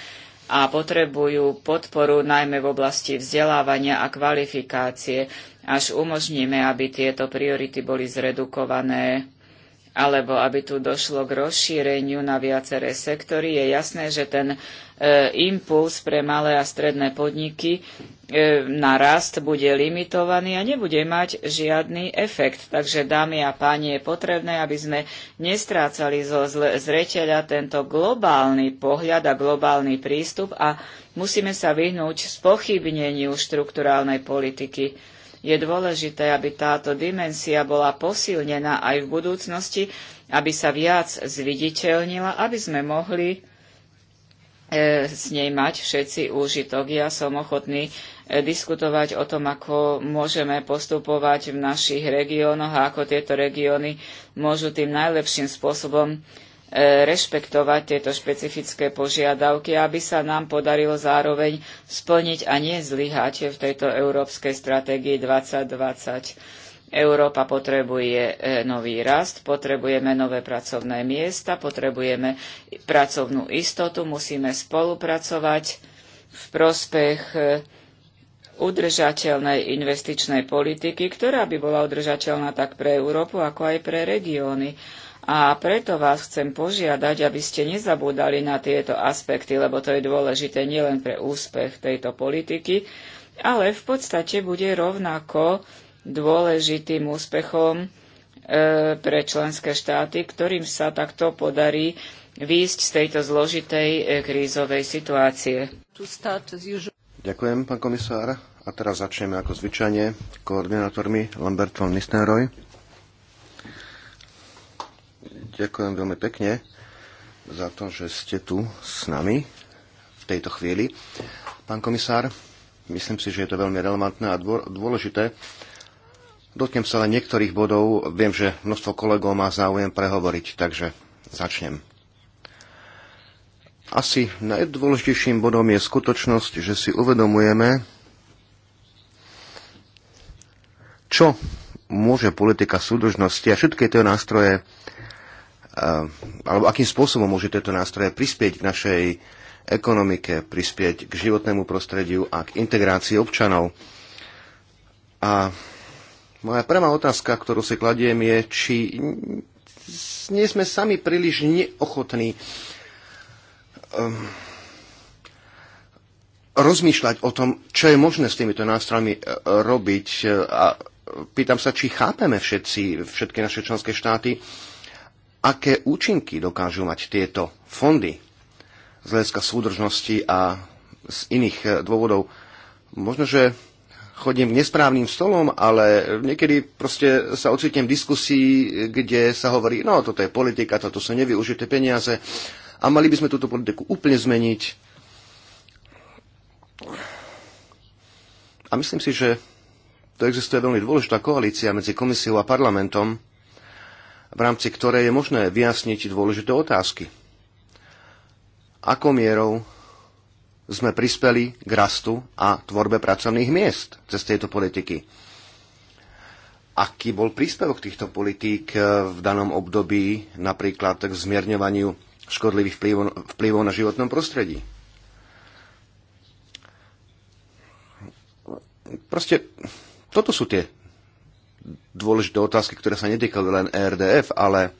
a potrebujú podporu najmä v oblasti vzdelávania a kvalifikácie, až umožníme, aby tieto priority boli zredukované alebo aby tu došlo k rozšíreniu na viaceré sektory, je jasné, že ten e, impuls pre malé a stredné podniky e, na rast bude limitovaný a nebude mať žiadny efekt. Takže, dámy a páni, je potrebné, aby sme nestrácali zo zreteľa tento globálny pohľad a globálny prístup a musíme sa vyhnúť spochybneniu štrukturálnej politiky je dôležité, aby táto dimenzia bola posilnená aj v budúcnosti, aby sa viac zviditeľnila, aby sme mohli e, s nej mať všetci úžitok. Ja som ochotný e, diskutovať o tom, ako môžeme postupovať v našich regiónoch a ako tieto regióny môžu tým najlepším spôsobom E, rešpektovať tieto špecifické požiadavky, aby sa nám podarilo zároveň splniť a nezlyhať v tejto európskej stratégii 2020. Európa potrebuje e, nový rast, potrebujeme nové pracovné miesta, potrebujeme pracovnú istotu, musíme spolupracovať v prospech e, udržateľnej investičnej politiky, ktorá by bola udržateľná tak pre Európu, ako aj pre regióny. A preto vás chcem požiadať, aby ste nezabúdali na tieto aspekty, lebo to je dôležité nielen pre úspech tejto politiky, ale v podstate bude rovnako dôležitým úspechom e, pre členské štáty, ktorým sa takto podarí výjsť z tejto zložitej e, krízovej situácie. Ďakujem, pán komisár. A teraz začneme ako zvyčajne koordinátormi Lambert von Nistenroy. Ďakujem veľmi pekne za to, že ste tu s nami v tejto chvíli. Pán komisár, myslím si, že je to veľmi relevantné a dôležité. Dotknem sa len niektorých bodov. Viem, že množstvo kolegov má záujem prehovoriť, takže začnem. Asi najdôležitejším bodom je skutočnosť, že si uvedomujeme, čo môže politika súdržnosti a všetky tie nástroje alebo akým spôsobom môžu tieto nástroje prispieť k našej ekonomike, prispieť k životnému prostrediu a k integrácii občanov. A moja prvá otázka, ktorú si kladiem, je, či nie sme sami príliš neochotní um, rozmýšľať o tom, čo je možné s týmito nástrojmi e, robiť. A pýtam sa, či chápeme všetci, všetky naše členské štáty, aké účinky dokážu mať tieto fondy z hľadiska súdržnosti a z iných e, dôvodov. Možno, že chodím k nesprávnym stolom, ale niekedy proste sa ocitnem v diskusii, kde sa hovorí, no toto je politika, toto sú nevyužité peniaze a mali by sme túto politiku úplne zmeniť. A myslím si, že to existuje veľmi dôležitá koalícia medzi komisiou a parlamentom, v rámci ktorej je možné vyjasniť dôležité otázky. Ako mierou sme prispeli k rastu a tvorbe pracovných miest cez tejto politiky? Aký bol príspevok týchto politík eh, v danom období napríklad k zmierňovaniu škodlivých vplyvov, vplyvov na životnom prostredí? Proste toto sú tie dôležité otázky, ktoré sa netýkali len e RDF, ale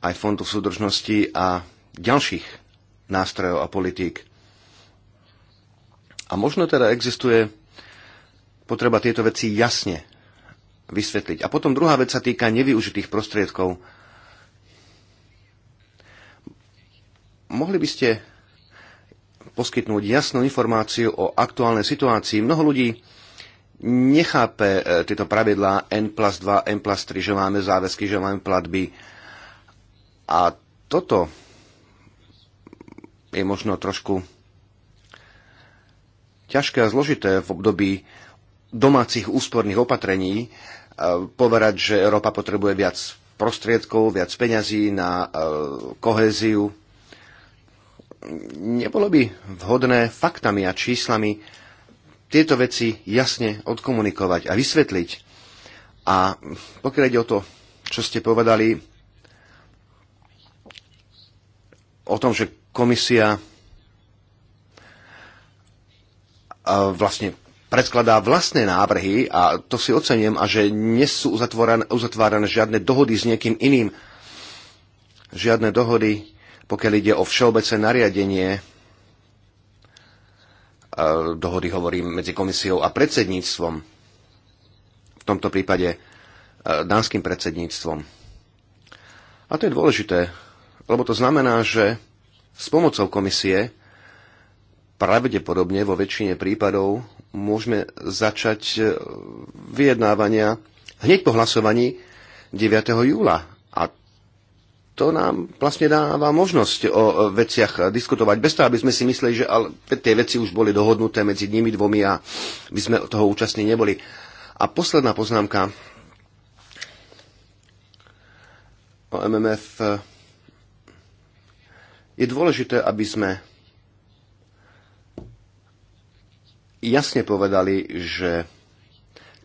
aj Fondu súdržnosti a ďalších nástrojov a politík. A možno teda existuje potreba tieto veci jasne vysvetliť. A potom druhá vec sa týka nevyužitých prostriedkov. Mohli by ste poskytnúť jasnú informáciu o aktuálnej situácii. Mnoho ľudí nechápe e, tieto pravidlá N plus 2, N plus 3, že máme záväzky, že máme platby. A toto je možno trošku ťažké a zložité v období domácich úsporných opatrení e, poverať, že Európa potrebuje viac prostriedkov, viac peňazí na e, kohéziu. Nebolo by vhodné faktami a číslami tieto veci jasne odkomunikovať a vysvetliť. A pokiaľ ide o to, čo ste povedali o tom, že komisia vlastne predkladá vlastné návrhy a to si ocením a že nie sú uzatvárané, uzatvárané žiadne dohody s niekým iným. Žiadne dohody, pokiaľ ide o všeobecné nariadenie dohody, hovorím, medzi komisiou a predsedníctvom, v tomto prípade e, dánskym predsedníctvom. A to je dôležité, lebo to znamená, že s pomocou komisie pravdepodobne vo väčšine prípadov môžeme začať e, vyjednávania hneď po hlasovaní 9. júla. A to nám vlastne dáva možnosť o veciach diskutovať, bez toho, aby sme si mysleli, že ale tie veci už boli dohodnuté medzi nimi dvomi a my sme toho účastní neboli. A posledná poznámka o MMF. Eh, je dôležité, aby sme jasne povedali, že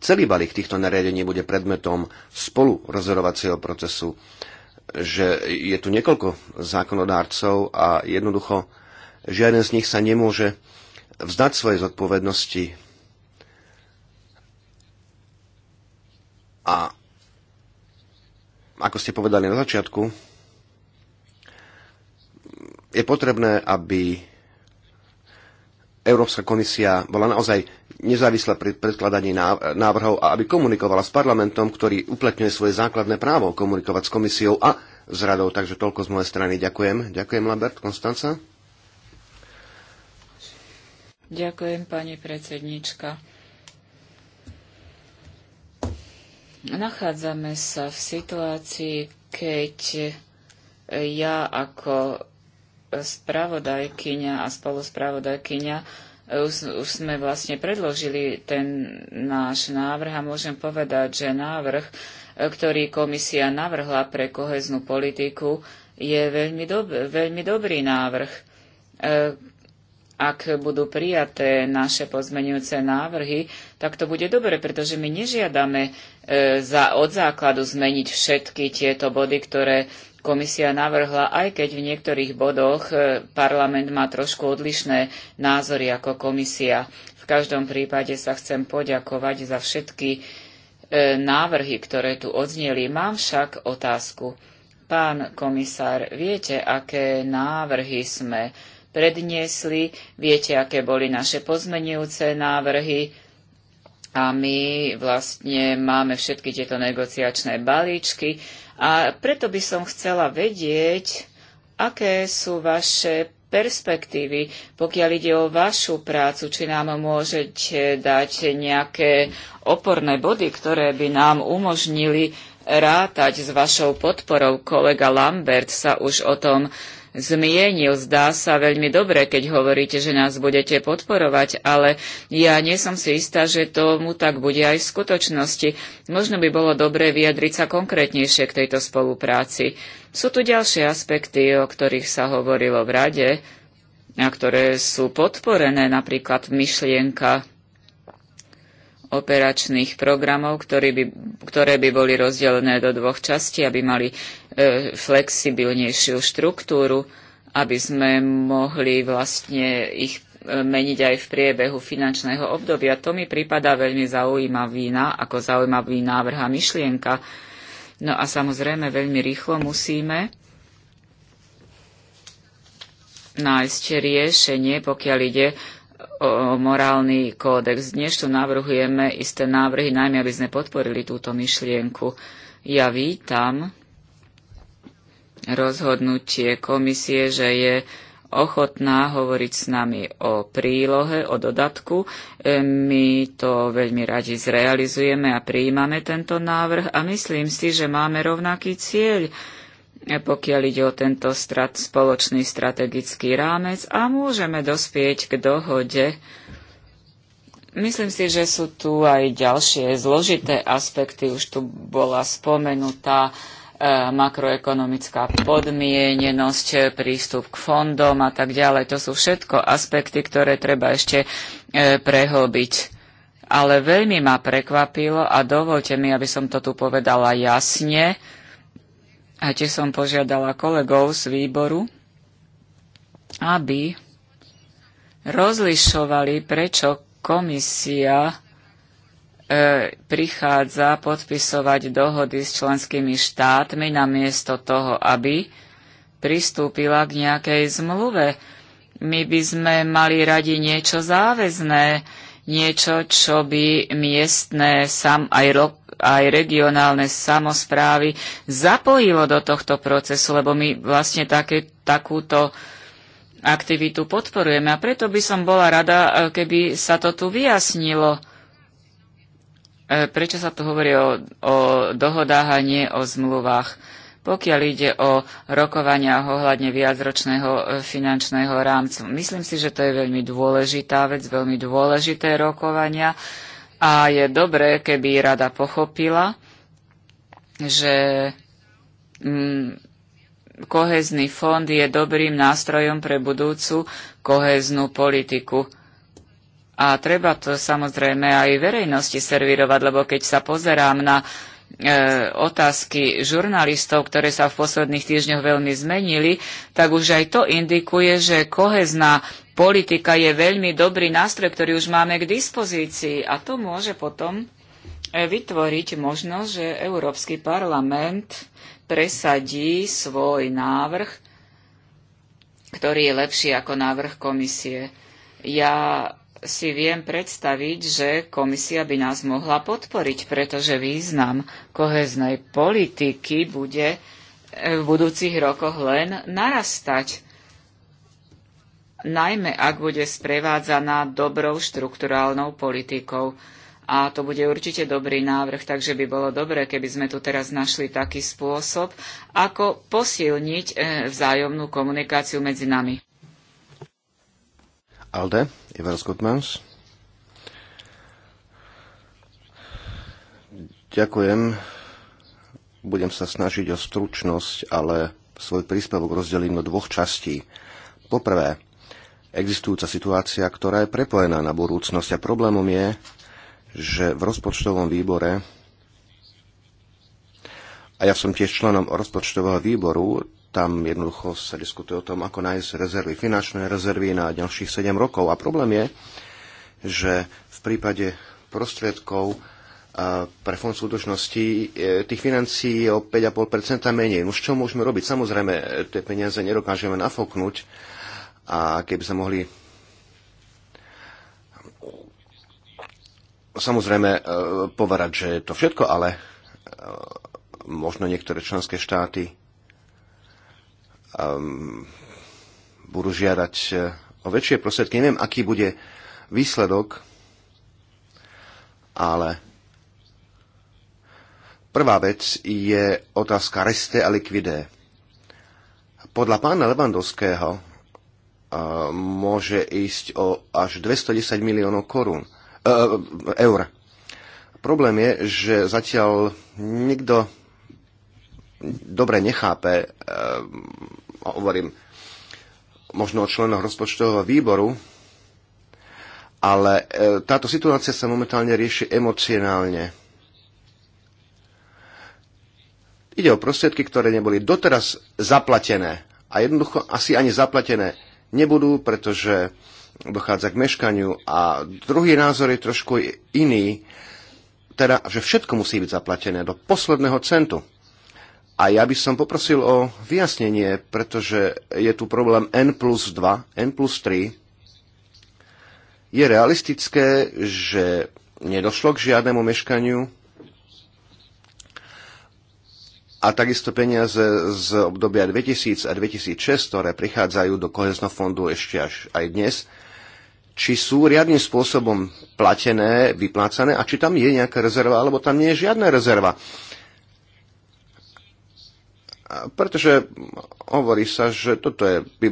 celý balík týchto nariadení bude predmetom spolurozhodovacieho procesu že je tu niekoľko zákonodárcov a jednoducho žiaden z nich sa nemôže vzdať svojej zodpovednosti. A ako ste povedali na začiatku, je potrebné, aby Európska komisia bola naozaj nezávislá pri predkladaní návrhov a aby komunikovala s parlamentom, ktorý uplatňuje svoje základné právo komunikovať s komisiou a s radou. Takže toľko z mojej strany. Ďakujem. Ďakujem, Lambert. Konstanca? Ďakujem, pani predsednička. Nachádzame sa v situácii, keď ja ako spravodajkyňa a spoluspravodajkyňa e, už, už sme vlastne predložili ten náš návrh a môžem povedať, že návrh, e, ktorý komisia navrhla pre koheznú politiku, je veľmi, dob- veľmi dobrý návrh. E, ak budú prijaté naše pozmenujúce návrhy, tak to bude dobre, pretože my nežiadame za, od základu zmeniť všetky tieto body, ktoré komisia navrhla, aj keď v niektorých bodoch e, parlament má trošku odlišné názory ako komisia. V každom prípade sa chcem poďakovať za všetky e, návrhy, ktoré tu odzneli. Mám však otázku. Pán komisár, viete, aké návrhy sme predniesli, viete, aké boli naše pozmenujúce návrhy, a my vlastne máme všetky tieto negociačné balíčky a preto by som chcela vedieť, aké sú vaše perspektívy, pokiaľ ide o vašu prácu, či nám môžete dať nejaké oporné body, ktoré by nám umožnili rátať s vašou podporou. Kolega Lambert sa už o tom zmienil. Zdá sa veľmi dobre, keď hovoríte, že nás budete podporovať, ale ja nie som si istá, že tomu tak bude aj v skutočnosti. Možno by bolo dobre vyjadriť sa konkrétnejšie k tejto spolupráci. Sú tu ďalšie aspekty, o ktorých sa hovorilo v rade a ktoré sú podporené, napríklad myšlienka operačných programov, ktoré by, ktoré by boli rozdelené do dvoch častí, aby mali E, flexibilnejšiu štruktúru, aby sme mohli vlastne ich e, meniť aj v priebehu finančného obdobia. To mi prípada veľmi zaujímavý, ako zaujímavý návrh a myšlienka. No a samozrejme veľmi rýchlo musíme nájsť riešenie, pokiaľ ide o morálny kódex. Dnes tu navrhujeme isté návrhy, najmä aby sme podporili túto myšlienku. Ja vítam rozhodnutie komisie, že je ochotná hovoriť s nami o prílohe, o dodatku. E, my to veľmi radi zrealizujeme a prijímame tento návrh a myslím si, že máme rovnaký cieľ, e, pokiaľ ide o tento strat, spoločný strategický rámec a môžeme dospieť k dohode. Myslím si, že sú tu aj ďalšie zložité aspekty, už tu bola spomenutá E, makroekonomická podmienenosť, e, prístup k fondom a tak ďalej. To sú všetko aspekty, ktoré treba ešte e, prehlbiť. Ale veľmi ma prekvapilo a dovolte mi, aby som to tu povedala jasne, a tiež som požiadala kolegov z výboru, aby rozlišovali, prečo komisia E, prichádza podpisovať dohody s členskými štátmi namiesto toho, aby pristúpila k nejakej zmluve. My by sme mali radi niečo záväzné, niečo, čo by miestne sam, aj, ro, aj regionálne samozprávy zapojilo do tohto procesu, lebo my vlastne také, takúto aktivitu podporujeme. A preto by som bola rada, e, keby sa to tu vyjasnilo E, prečo sa tu hovorí o, o dohodách a nie o zmluvách? Pokiaľ ide o rokovania ohľadne viacročného e, finančného rámcu, myslím si, že to je veľmi dôležitá vec, veľmi dôležité rokovania a je dobré, keby rada pochopila, že mm, kohezný fond je dobrým nástrojom pre budúcu koheznú politiku a treba to samozrejme aj verejnosti servírovať, lebo keď sa pozerám na e, otázky žurnalistov, ktoré sa v posledných týždňoch veľmi zmenili, tak už aj to indikuje, že kohezná politika je veľmi dobrý nástroj, ktorý už máme k dispozícii a to môže potom e, vytvoriť možnosť, že Európsky parlament presadí svoj návrh, ktorý je lepší ako návrh komisie. Ja si viem predstaviť, že komisia by nás mohla podporiť, pretože význam koheznej politiky bude e, v budúcich rokoch len narastať. Najmä ak bude sprevádzaná dobrou štrukturálnou politikou. A to bude určite dobrý návrh, takže by bolo dobré, keby sme tu teraz našli taký spôsob, ako posilniť e, vzájomnú komunikáciu medzi nami. Alde, Ďakujem. Budem sa snažiť o stručnosť, ale svoj príspevok rozdelím do dvoch častí. Poprvé, existujúca situácia, ktorá je prepojená na budúcnosť a problémom je, že v rozpočtovom výbore a ja som tiež členom rozpočtového výboru, tam jednoducho sa diskutuje o tom, ako nájsť rezervy, finančné rezervy na ďalších 7 rokov. A problém je, že v prípade prostriedkov e, pre fond súdržnosti e, tých financií je o 5,5% menej. No čo môžeme robiť? Samozrejme, e, tie peniaze nedokážeme nafoknúť a keby sa mohli samozrejme povedať, že je to všetko, ale možno niektoré členské štáty um, ehm, budú žiadať e, o väčšie prostriedky. Neviem, aký bude výsledok, ale prvá vec je otázka reste a likvidé. Podľa pána Levandovského e, môže ísť o až 210 miliónov korún, uh, eur. Problém je, že zatiaľ nikto dobre nechápe ehm, hovorím možno o členoch rozpočtového výboru, ale e, táto situácia sa momentálne rieši emocionálne. Ide o prostriedky, ktoré neboli doteraz zaplatené a jednoducho asi ani zaplatené nebudú, pretože dochádza k meškaniu a druhý názor je trošku iný, teda, že všetko musí byť zaplatené do posledného centu. A ja by som poprosil o vyjasnenie, pretože je tu problém N plus 2, N plus 3. Je realistické, že nedošlo k žiadnemu meškaniu a takisto peniaze z obdobia 2000 a 2006, ktoré prichádzajú do kohezno fondu ešte až aj dnes, či sú riadnym spôsobom platené, vyplácané a či tam je nejaká rezerva, alebo tam nie je žiadna rezerva pretože hovorí sa, že toto je, by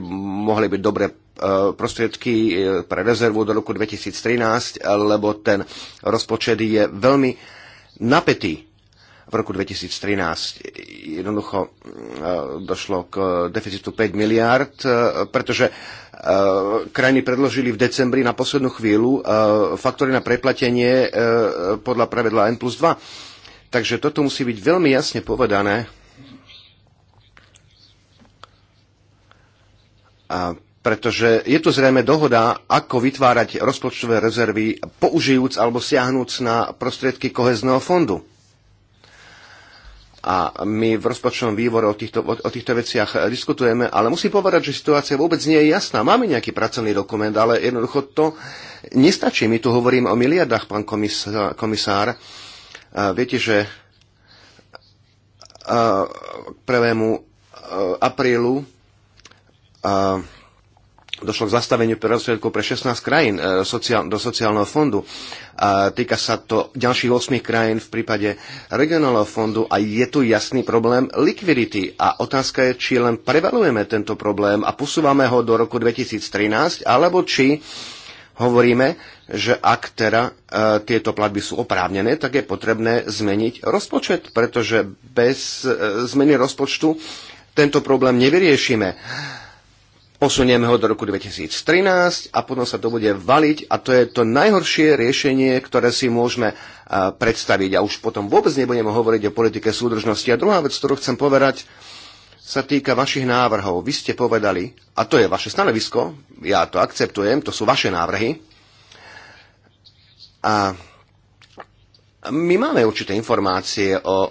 mohli byť dobré e, prostriedky e, pre rezervu do roku 2013, lebo ten rozpočet je veľmi napätý v roku 2013. Jednoducho e, došlo k deficitu 5 miliárd, pretože krajiny predložili v decembri na poslednú chvíľu faktory na preplatenie podľa pravidla N plus 2. Takže toto musí byť veľmi jasne povedané A pretože je tu zrejme dohoda, ako vytvárať rozpočtové rezervy, použijúc alebo siahnúc na prostriedky kohezného fondu. A my v rozpočtovom vývore o týchto, o, o týchto veciach diskutujeme, ale musím povedať, že situácia vôbec nie je jasná. Máme nejaký pracovný dokument, ale jednoducho to nestačí. My tu hovoríme o miliardách, pán komisár. komisár. Viete, že k 1. aprílu došlo k zastaveniu prostriedkov pre 16 krajín e, do sociálneho fondu. A týka sa to ďalších 8 krajín v prípade regionálneho fondu a je tu jasný problém likvidity. A otázka je, či len prevalujeme tento problém a posúvame ho do roku 2013, alebo či hovoríme, že ak teda e, tieto platby sú oprávnené, tak je potrebné zmeniť rozpočet, pretože bez e, zmeny rozpočtu tento problém nevyriešime posunieme ho do roku 2013 a potom sa to bude valiť a to je to najhoršie riešenie, ktoré si môžeme predstaviť. A už potom vôbec nebudeme hovoriť o politike súdržnosti. A druhá vec, ktorú chcem povedať, sa týka vašich návrhov. Vy ste povedali, a to je vaše stanovisko, ja to akceptujem, to sú vaše návrhy. A my máme určité informácie o um,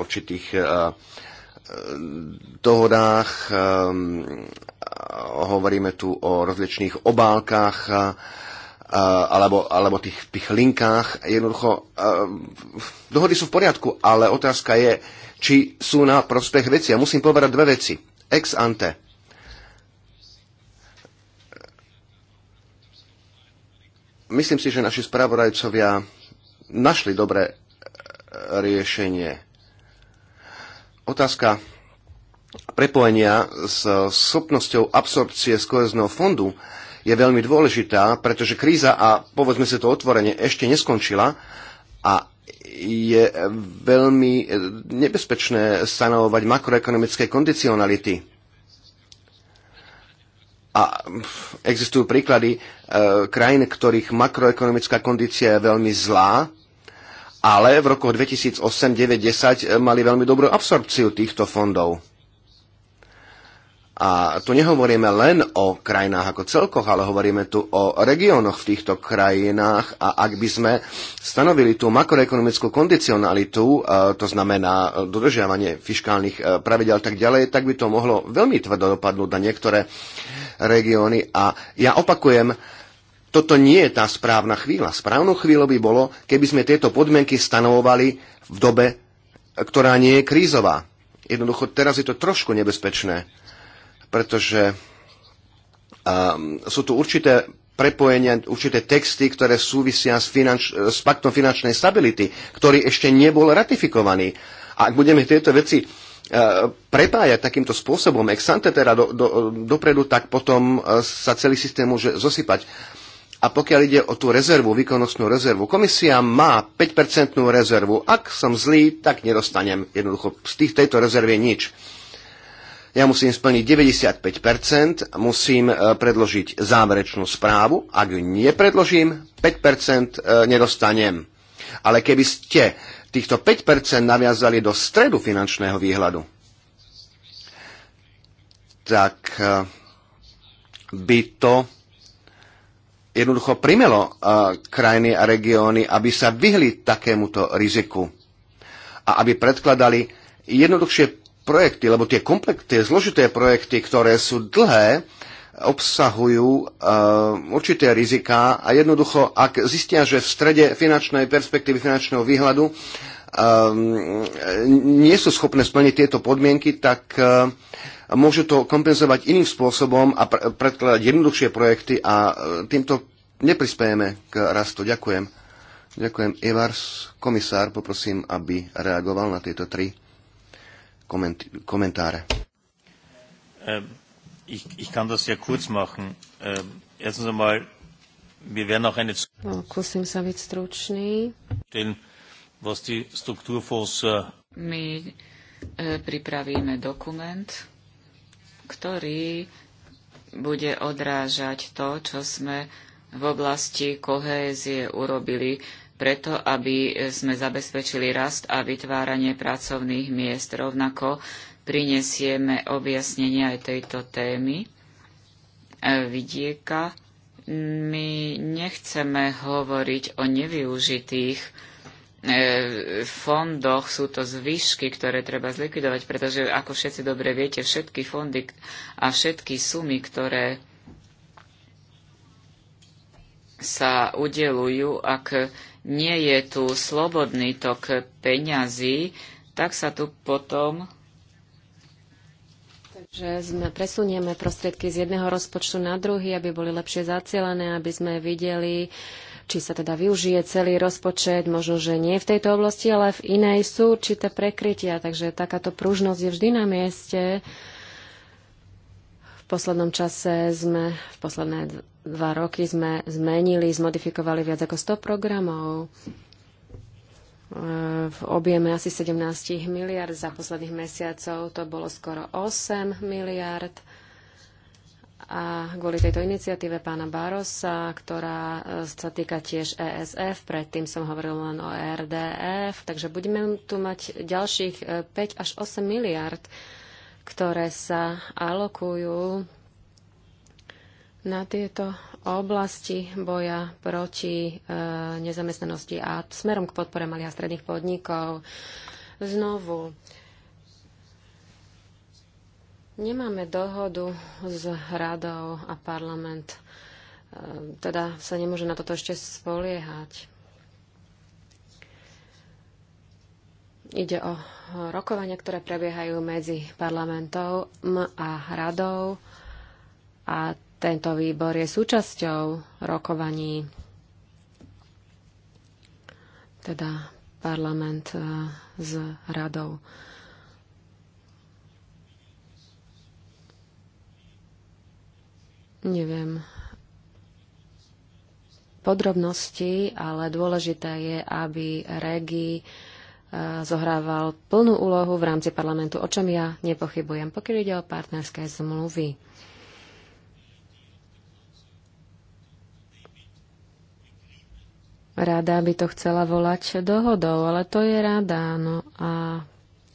určitých uh, dohodách um, hovoríme tu o rozličných obálkach alebo, alebo tých, tých linkách. Jednoducho, dohody sú v poriadku, ale otázka je, či sú na prospech veci. Ja musím povedať dve veci. Ex ante. Myslím si, že naši spravodajcovia našli dobré e, riešenie. Otázka prepojenia s eh, schopnosťou absorpcie z kohezného fondu je veľmi dôležitá, pretože kríza, a povedzme si to otvorene, ešte neskončila a je veľmi eh, nebezpečné stanovovať makroekonomické kondicionality. A existujú príklady e, krajín, ktorých makroekonomická kondícia je veľmi zlá, ale v rokoch 2008, 2010 mali veľmi dobrú absorpciu týchto fondov. A tu nehovoríme len o krajinách ako celkoch, ale hovoríme tu o regiónoch v týchto krajinách a ak by sme stanovili tú makroekonomickú kondicionalitu, e, to znamená e, dodržiavanie fiskálnych e, pravidel tak ďalej, tak by to mohlo veľmi tvrdo dopadnúť na niektoré regióny. A ja opakujem, toto nie je tá správna chvíľa. Správnou chvíľou by bolo, keby sme tieto podmienky stanovovali v dobe, ktorá nie je krízová. Jednoducho teraz je to trošku nebezpečné pretože um, sú tu určité prepojenia, určité texty, ktoré súvisia s, finanč, s paktom finančnej stability, ktorý ešte nebol ratifikovaný. A ak budeme tieto veci uh, prepájať takýmto spôsobom, ex ante teda do, do, dopredu, tak potom uh, sa celý systém môže zosypať. A pokiaľ ide o tú rezervu, výkonnostnú rezervu, komisia má 5-percentnú rezervu. Ak som zlý, tak nedostanem jednoducho z tých, tejto rezervy nič. Ja musím splniť 95%, musím e, predložiť záverečnú správu. Ak ju nepredložím, 5% e, nedostanem. Ale keby ste týchto 5% naviazali do stredu finančného výhľadu, tak e, by to jednoducho primelo krajiny a regióny, aby sa vyhli takémuto riziku a aby predkladali jednoduchšie projekty, lebo tie, komplek, tie zložité projekty, ktoré sú dlhé, obsahujú uh, určité riziká a jednoducho, ak zistia, že v strede finančnej perspektívy, finančného výhľadu um, nie sú schopné splniť tieto podmienky, tak uh, eh, môžu to kompenzovať iným spôsobom a pr- predkladať jednoduchšie projekty a uh, týmto neprispejeme k rastu. Ďakujem. Ďakujem. Ivars, komisár, poprosím, aby reagoval na tieto tri Koment Kommentare. Ähm, ich, ich kann das ja kurz machen. Ähm, erstens einmal, wir werden auch eine... No, kúsim sa Was die Strukturfonds... Äh, My äh, pripravíme dokument, ktorý bude odrážať to, čo sme v oblasti kohézie urobili preto, aby sme zabezpečili rast a vytváranie pracovných miest. Rovnako prinesieme objasnenie aj tejto témy e, vidieka. My nechceme hovoriť o nevyužitých e, fondoch, sú to zvyšky, ktoré treba zlikvidovať, pretože ako všetci dobre viete, všetky fondy a všetky sumy, ktoré sa udelujú, ak nie je tu slobodný tok peňazí, tak sa tu potom že sme presunieme prostriedky z jedného rozpočtu na druhý, aby boli lepšie zacielené, aby sme videli, či sa teda využije celý rozpočet, možno, že nie v tejto oblasti, ale v inej sú určité prekrytia, takže takáto pružnosť je vždy na mieste poslednom čase sme, v posledné dva roky sme zmenili, zmodifikovali viac ako 100 programov e, v objeme asi 17 miliard. Za posledných mesiacov to bolo skoro 8 miliard. A kvôli tejto iniciatíve pána Barosa, ktorá e, sa týka tiež ESF, predtým som hovoril len o e RDF, takže budeme tu mať ďalších 5 až 8 miliard ktoré sa alokujú na tieto oblasti boja proti e, nezamestnanosti a smerom k podpore malých a stredných podnikov. Znovu, nemáme dohodu s radou a parlament, e, teda sa nemôže na toto ešte spoliehať. Ide o rokovania, ktoré prebiehajú medzi parlamentom a radou a tento výbor je súčasťou rokovaní. Teda parlament e, s radou. Neviem podrobnosti, ale dôležité je, aby regi zohrával plnú úlohu v rámci parlamentu, o čom ja nepochybujem, pokiaľ ide o partnerské zmluvy. Rada by to chcela volať dohodou, ale to je rada, no a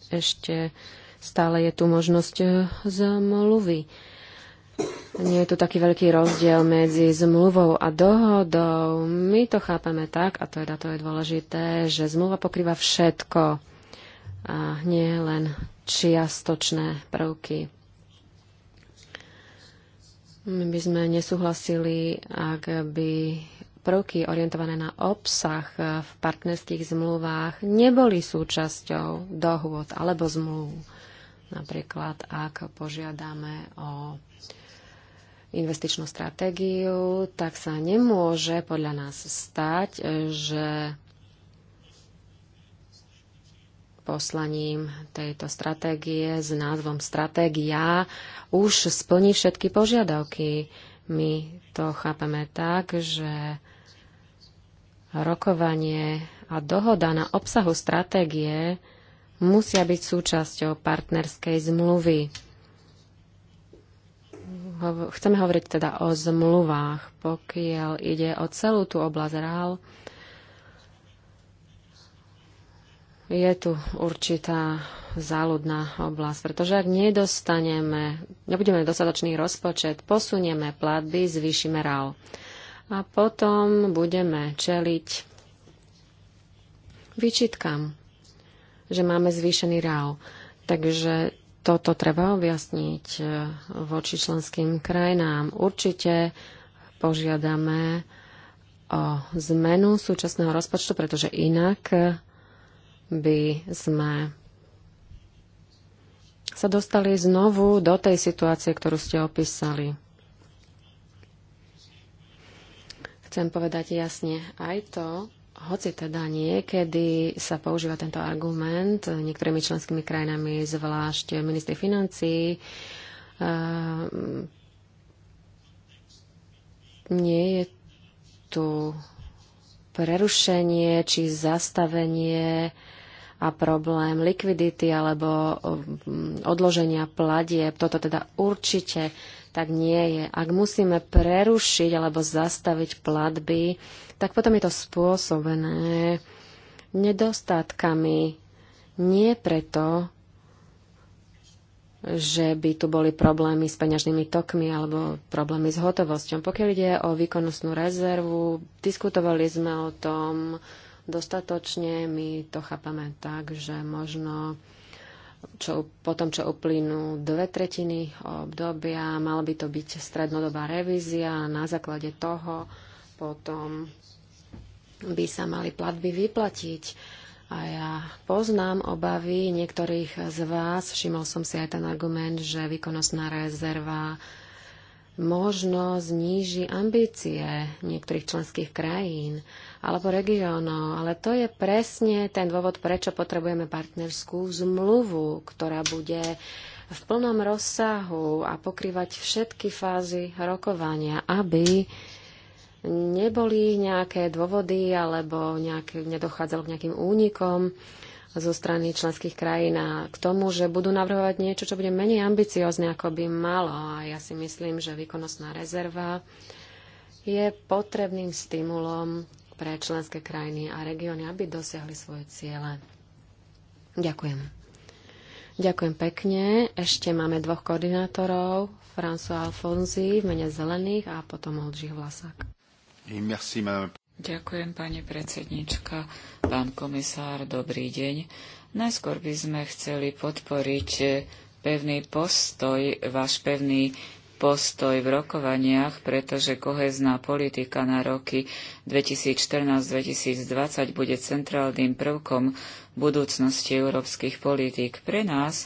ešte stále je tu možnosť zmluvy. Nie je tu taký veľký rozdiel medzi zmluvou a dohodou. My to chápeme tak, a to teda je, to je dôležité, že zmluva pokrýva všetko a nie len čiastočné prvky. My by sme nesúhlasili, ak by prvky orientované na obsah v partnerských zmluvách neboli súčasťou dohôd alebo zmluv. Napríklad, ak požiadame o investičnú stratégiu, tak sa nemôže podľa nás stať, že poslaním tejto stratégie s názvom Stratégia už splní všetky požiadavky. My to chápeme tak, že rokovanie a dohoda na obsahu stratégie musia byť súčasťou partnerskej zmluvy. Chceme hovoriť teda o zmluvách, pokiaľ ide o celú tú oblasť rál, Je tu určitá záľudná oblasť, pretože ak nedostaneme, nebudeme dostatočný rozpočet, posunieme platby, zvýšime rál A potom budeme čeliť výčitkám, že máme zvýšený RAO. Takže toto treba objasniť eh, voči členským krajinám. Určite požiadame o zmenu súčasného rozpočtu, pretože inak eh, by sme sa dostali znovu do tej situácie, ktorú ste opísali. Chcem povedať jasne aj to, hoci teda niekedy sa používa tento argument niektorými členskými krajinami, zvlášť ministri financí, ehm, nie je tu prerušenie či zastavenie a problém likvidity alebo ehm, odloženia platieb. Toto teda určite tak nie je. Ak musíme prerušiť alebo zastaviť platby, tak potom je to spôsobené nedostatkami. Nie preto, že by tu boli problémy s peňažnými tokmi alebo problémy s hotovosťou. Pokiaľ ide o výkonnostnú rezervu, diskutovali sme o tom dostatočne, my to chápame tak, že možno čo, po tom, čo uplynú dve tretiny obdobia. Mala by to byť strednodobá revízia a na základe toho potom by sa mali platby vyplatiť. A ja poznám obavy niektorých z vás, všimol som si aj ten argument, že výkonnostná rezerva možno zníži ambície niektorých členských krajín alebo regiónov. Ale to je presne ten dôvod, prečo potrebujeme partnerskú zmluvu, ktorá bude v plnom rozsahu a pokrývať všetky fázy rokovania, aby neboli nejaké dôvody alebo nejaké, nedochádzalo k nejakým únikom zo strany členských krajín a k tomu, že budú navrhovať niečo, čo bude menej ambiciozne, ako by malo. A ja si myslím, že výkonnostná rezerva je potrebným stimulom pre členské krajiny a regióny, aby dosiahli svoje ciele. Ďakujem. Ďakujem pekne. Ešte máme dvoch koordinátorov, François Alfonzi v mene Zelených a potom Oldřich Vlasák. Merci, Ďakujem, pani predsednička. Pán komisár, dobrý deň. Najskôr by sme chceli podporiť eh, pevný postoj, váš pevný postoj v rokovaniach, pretože kohezná politika na roky 2014-2020 bude centrálnym prvkom budúcnosti európskych politík. Pre nás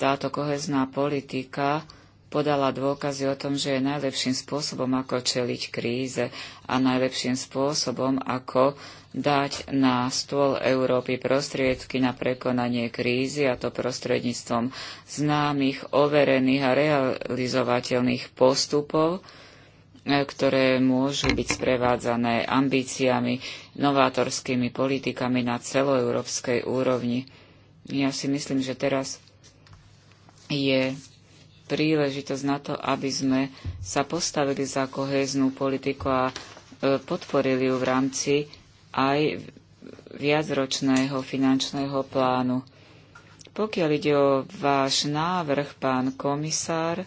táto kohezná politika podala dôkazy o tom, že je najlepším spôsobom, ako čeliť kríze a najlepším spôsobom, ako dať na stôl Európy prostriedky na prekonanie krízy, a to prostredníctvom známych, overených a realizovateľných postupov, e, ktoré môžu byť sprevádzané ambíciami, novátorskými politikami na celoeurópskej úrovni. Ja si myslím, že teraz je príležitosť na to, aby sme sa postavili za koheznú politiku a e, podporili ju v rámci aj viacročného finančného plánu. Pokiaľ ide o váš návrh, pán komisár, e,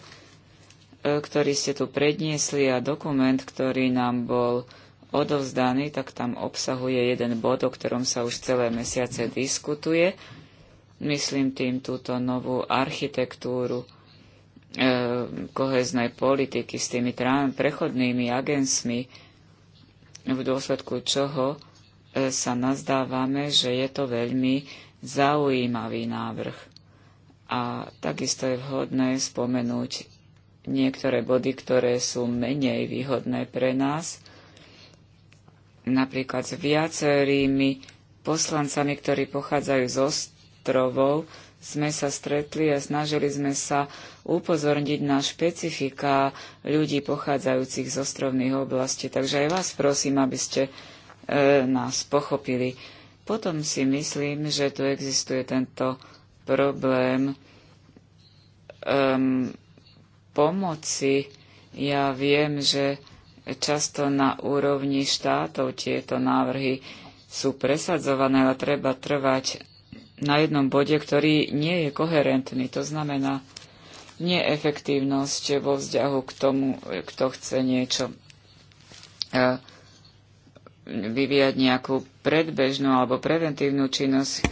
ktorý ste tu predniesli a dokument, ktorý nám bol odovzdaný, tak tam obsahuje jeden bod, o ktorom sa už celé mesiace diskutuje. Myslím tým túto novú architektúru E, koheznej politiky s tými prechodnými agensmi, v dôsledku čoho e, sa nazdávame, že je to veľmi zaujímavý návrh. A takisto je vhodné spomenúť niektoré body, ktoré sú menej výhodné pre nás, napríklad s viacerými poslancami, ktorí pochádzajú z ostrovov, sme sa stretli a snažili sme sa upozorniť na špecifika ľudí pochádzajúcich z ostrovných oblastí. Takže aj vás prosím, aby ste e, nás pochopili. Potom si myslím, že tu existuje tento problém um, pomoci. Ja viem, že často na úrovni štátov tieto návrhy sú presadzované, ale treba trvať na jednom bode, ktorý nie je koherentný. To znamená neefektívnosť vo vzťahu k tomu, kto chce niečo e, vyvíjať nejakú predbežnú alebo preventívnu činnosť, e,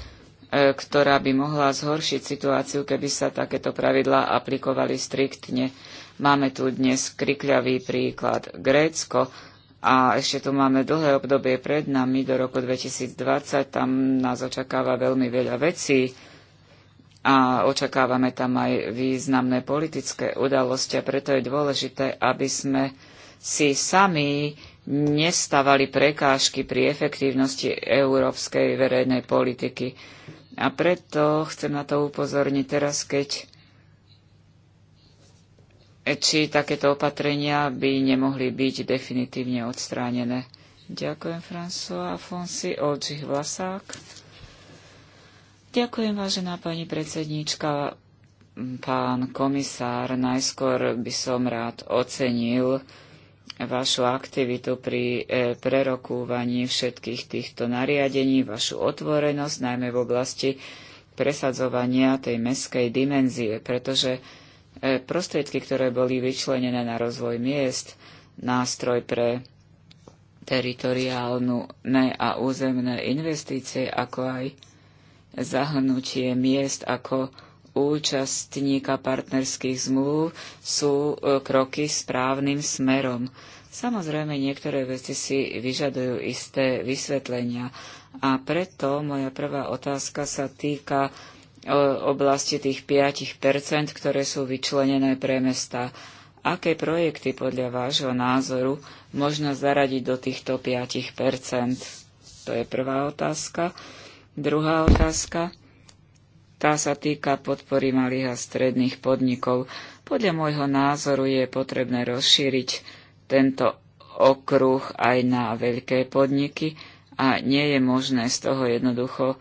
ktorá by mohla zhoršiť situáciu, keby sa takéto pravidlá aplikovali striktne. Máme tu dnes krikľavý príklad Grécko, a ešte tu máme dlhé obdobie pred nami do roku 2020, tam nás očakáva veľmi veľa vecí a očakávame tam aj významné politické udalosti a preto je dôležité, aby sme si sami nestávali prekážky pri efektívnosti európskej verejnej politiky. A preto chcem na to upozorniť teraz, keď či takéto opatrenia by nemohli byť definitívne odstránené. Ďakujem, François Afonsi, Olčich Vlasák. Ďakujem, vážená pani predsedníčka, pán komisár. Najskôr by som rád ocenil vašu aktivitu pri e, prerokúvaní všetkých týchto nariadení, vašu otvorenosť, najmä v oblasti presadzovania tej meskej dimenzie, pretože E, prostriedky, ktoré boli vyčlenené na rozvoj miest, nástroj pre teritoriálne a územné investície, ako aj zahrnutie miest ako účastníka partnerských zmluv sú e, kroky správnym smerom. Samozrejme, niektoré veci si vyžadujú isté vysvetlenia a preto moja prvá otázka sa týka oblasti tých 5%, ktoré sú vyčlenené pre mesta. Aké projekty podľa vášho názoru možno zaradiť do týchto 5%? To je prvá otázka. Druhá otázka. Tá sa týka podpory malých a stredných podnikov. Podľa môjho názoru je potrebné rozšíriť tento okruh aj na veľké podniky a nie je možné z toho jednoducho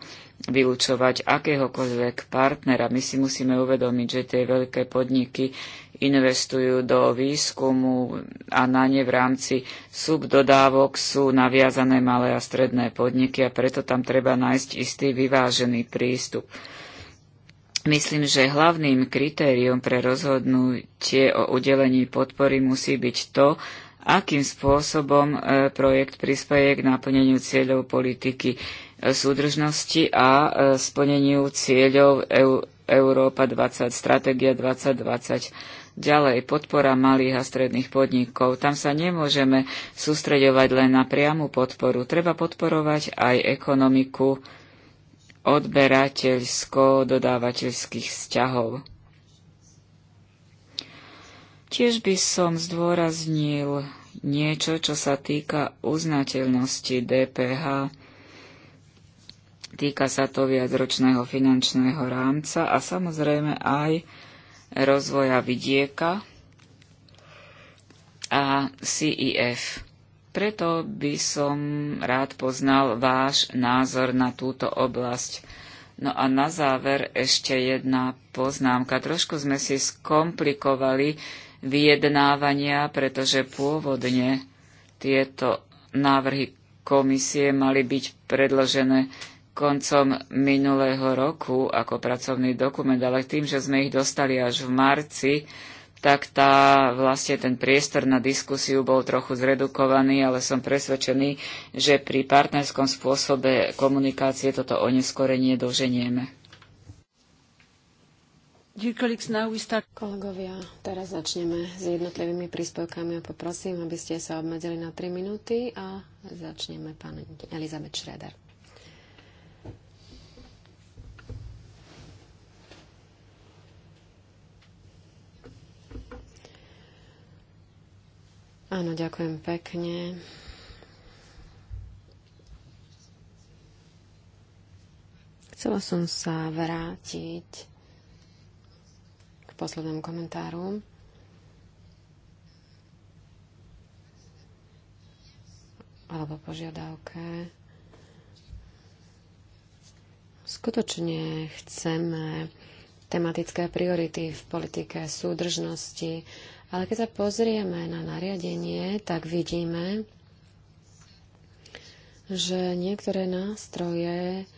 vylúčovať akéhokoľvek partnera. My si musíme uvedomiť, že tie veľké podniky investujú do výskumu a na ne v rámci subdodávok sú naviazané malé a stredné podniky a preto tam treba nájsť istý vyvážený prístup. Myslím, že hlavným kritériom pre rozhodnutie o udelení podpory musí byť to, akým spôsobom e, projekt prispieje k naplneniu cieľov politiky súdržnosti a e, splneniu cieľov Európa 20, Stratégia 2020. Ďalej, podpora malých a stredných podnikov. Tam sa nemôžeme sústreďovať len na priamu podporu. Treba podporovať aj ekonomiku odberateľsko-dodávateľských vzťahov. Tiež by som zdôraznil niečo, čo sa týka uznateľnosti DPH týka sa to viacročného finančného rámca a samozrejme aj rozvoja vidieka a CEF. Preto by som rád poznal váš názor na túto oblasť. No a na záver ešte jedna poznámka. Trošku sme si skomplikovali vyjednávania, pretože pôvodne tieto návrhy komisie mali byť predložené koncom minulého roku ako pracovný dokument, ale tým, že sme ich dostali až v marci, tak tá, vlastne ten priestor na diskusiu bol trochu zredukovaný, ale som presvedčený, že pri partnerskom spôsobe komunikácie toto oneskorenie doženieme. Kolegovia, teraz začneme s jednotlivými príspevkami a poprosím, aby ste sa obmedzili na 3 minúty a začneme pán Elizabeth Schroeder. Áno, ďakujem pekne. Chcela som sa vrátiť k poslednému komentáru. alebo požiadavke. Skutočne chceme tematické priority v politike súdržnosti, ale keď sa pozrieme na nariadenie, tak vidíme, že niektoré nástroje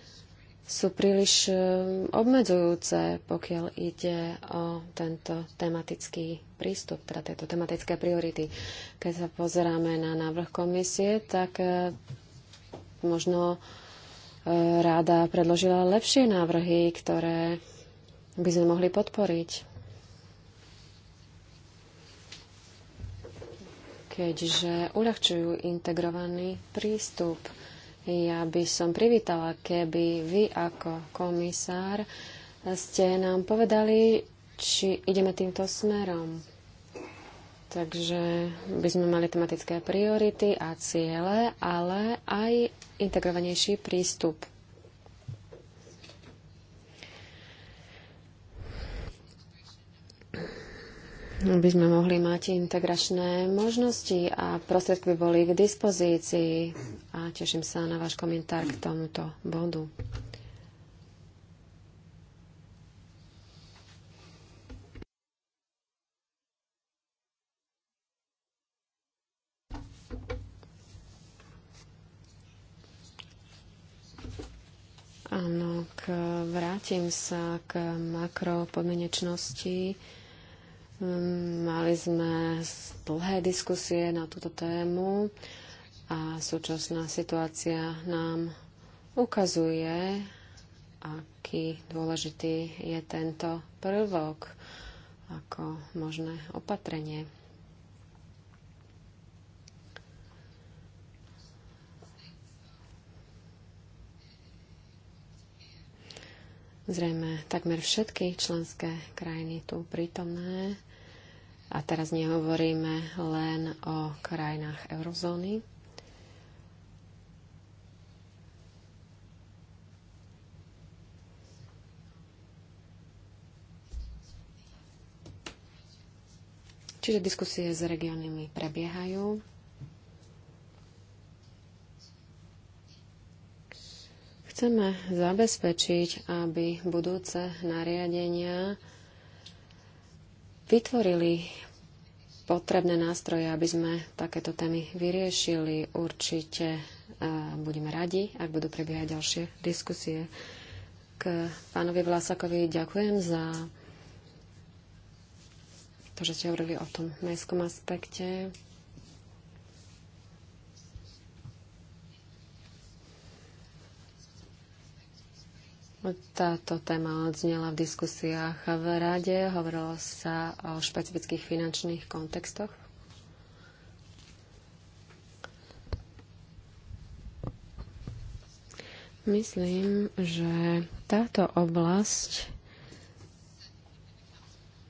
sú príliš e, obmedzujúce, pokiaľ ide o tento tematický prístup, teda tieto tematické priority. Keď sa pozeráme na návrh komisie, tak e, možno e, ráda predložila lepšie návrhy, ktoré by sme mohli podporiť. keďže uľahčujú integrovaný prístup. Ja by som privítala, keby vy ako komisár ste nám povedali, či ideme týmto smerom. Takže by sme mali tematické priority a ciele, ale aj integrovanejší prístup. by sme mohli mať integračné možnosti a prostriedky by boli k dispozícii. A teším sa na váš komentár k tomuto bodu. Áno, k, vrátim sa k makropodmenečnosti. podmenečnosti Mm, mali sme dlhé diskusie na túto tému a súčasná situácia nám ukazuje, aký dôležitý je tento prvok ako možné opatrenie. zrejme takmer všetky členské krajiny tu prítomné. A teraz nehovoríme len o krajinách eurozóny. Čiže diskusie s regiónmi prebiehajú. Chceme zabezpečiť, aby budúce nariadenia vytvorili potrebné nástroje, aby sme takéto témy vyriešili. Určite e, budeme radi, ak budú prebiehať ďalšie diskusie. K pánovi Vlasakovi ďakujem za to, že ste hovorili o tom mestskom aspekte. Táto téma odznela v diskusiách v Rade. Hovorilo sa o špecifických finančných kontextoch. Myslím, že táto oblasť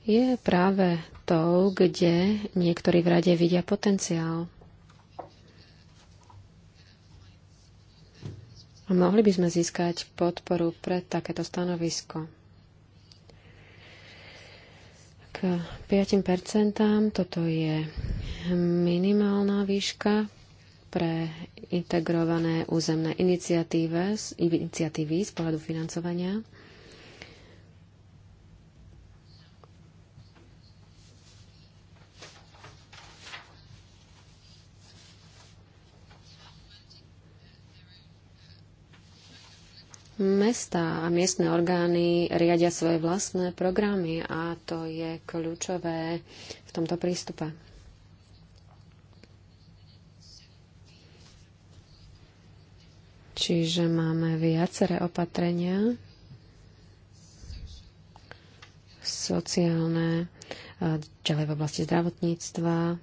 je práve tou, kde niektorí v rade vidia potenciál. Mohli by sme získať podporu pre takéto stanovisko. K 5% toto je minimálna výška pre integrované územné iniciatívy z pohľadu financovania. Mesta a miestne orgány riadia svoje vlastné programy a to je kľúčové v tomto prístupe. Čiže máme viaceré opatrenia, sociálne, ďalej v oblasti zdravotníctva,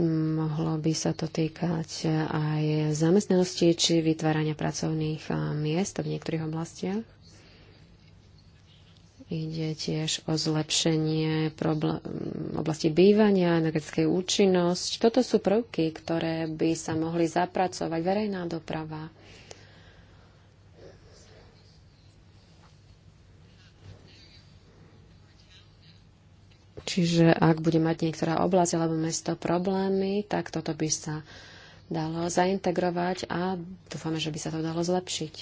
Mohlo by sa to týkať aj zamestnanosti či vytvárania pracovných miest v niektorých oblastiach. Ide tiež o zlepšenie oblasti bývania, energetickej účinnosť. Toto sú prvky, ktoré by sa mohli zapracovať. Verejná doprava. Čiže ak bude mať niektorá oblasť alebo mesto problémy, tak toto by sa dalo zaintegrovať a dúfame, že by sa to dalo zlepšiť.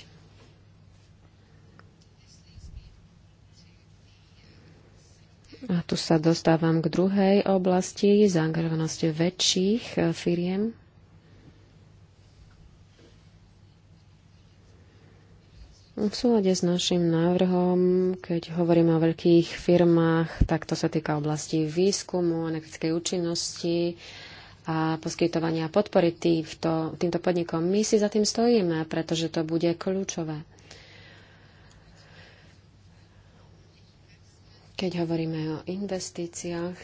A tu sa dostávam k druhej oblasti zaangažovanosti väčších eh, firiem. V súlade s našim návrhom, keď hovoríme o veľkých firmách, tak to sa týka oblasti výskumu, energetickej účinnosti a poskytovania podpory týmto, týmto podnikom. My si za tým stojíme, pretože to bude kľúčové. Keď hovoríme o investíciách,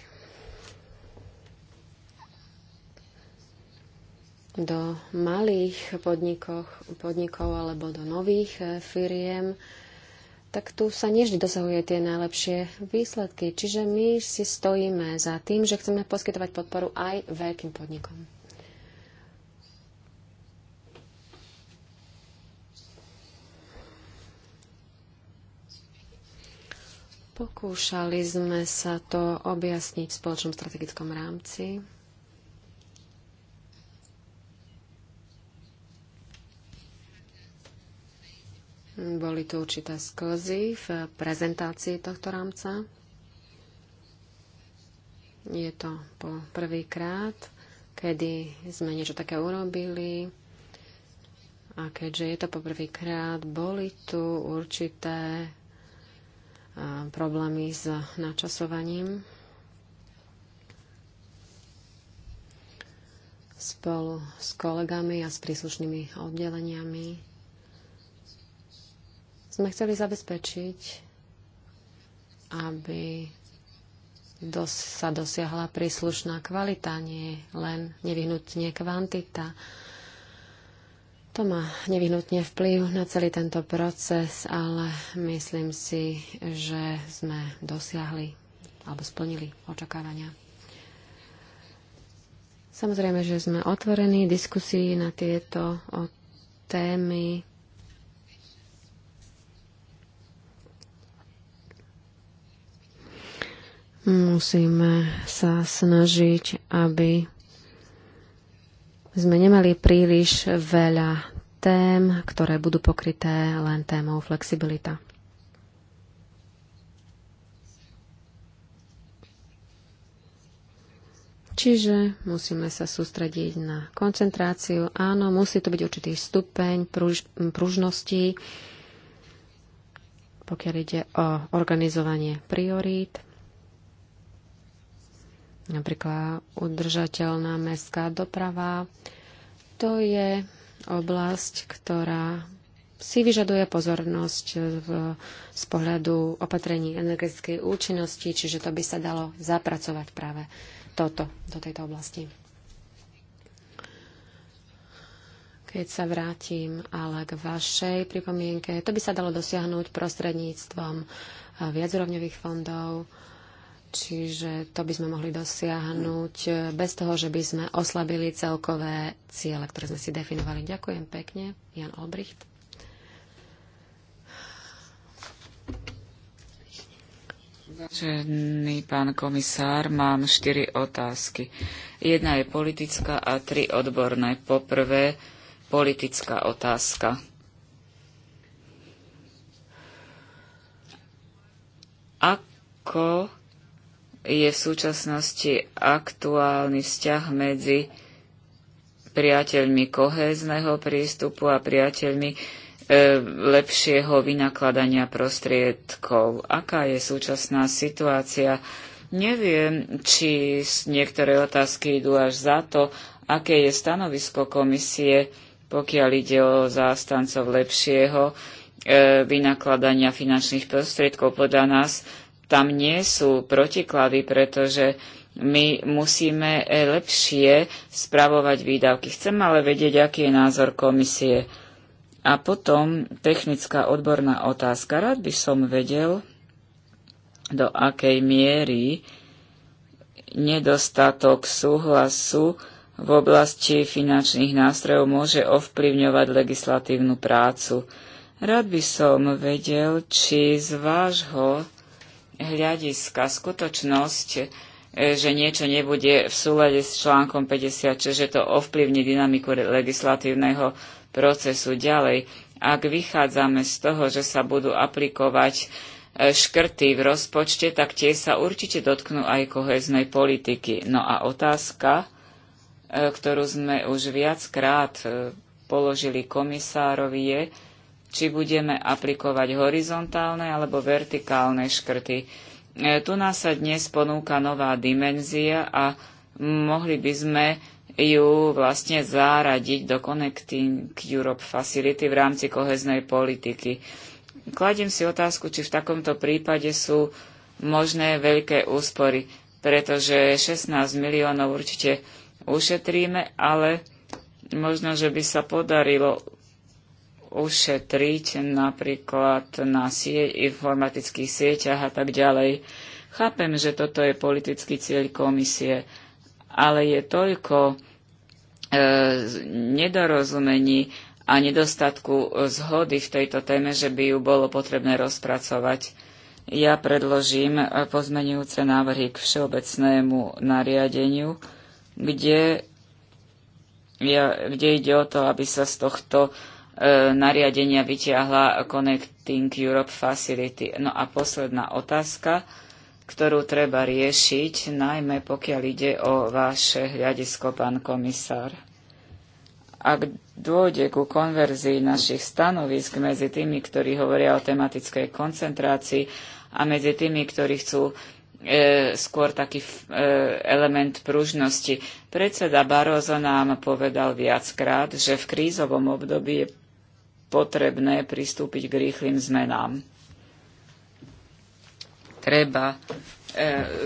do malých podnikov alebo do nových e, firiem, tak tu sa nevždy dosahuje tie najlepšie výsledky. Čiže my si stojíme za tým, že chceme poskytovať podporu aj veľkým podnikom. Pokúšali sme sa to objasniť v spoločnom strategickom rámci. Boli tu určité sklzy v prezentácii tohto rámca. Je to po prvýkrát, kedy sme niečo také urobili. A keďže je to po prvýkrát, boli tu určité problémy s načasovaním. Spolu s kolegami a s príslušnými oddeleniami sme chceli zabezpečiť, aby dos- sa dosiahla príslušná kvalita, nie len nevyhnutne kvantita. To má nevyhnutne vplyv na celý tento proces, ale myslím si, že sme dosiahli alebo splnili očakávania. Samozrejme, že sme otvorení diskusii na tieto témy Musíme sa snažiť, aby sme nemali príliš veľa tém, ktoré budú pokryté len témou flexibilita. Čiže musíme sa sústrediť na koncentráciu. Áno, musí to byť určitý stupeň pruž, pružnosti, pokiaľ ide o organizovanie priorít. Napríklad udržateľná mestská doprava. To je oblasť, ktorá si vyžaduje pozornosť v, z pohľadu opatrení energetickej účinnosti, čiže to by sa dalo zapracovať práve toto, do tejto oblasti. Keď sa vrátim ale k vašej pripomienke, to by sa dalo dosiahnuť prostredníctvom viacrovňových fondov, Čiže to by sme mohli dosiahnuť eh, bez toho, že by sme oslabili celkové ciele, ktoré sme si definovali. Ďakujem pekne. Jan Olbricht. Vážený pán komisár, mám štyri otázky. Jedna je politická a tri odborné. Poprvé, politická otázka. Ako je v súčasnosti aktuálny vzťah medzi priateľmi kohézneho prístupu a priateľmi e, lepšieho vynakladania prostriedkov. Aká je súčasná situácia? Neviem, či niektoré otázky idú až za to, aké je stanovisko komisie, pokiaľ ide o zástancov lepšieho e, vynakladania finančných prostriedkov. Podľa nás tam nie sú protiklady, pretože my musíme e, lepšie spravovať výdavky. Chcem ale vedieť, aký je názor komisie. A potom technická odborná otázka. Rád by som vedel, do akej miery nedostatok súhlasu v oblasti finančných nástrojov môže ovplyvňovať legislatívnu prácu. Rád by som vedel, či z vášho hľadiska skutočnosť, e, že niečo nebude v súlade s článkom 56, že to ovplyvní dynamiku legislatívneho procesu ďalej. Ak vychádzame z toho, že sa budú aplikovať e, škrty v rozpočte, tak tie sa určite dotknú aj koheznej politiky. No a otázka, e, ktorú sme už viackrát položili komisárovi, je, či budeme aplikovať horizontálne alebo vertikálne škrty. E, tu nás sa dnes ponúka nová dimenzia a mohli by sme ju vlastne záradiť do Connecting Europe Facility v rámci koheznej politiky. Kladím si otázku, či v takomto prípade sú možné veľké úspory, pretože 16 miliónov určite ušetríme, ale možno, že by sa podarilo ušetriť napríklad na sie- informatických sieťach a tak ďalej. Chápem, že toto je politický cieľ komisie, ale je toľko e, nedorozumení a nedostatku zhody v tejto téme, že by ju bolo potrebné rozpracovať. Ja predložím pozmenujúce návrhy k všeobecnému nariadeniu, kde, ja, kde ide o to, aby sa z tohto E, nariadenia vytiahla Connecting Europe Facility. No a posledná otázka, ktorú treba riešiť, najmä pokiaľ ide o vaše hľadisko, pán komisár. Ak dôjde ku konverzii našich stanovisk medzi tými, ktorí hovoria o tematickej koncentrácii a medzi tými, ktorí chcú e, skôr taký e, element pružnosti. Predseda Barozo nám povedal viackrát, že v krízovom období je potrebné pristúpiť k rýchlým zmenám. Treba e,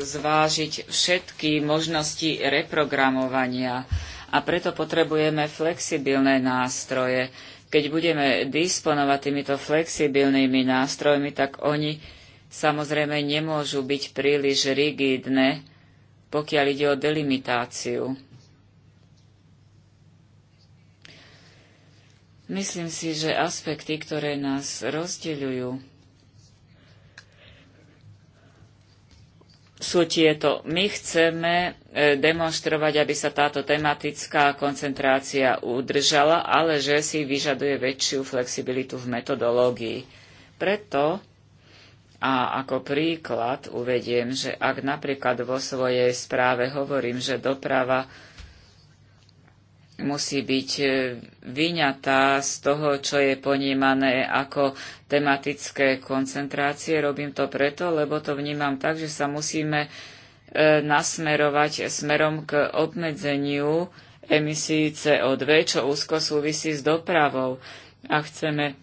zvážiť všetky možnosti reprogramovania a preto potrebujeme flexibilné nástroje. Keď budeme disponovať týmito flexibilnými nástrojmi, tak oni samozrejme nemôžu byť príliš rigidné, pokiaľ ide o delimitáciu. Myslím si, že aspekty, ktoré nás rozdeľujú, sú tieto. My chceme e, demonstrovať, aby sa táto tematická koncentrácia udržala, ale že si vyžaduje väčšiu flexibilitu v metodológii. Preto a ako príklad uvediem, že ak napríklad vo svojej správe hovorím, že doprava musí byť e, vyňatá z toho, čo je ponímané ako tematické koncentrácie. Robím to preto, lebo to vnímam tak, že sa musíme e, nasmerovať smerom k obmedzeniu emisí CO2, čo úzko súvisí s dopravou. A chceme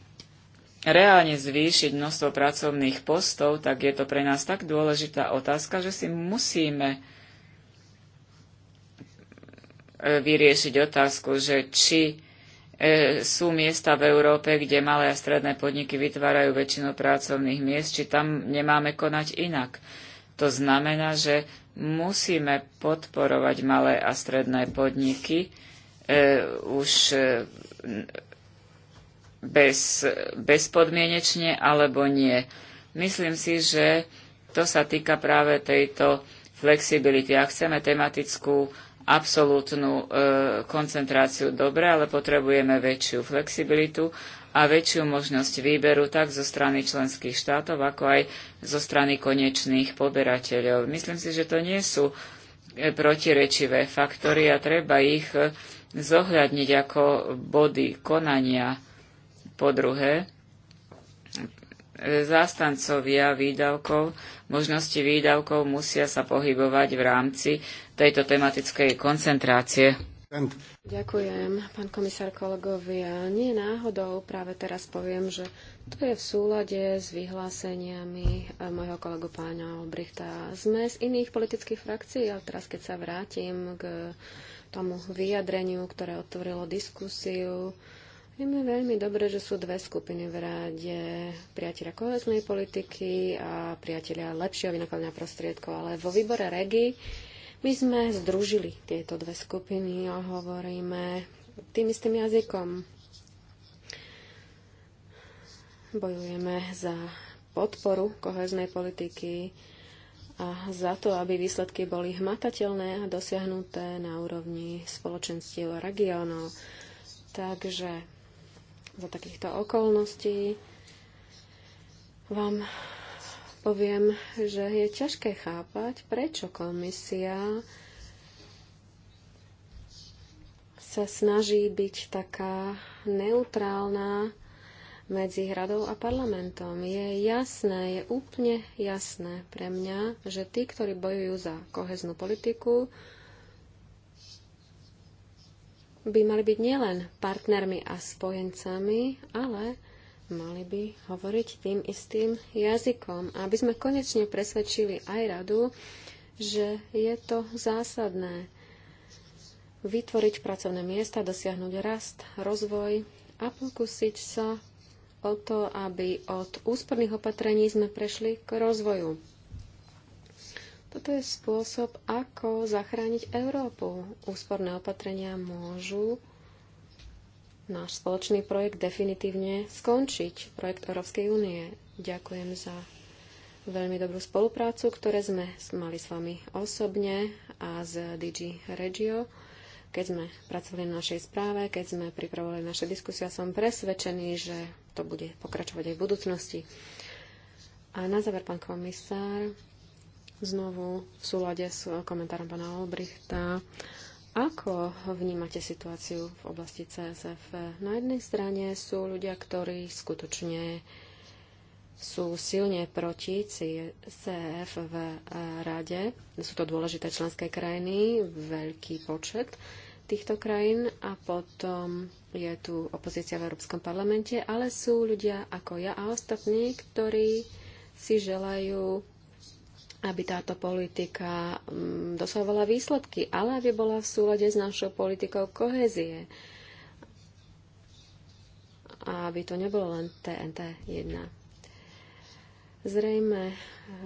reálne zvýšiť množstvo pracovných postov, tak je to pre nás tak dôležitá otázka, že si musíme vyriešiť otázku, že či e, sú miesta v Európe, kde malé a stredné podniky vytvárajú väčšinu pracovných miest, či tam nemáme konať inak. To znamená, že musíme podporovať malé a stredné podniky e, už e, bez, bezpodmienečne alebo nie. Myslím si, že to sa týka práve tejto flexibility. Ak chceme tematickú absolútnu e, koncentráciu dobre, ale potrebujeme väčšiu flexibilitu a väčšiu možnosť výberu tak zo strany členských štátov, ako aj zo strany konečných poberateľov. Myslím si, že to nie sú e, protirečivé faktory a treba ich e, zohľadniť ako body konania. Po druhé, E, zástancovia výdavkov, možnosti výdavkov musia sa pohybovať v rámci tejto tematickej koncentrácie. Ďakujem, pán komisár kolegovia. Nie náhodou práve teraz poviem, že to je v súlade s vyhláseniami e, môjho kolegu pána Obrichta. Sme z iných politických frakcií, ale teraz keď sa vrátim k tomu vyjadreniu, ktoré otvorilo diskusiu, Vieme veľmi dobre, že sú dve skupiny v ráde. priateľa koheznej politiky a priateľa lepšieho vynakladania prostriedkov. Ale vo výbore REGI my sme združili tieto dve skupiny a hovoríme tým istým jazykom. Bojujeme za podporu koheznej politiky a za to, aby výsledky boli hmatateľné a dosiahnuté na úrovni spoločenstiev a regiónov. Takže za takýchto okolností vám poviem, že je ťažké chápať, prečo komisia sa snaží byť taká neutrálna medzi hradou a parlamentom. Je jasné, je úplne jasné pre mňa, že tí, ktorí bojujú za koheznú politiku, by mali byť nielen partnermi a spojencami, ale mali by hovoriť tým istým jazykom, aby sme konečne presvedčili aj radu, že je to zásadné vytvoriť pracovné miesta, dosiahnuť rast, rozvoj a pokúsiť sa o to, aby od úsporných opatrení sme prešli k rozvoju. Toto je spôsob, ako zachrániť Európu. Úsporné opatrenia môžu náš spoločný projekt definitívne skončiť, projekt Európskej únie. Ďakujem za veľmi dobrú spoluprácu, ktoré sme mali s vami osobne a z DG Regio. Keď sme pracovali na našej správe, keď sme pripravovali naše diskusia, som presvedčený, že to bude pokračovať aj v budúcnosti. A na záver, pán komisár, Znovu v súlade s komentárom pana Olbrichta. Ako vnímate situáciu v oblasti CSF? Na jednej strane sú ľudia, ktorí skutočne sú silne proti CSF v rade. Sú to dôležité členské krajiny, veľký počet týchto krajín a potom je tu opozícia v Európskom parlamente, ale sú ľudia ako ja a ostatní, ktorí si želajú aby táto politika mm, dosahovala výsledky, ale aby bola v súlade s našou politikou kohézie. A aby to nebolo len TNT 1. Zrejme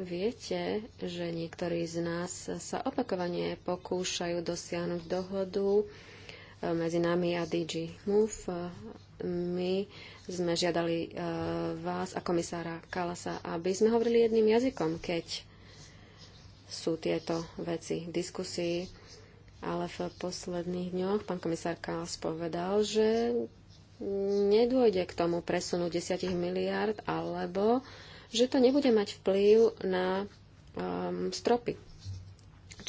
viete, že niektorí z nás sa opakovane pokúšajú dosiahnuť dohodu e, medzi nami a DG Move. My sme žiadali e, vás a komisára Kalasa, aby sme hovorili jedným jazykom, keď sú tieto veci v diskusii, ale v posledných dňoch pán komisár Kals povedal, že nedôjde k tomu presunu 10 miliard, alebo že to nebude mať vplyv na um, stropy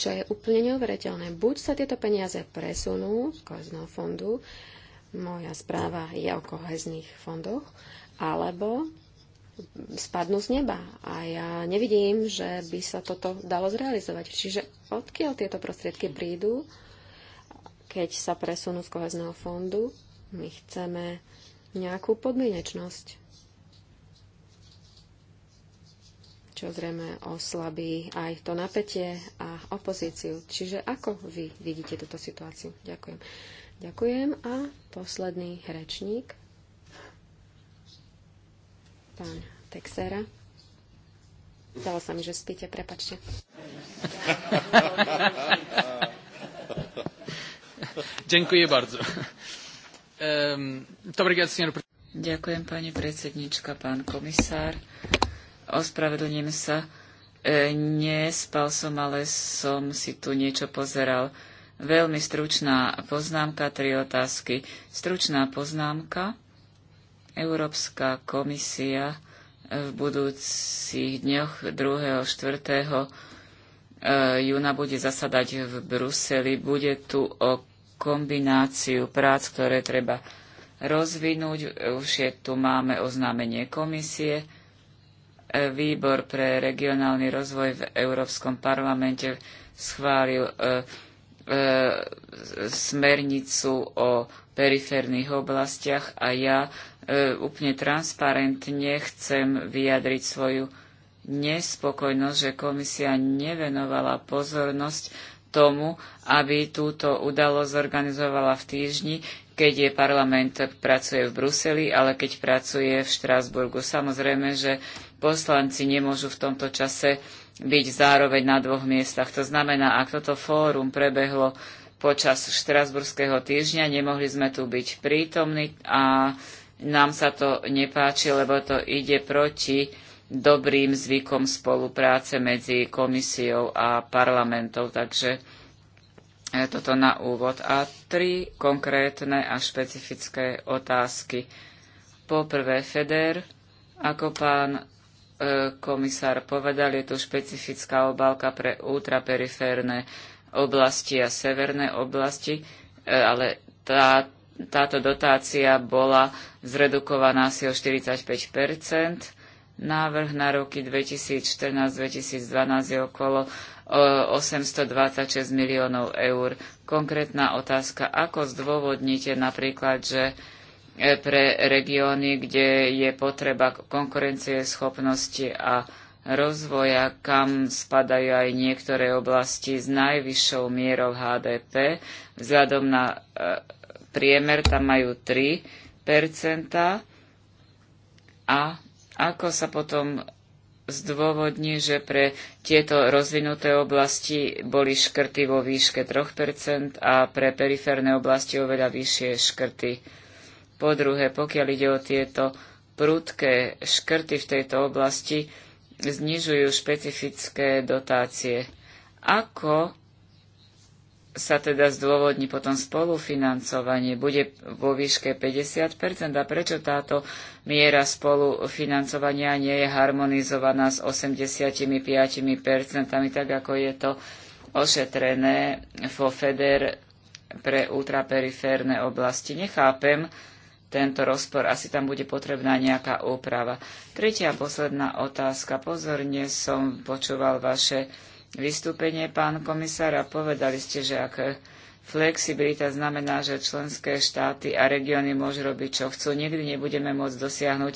čo je úplne neuveriteľné. Buď sa tieto peniaze presunú z kohezného fondu, moja správa je o kohezných fondoch, alebo spadnú z neba. A ja nevidím, že by sa toto dalo zrealizovať. Čiže odkiaľ tieto prostriedky prídu, keď sa presunú z kohezného fondu, my chceme nejakú podmienečnosť. Čo zrejme oslabí aj to napätie a opozíciu. Čiže ako vy vidíte túto situáciu? Ďakujem. Ďakujem. A posledný rečník. Pán Texera. Zdalo sa mi, že spíte, prepačte. Ďakujem bardzo. Ehm, Ďakujem, pani predsednička, pán komisár. Ospravedlním sa. E, nespal som, ale som si tu niečo pozeral. Veľmi stručná poznámka, tri otázky. Stručná poznámka. Európska komisia v budúcich dňoch 2. 4. E, júna bude zasadať v Bruseli. Bude tu o kombináciu prác, ktoré treba rozvinúť. Už je tu máme oznámenie komisie. E, výbor pre regionálny rozvoj v Európskom parlamente schválil e, smernicu o periférnych oblastiach a ja E, úplne transparentne chcem vyjadriť svoju nespokojnosť, že komisia nevenovala pozornosť tomu, aby túto udalosť zorganizovala v týždni, keď je parlament pracuje v Bruseli, ale keď pracuje v Štrásburgu. Samozrejme, že poslanci nemôžu v tomto čase byť zároveň na dvoch miestach. To znamená, ak toto fórum prebehlo počas štrasburského týždňa, nemohli sme tu byť prítomní a nám sa to nepáči, lebo to ide proti dobrým zvykom spolupráce medzi komisiou a parlamentom. Takže e, toto na úvod. A tri konkrétne a špecifické otázky. Poprvé, FEDER, ako pán e, komisár povedal, je tu špecifická obálka pre ultraperiférne oblasti a severné oblasti, e, ale tá, táto dotácia bola zredukovaná si o 45 Návrh na roky 2014-2012 je okolo 826 e, miliónov eur. Konkrétna otázka, ako zdôvodnite napríklad, že e, pre regióny, kde je potreba konkurencie schopnosti a rozvoja, kam spadajú aj niektoré oblasti s najvyššou mierou HDP. Vzhľadom na e, priemer tam majú tri a ako sa potom zdôvodní, že pre tieto rozvinuté oblasti boli škrty vo výške 3% a pre periférne oblasti oveľa vyššie škrty. Po druhé, pokiaľ ide o tieto prudké škrty v tejto oblasti, znižujú špecifické dotácie. Ako sa teda zdôvodní potom spolufinancovanie, bude vo výške 50 a prečo táto miera spolufinancovania nie je harmonizovaná s 85 tak ako je to ošetrené vo FEDER pre ultraperiférne oblasti. Nechápem tento rozpor, asi tam bude potrebná nejaká úprava. Tretia a posledná otázka. Pozorne som počúval vaše vystúpenie, pán komisár, a povedali ste, že ak flexibilita znamená, že členské štáty a regióny môžu robiť, čo chcú, nikdy nebudeme môcť dosiahnuť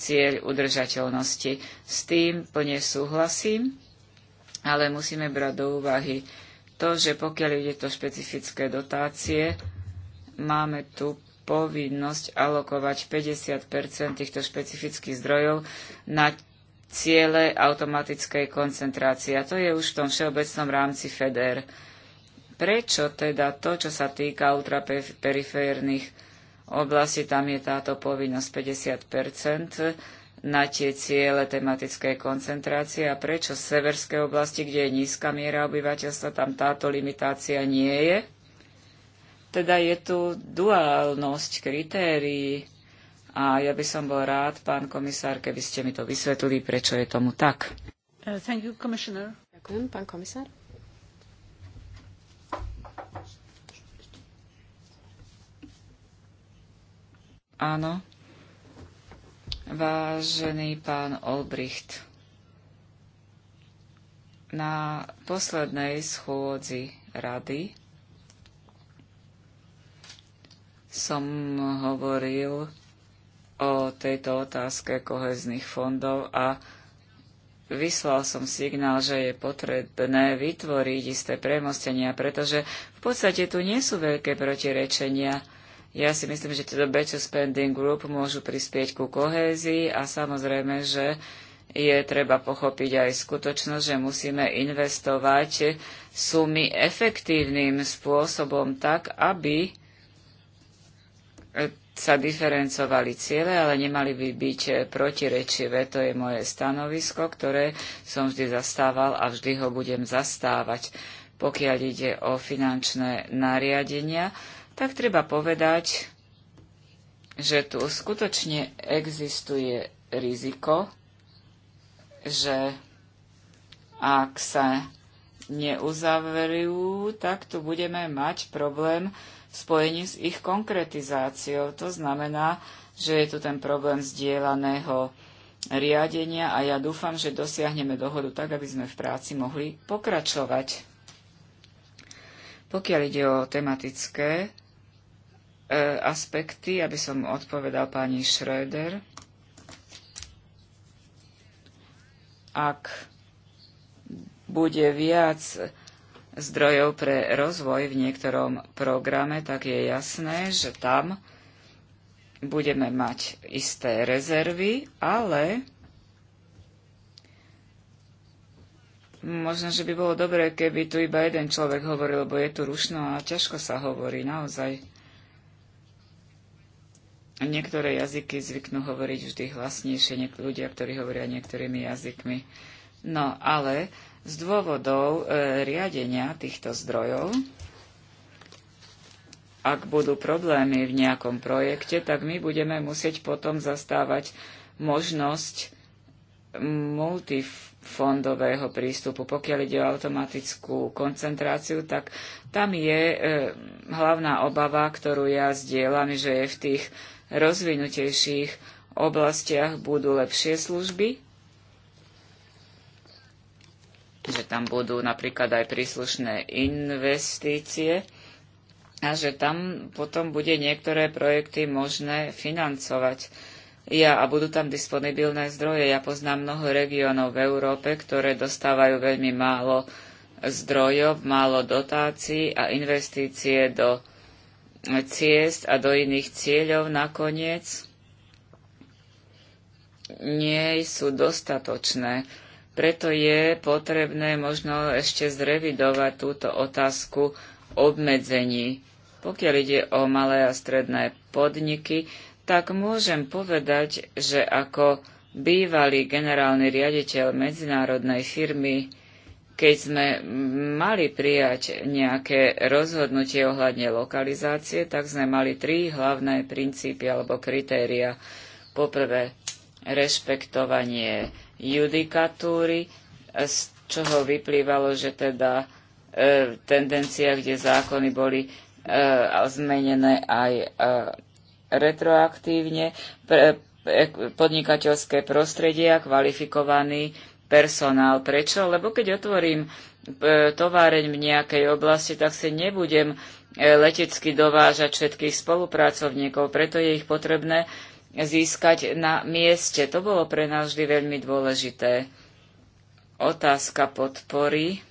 cieľ udržateľnosti. S tým plne súhlasím, ale musíme brať do úvahy to, že pokiaľ ide to špecifické dotácie, máme tu povinnosť alokovať 50 týchto špecifických zdrojov na ciele automatickej koncentrácie. A to je už v tom všeobecnom rámci FEDER. Prečo teda to, čo sa týka ultraperiférnych oblastí, tam je táto povinnosť 50 na tie ciele tematickej koncentrácie a prečo v severskej oblasti, kde je nízka miera obyvateľstva, tam táto limitácia nie je? Teda je tu duálnosť kritérií a ja by som bol rád, pán komisár, keby ste mi to vysvetlili, prečo je tomu tak. Uh, you, Ďakujem, pán komisár. Áno. Vážený pán Olbricht, na poslednej schôdzi rady som hovoril o tejto otázke kohezných fondov a vyslal som signál, že je potrebné vytvoriť isté premostenia, pretože v podstate tu nie sú veľké protirečenia. Ja si myslím, že tieto Better Spending Group môžu prispieť ku kohézii a samozrejme, že je treba pochopiť aj skutočnosť, že musíme investovať sumy efektívnym spôsobom tak, aby sa diferencovali ciele, ale nemali by byť eh, protirečivé. To je moje stanovisko, ktoré som vždy zastával a vždy ho budem zastávať. Pokiaľ ide o finančné nariadenia, tak treba povedať, že tu skutočne existuje riziko, že ak sa neuzavrujú, tak tu budeme mať problém, spojení s ich konkretizáciou. To znamená, že je tu ten problém zdieľaného riadenia a ja dúfam, že dosiahneme dohodu tak, aby sme v práci mohli pokračovať. Pokiaľ ide o tematické e, aspekty, aby som odpovedal pani Schröder, ak bude viac zdrojov pre rozvoj v niektorom programe, tak je jasné, že tam budeme mať isté rezervy, ale možno, že by bolo dobré, keby tu iba jeden človek hovoril, lebo je tu rušno a ťažko sa hovorí naozaj. Niektoré jazyky zvyknú hovoriť vždy hlasnejšie, ľudia, ktorí hovoria niektorými jazykmi. No ale z dôvodov e, riadenia týchto zdrojov, ak budú problémy v nejakom projekte, tak my budeme musieť potom zastávať možnosť multifondového prístupu. Pokiaľ ide o automatickú koncentráciu, tak tam je e, hlavná obava, ktorú ja zdieľam, že je v tých rozvinutejších oblastiach budú lepšie služby že tam budú napríklad aj príslušné investície a že tam potom bude niektoré projekty možné financovať. Ja a budú tam disponibilné zdroje. Ja poznám mnoho regiónov v Európe, ktoré dostávajú veľmi málo zdrojov, málo dotácií a investície do ciest a do iných cieľov nakoniec nie sú dostatočné. Preto je potrebné možno ešte zrevidovať túto otázku obmedzení. Pokiaľ ide o malé a stredné podniky, tak môžem povedať, že ako bývalý generálny riaditeľ medzinárodnej firmy, keď sme mali prijať nejaké rozhodnutie ohľadne lokalizácie, tak sme mali tri hlavné princípy alebo kritéria. Poprvé, rešpektovanie judikatúry, z čoho vyplývalo, že teda e, tendencia, kde zákony boli e, zmenené aj e, retroaktívne, pre, pre, podnikateľské prostredie a kvalifikovaný personál. Prečo? Lebo keď otvorím e, továreň v nejakej oblasti, tak si nebudem e, letecky dovážať všetkých spolupracovníkov, preto je ich potrebné získať na mieste. To bolo pre nás vždy veľmi dôležité. Otázka podpory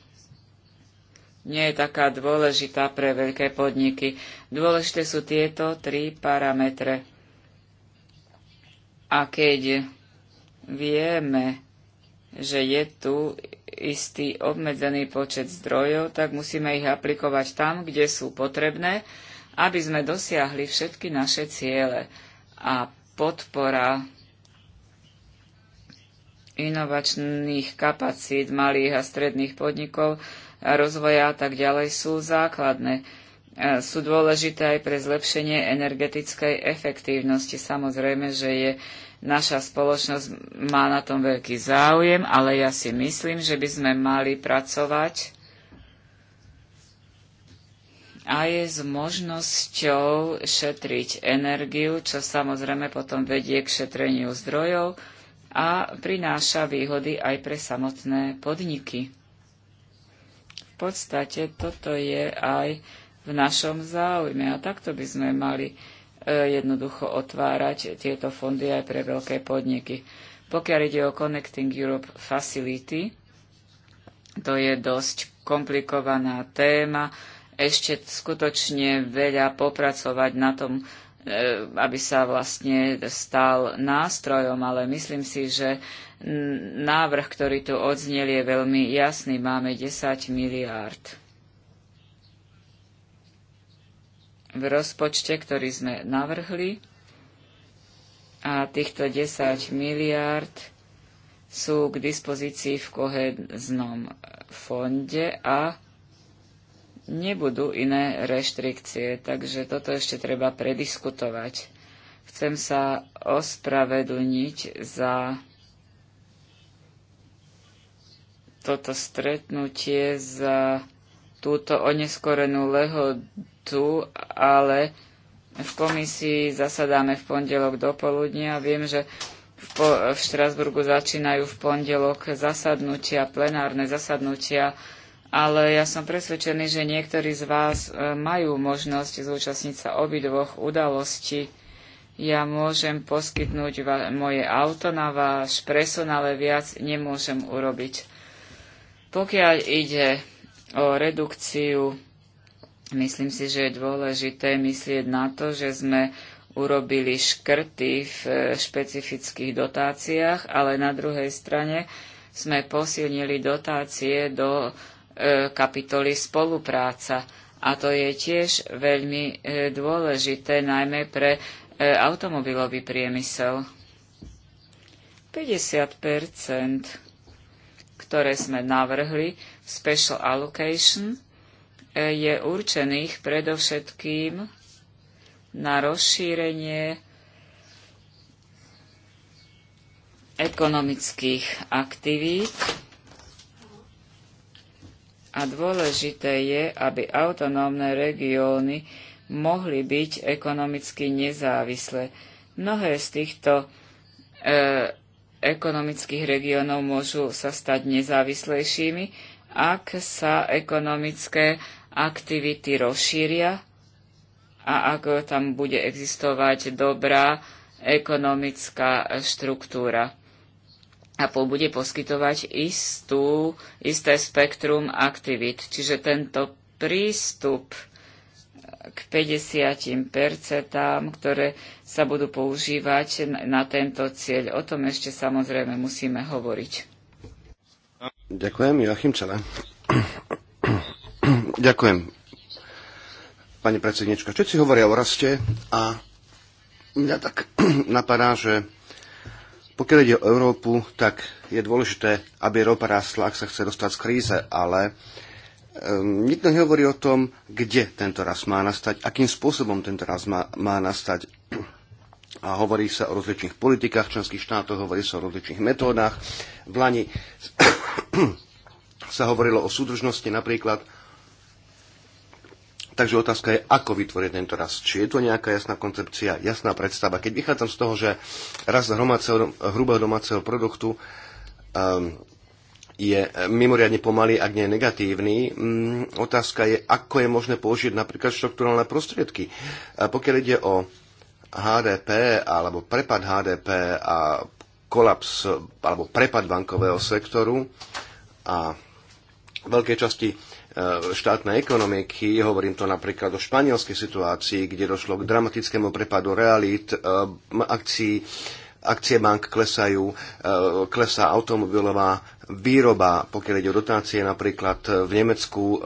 nie je taká dôležitá pre veľké podniky. Dôležité sú tieto tri parametre. A keď vieme, že je tu istý obmedzený počet zdrojov, tak musíme ich aplikovať tam, kde sú potrebné, aby sme dosiahli všetky naše ciele. A podpora inovačných kapacít malých a stredných podnikov a rozvoja a tak ďalej sú základné. E, sú dôležité aj pre zlepšenie energetickej efektívnosti. Samozrejme, že je naša spoločnosť má na tom veľký záujem, ale ja si myslím, že by sme mali pracovať aj s možnosťou šetriť energiu, čo samozrejme potom vedie k šetreniu zdrojov a prináša výhody aj pre samotné podniky. V podstate toto je aj v našom záujme a takto by sme mali e, jednoducho otvárať tieto fondy aj pre veľké podniky. Pokiaľ ide o Connecting Europe Facility, to je dosť komplikovaná téma, ešte skutočne veľa popracovať na tom, e, aby sa vlastne stal nástrojom, ale myslím si, že návrh, ktorý tu odznel, je veľmi jasný. Máme 10 miliárd. V rozpočte, ktorý sme navrhli, a týchto 10 miliárd sú k dispozícii v koheznom fonde a nebudú iné reštrikcie, takže toto ešte treba prediskutovať. Chcem sa ospravedlniť za toto stretnutie, za túto oneskorenú lehotu, ale v komisii zasadáme v pondelok do poludnia. Viem, že v, po, v Štrasburgu začínajú v pondelok zasadnutia, plenárne zasadnutia ale ja som presvedčený, že niektorí z vás e, majú možnosť zúčastniť sa obidvoch udalostí. Ja môžem poskytnúť moje auto na váš presun, ale viac nemôžem urobiť. Pokiaľ ide o redukciu, myslím si, že je dôležité myslieť na to, že sme urobili škrty v e, špecifických dotáciách, ale na druhej strane sme posilnili dotácie do E, kapitoly spolupráca. A to je tiež veľmi e, dôležité, najmä pre e, automobilový priemysel. 50 ktoré sme navrhli v Special Allocation, je určených predovšetkým na rozšírenie ekonomických aktivít a dôležité je, aby autonómne regióny mohli byť ekonomicky nezávislé. Mnohé z týchto e, ekonomických regiónov môžu sa stať nezávislejšími, ak sa ekonomické aktivity rozšíria a ak tam bude existovať dobrá ekonomická štruktúra. Apple bude poskytovať istú, isté spektrum aktivít. Čiže tento prístup k 50%, ktoré sa budú používať na tento cieľ. O tom ešte samozrejme musíme hovoriť. Ďakujem, Joachim Čele. Ďakujem, pani predsednička. Všetci hovoria o raste a mňa tak (clears throat) napadá, že pokiaľ ide o Európu, tak je dôležité, aby Európa rástla, ak sa chce dostať z kríze, ale um, nikto nehovorí o tom, kde tento rast má nastať, akým spôsobom tento rast má, má nastať. (clears throat) A hovorí sa o rozličných politikách členských štátov, hovorí sa o rozličných metódach. V Lani (clears throat) sa hovorilo o súdržnosti napríklad Takže otázka je, ako vytvoriť tento rast. Či je to nejaká jasná koncepcia, jasná predstava. Keď vychádzam z toho, že rast hrubého domáceho produktu um, je mimoriadne pomalý, ak nie je negatívny. Mm, otázka je, ako je možné použiť napríklad štruktúralne prostriedky. Pokiaľ ide o HDP alebo prepad HDP a kolaps alebo prepad bankového sektoru a veľkej časti E, štátnej ekonomiky. Hovorím to napríklad o španielskej situácii, kde došlo k dramatickému prepadu realít e, akcií akcie bank klesajú, e, klesá automobilová výroba, pokiaľ ide o dotácie napríklad v Nemecku,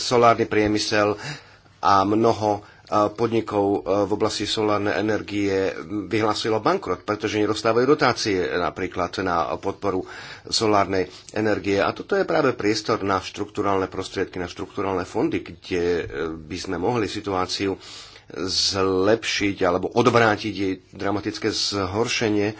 solárny priemysel a mnoho podnikov e, v oblasti solárnej energie vyhlásilo bankrot, pretože nedostávajú dotácie napríklad na podporu solárnej energie. A toto je práve priestor na štruktúralne prostriedky, na štruktúralne fondy, kde e, by sme mohli situáciu zlepšiť alebo odvrátiť jej dramatické zhoršenie.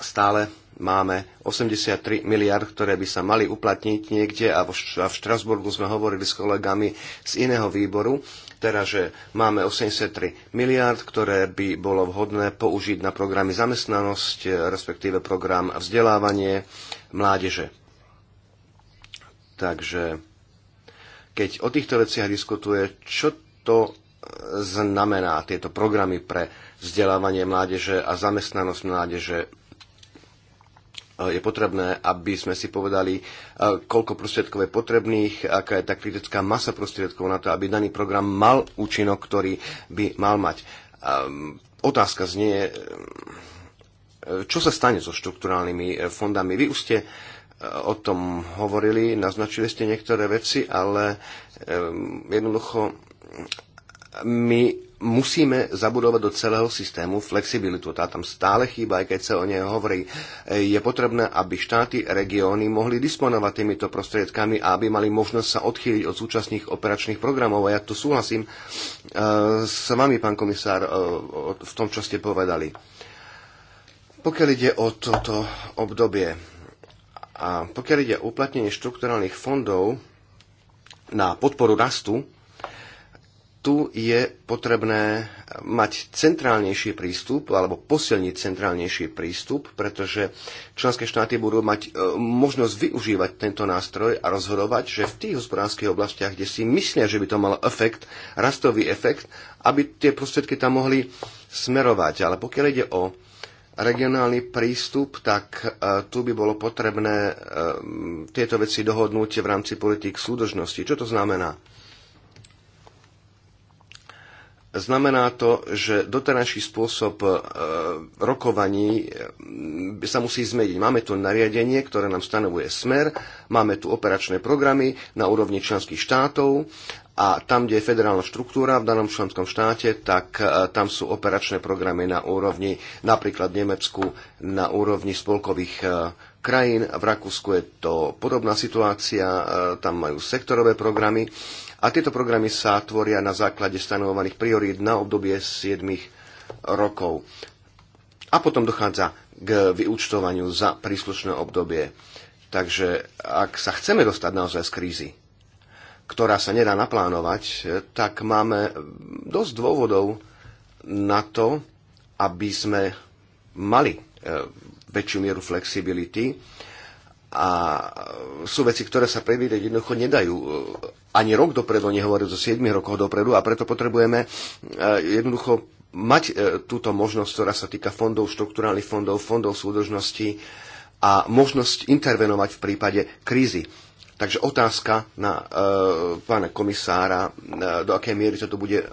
Stále máme 83 miliard, ktoré by sa mali uplatniť niekde a v Štrasburgu sme hovorili s kolegami z iného výboru teraz, že máme 83 miliard, ktoré by bolo vhodné použiť na programy zamestnanosť, e, respektíve program vzdelávanie mládeže. Takže keď o týchto veciach diskutuje, čo to e, znamená tieto programy pre vzdelávanie mládeže a zamestnanosť mládeže Eh, je potrebné, aby sme si povedali, eh, koľko prostriedkov je potrebných, aká je tá kritická masa prostriedkov na to, aby daný program mal účinok, ktorý by mal mať. Ehm, otázka znie, ehm, čo sa stane so štruktúrálnymi eh, fondami. Vy už ste o tom hovorili, naznačili ste niektoré veci, ale ehm, jednoducho my musíme zabudovať do celého systému flexibilitu. Tá tam stále chýba, aj keď sa o nej hovorí. Je potrebné, aby štáty, regióny mohli disponovať týmito prostriedkami a aby mali možnosť sa odchýliť od súčasných operačných programov. A ja tu súhlasím eh, s vami, pán komisár, eh, v tom, čo ste povedali. Pokiaľ ide o toto obdobie a pokiaľ ide o uplatnenie štrukturálnych fondov na podporu rastu, tu je potrebné mať centrálnejší prístup alebo posilniť centrálnejší prístup, pretože členské štáty budú mať e, možnosť využívať tento nástroj a rozhodovať, že v tých hospodárskych oblastiach, kde si myslia, že by to mal efekt, rastový efekt, aby tie prostriedky tam mohli smerovať. Ale pokiaľ ide o regionálny prístup, tak e, tu by bolo potrebné e, tieto veci dohodnúť v rámci politik súdržnosti. Čo to znamená? Znamená to, že doterajší spôsob e, rokovaní e, sa musí zmeniť. Máme tu nariadenie, ktoré nám stanovuje smer, máme tu operačné programy na úrovni členských štátov a tam, kde je federálna štruktúra v danom členskom štáte, tak e, tam sú operačné programy na úrovni napríklad v Nemecku na úrovni spolkových krajín. V Rakúsku je to podobná situácia, tam majú sektorové programy a tieto programy sa tvoria na základe stanovovaných priorít na obdobie 7 rokov. A potom dochádza k vyúčtovaniu za príslušné obdobie. Takže ak sa chceme dostať naozaj z krízy, ktorá sa nedá naplánovať, tak máme dosť dôvodov na to, aby sme mali e, väčšiu mieru flexibility a sú veci, ktoré sa predvídať jednoducho nedajú e, ani rok dopredu, nehovoril o 7 rokoch dopredu a preto potrebujeme e, jednoducho mať e, túto možnosť, ktorá sa týka fondov, štrukturálnych fondov, fondov súdržnosti a možnosť intervenovať v prípade krízy. Takže otázka na e, pána komisára, e, do akej miery toto bude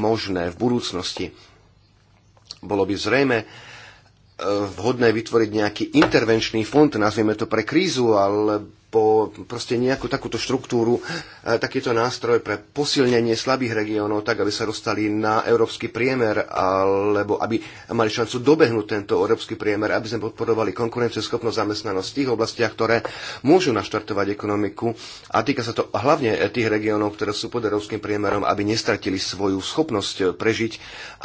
možné v budúcnosti. Bolo by zrejme, vhodné vytvoriť nejaký intervenčný fond, nazvieme to pre krízu, alebo proste nejakú takúto štruktúru, e, takýto nástroj pre posilnenie slabých regiónov, tak aby sa dostali na európsky priemer, alebo aby mali šancu dobehnúť tento európsky priemer, aby sme podporovali konkurencieschopnosť zamestnanosť v tých oblastiach, ktoré môžu naštartovať ekonomiku. A týka sa to hlavne tých regiónov, ktoré sú pod európskym priemerom, aby nestratili svoju schopnosť prežiť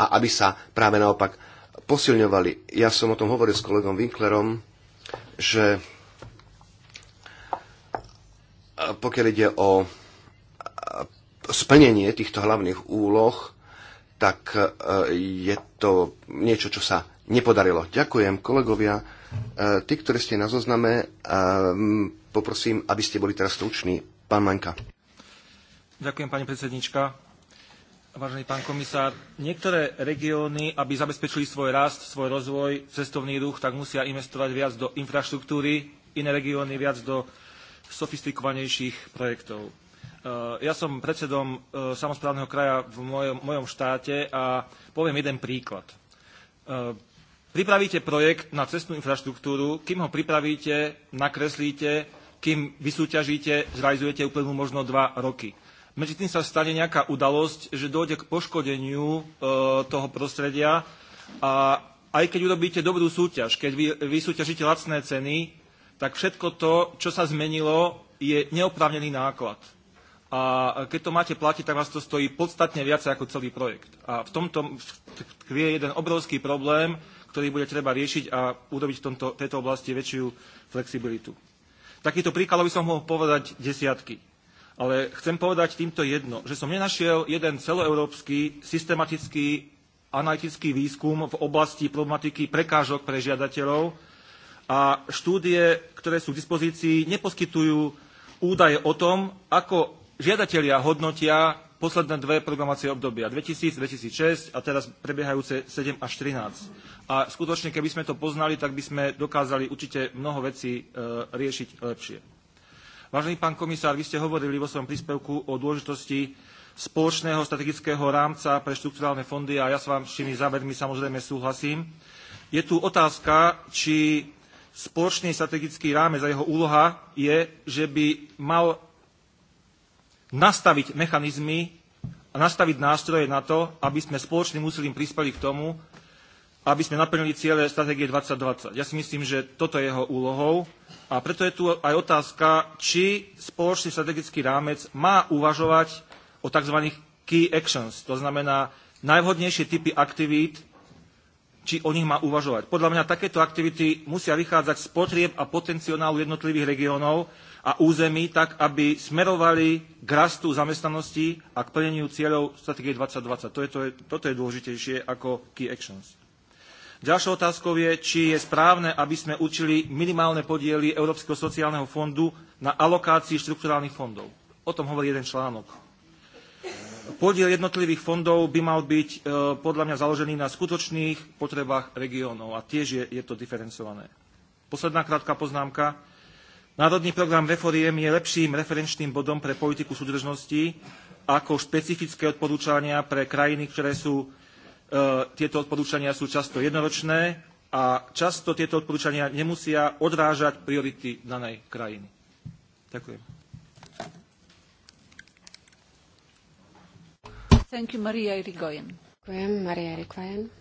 a aby sa práve naopak posilňovali. Ja som o tom hovoril s kolegom Winklerom, že pokiaľ ide o splnenie týchto hlavných úloh, tak e, je to niečo, čo sa nepodarilo. Ďakujem, kolegovia. E, tí, ktorí ste na zozname, e, poprosím, aby ste boli teraz struční. Pán Manka. Ďakujem, pani predsednička. Vážený pán komisár, niektoré regióny, aby zabezpečili svoj rast, svoj rozvoj, cestovný ruch, tak musia investovať viac do infraštruktúry, iné regióny viac do sofistikovanejších projektov. E, ja som predsedom e, samozprávneho kraja v mojom, mojom štáte a poviem jeden príklad. E, pripravíte projekt na cestnú infraštruktúru, kým ho pripravíte, nakreslíte, kým vysúťažíte, zrealizujete úplne možno dva roky medzi tým sa stane nejaká udalosť, že dojde k poškodeniu e, toho prostredia a aj keď urobíte dobrú súťaž, keď vy, vy súťažíte lacné ceny, tak všetko to, čo sa zmenilo, je neoprávnený náklad. A keď to máte platiť, tak vás to stojí podstatne viac ako celý projekt. A v tomto je jeden obrovský problém, ktorý bude treba riešiť a urobiť v tomto, tejto oblasti väčšiu flexibilitu. Takýto príkladov by som mohol povedať desiatky. Ale chcem povedať týmto jedno, že som nenašiel jeden celoeurópsky systematický analytický výskum v oblasti problematiky prekážok pre žiadateľov a štúdie, ktoré sú k dispozícii, neposkytujú údaje o tom, ako žiadatelia hodnotia posledné dve programácie obdobia 2000, 2006 a teraz prebiehajúce 7 až 13. A skutočne, keby sme to poznali, tak by sme dokázali určite mnoho vecí e, riešiť lepšie. Vážený pán komisár, vy ste hovorili vo svojom príspevku o dôležitosti spoločného strategického rámca pre štrukturálne fondy a ja s vašimi závermi samozrejme súhlasím. Je tu otázka, či spoločný strategický rámec a jeho úloha je, že by mal nastaviť mechanizmy a nastaviť nástroje na to, aby sme spoločným úsilím prispeli k tomu, aby sme naplnili ciele stratégie 2020. Ja si myslím, že toto je jeho úlohou a preto je tu aj otázka, či spoločný strategický rámec má uvažovať o tzv. key actions, to znamená najvhodnejšie typy aktivít, či o nich má uvažovať. Podľa mňa takéto aktivity musia vychádzať z potrieb a potenciálu jednotlivých regiónov a území tak, aby smerovali k rastu zamestnanosti a k plneniu cieľov stratégie 2020. To je, to je, toto je dôležitejšie ako key actions. Ďalšou otázkou je, či je správne, aby sme učili minimálne podiely Európskeho sociálneho fondu na alokácii štrukturálnych fondov. O tom hovorí jeden článok. Podiel jednotlivých fondov by mal byť e, podľa mňa založený na skutočných potrebách regiónov a tiež je, je to diferencované. Posledná krátka poznámka. Národný program reforiem je lepším referenčným bodom pre politiku súdržnosti ako špecifické odporúčania pre krajiny, ktoré sú E, tieto odporúčania sú často jednoročné a často tieto odporúčania nemusia odrážať priority danej krajiny. Ďakujem. Thank you, Maria Irigoyen. Ďakujem, Maria Irigoyen.